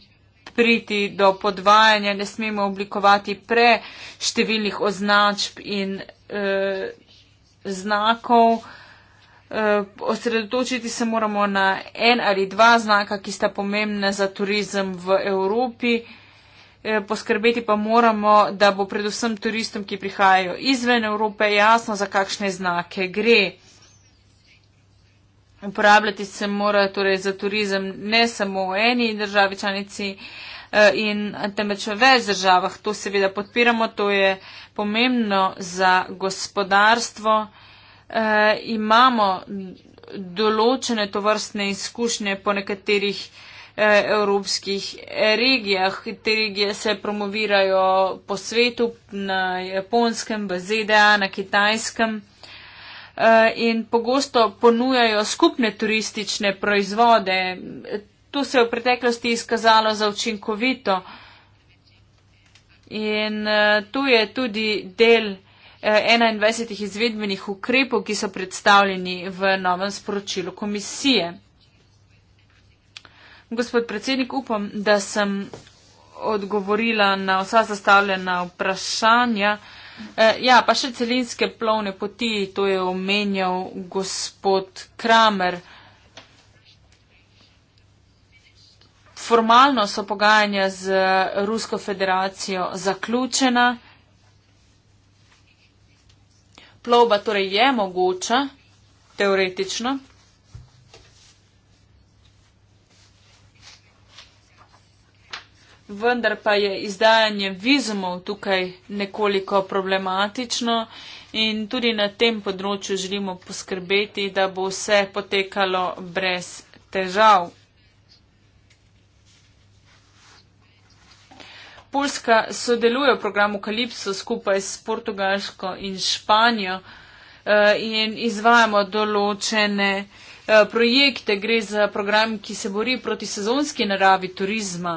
priti do podvajanja, ne smemo oblikovati pre številnih označb in e, znakov, Eh, osredotočiti se moramo na en ali dva znaka, ki sta pomembna za turizem v Evropi. Eh, poskrbeti pa moramo, da bo predvsem turistom, ki prihajajo izven Evrope, jasno, za kakšne znake gre. Uporabljati se mora torej za turizem ne samo v eni državi članici eh, in temveč v več državah. To seveda podpiramo, to je pomembno za gospodarstvo eh, imamo določene tovrstne izkušnje po nekaterih eh, evropskih regijah. Te regije se promovirajo po svetu, na japonskem, v ZDA, na kitajskem eh, in pogosto ponujajo skupne turistične proizvode. To se je v preteklosti izkazalo za učinkovito. In uh, eh, tu je tudi del uh, 21 izvedbenih ukrepov, ki so predstavljeni v novem sporočilu komisije. Gospod predsednik, upam, da sem odgovorila na vsa zastavljena vprašanja. E, ja, pa še celinske plovne poti, to je omenjal gospod Kramer. Formalno so pogajanja z Rusko federacijo zaključena plovba torej je mogoča, teoretično. Vendar pa je izdajanje vizumov tukaj nekoliko problematično in tudi na tem področju želimo poskrbeti, da bo vse potekalo brez težav. Poljska sodeluje v programu Kalipso skupaj s Portugalsko in Španijo eh, in izvajamo določene eh, projekte. Gre za program, ki se bori proti sezonski naravi turizma.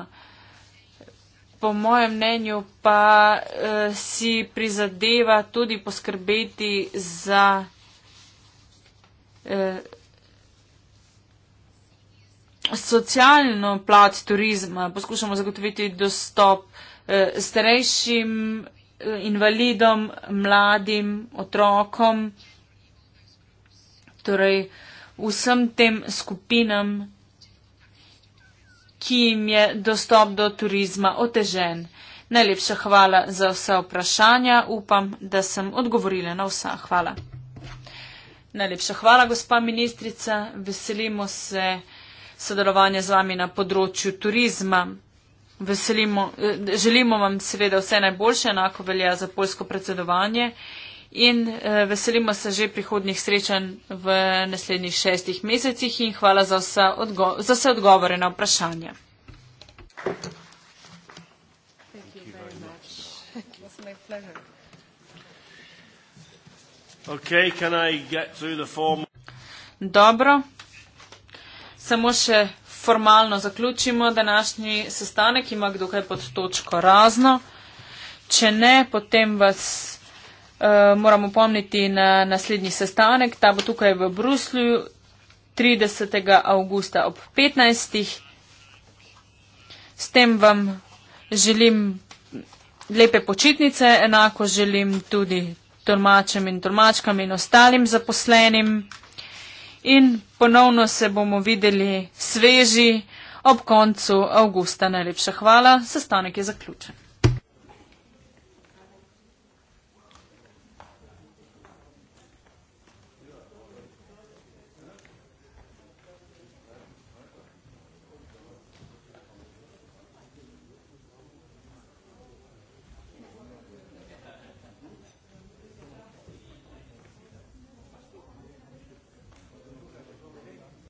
Po mojem mnenju pa eh, si prizadeva tudi poskrbeti za socialno plat turizma, poskušamo zagotoviti dostop eh, starejšim, eh, invalidom, mladim, otrokom, torej vsem tem skupinam, ki jim je dostop do turizma otežen. Najlepša hvala za vse vprašanja. Upam, da sem odgovorila na vsa. Hvala. Najlepša hvala, gospa ministrica. Veselimo se sodelovanje z vami na področju turizma. Veselimo, eh, želimo vam seveda vse najboljše, enako velja za polsko predsedovanje in eh, veselimo se že prihodnih srečanj v naslednjih šestih mesecih in hvala za vse, odgo za vse odgovore na vprašanje. Okay, Dobro samo še formalno zaključimo današnji sestanek, ima kdo kaj pod točko razno. Če ne, potem vas uh, moramo pomniti na naslednji sestanek, ta bo tukaj v Bruslju 30. augusta ob 15. S tem vam želim lepe počitnice, enako želim tudi tolmačem in tolmačkam in ostalim zaposlenim in ponovno se bomo videli sveži ob koncu avgusta. Najlepša hvala, sestanek je zaključen.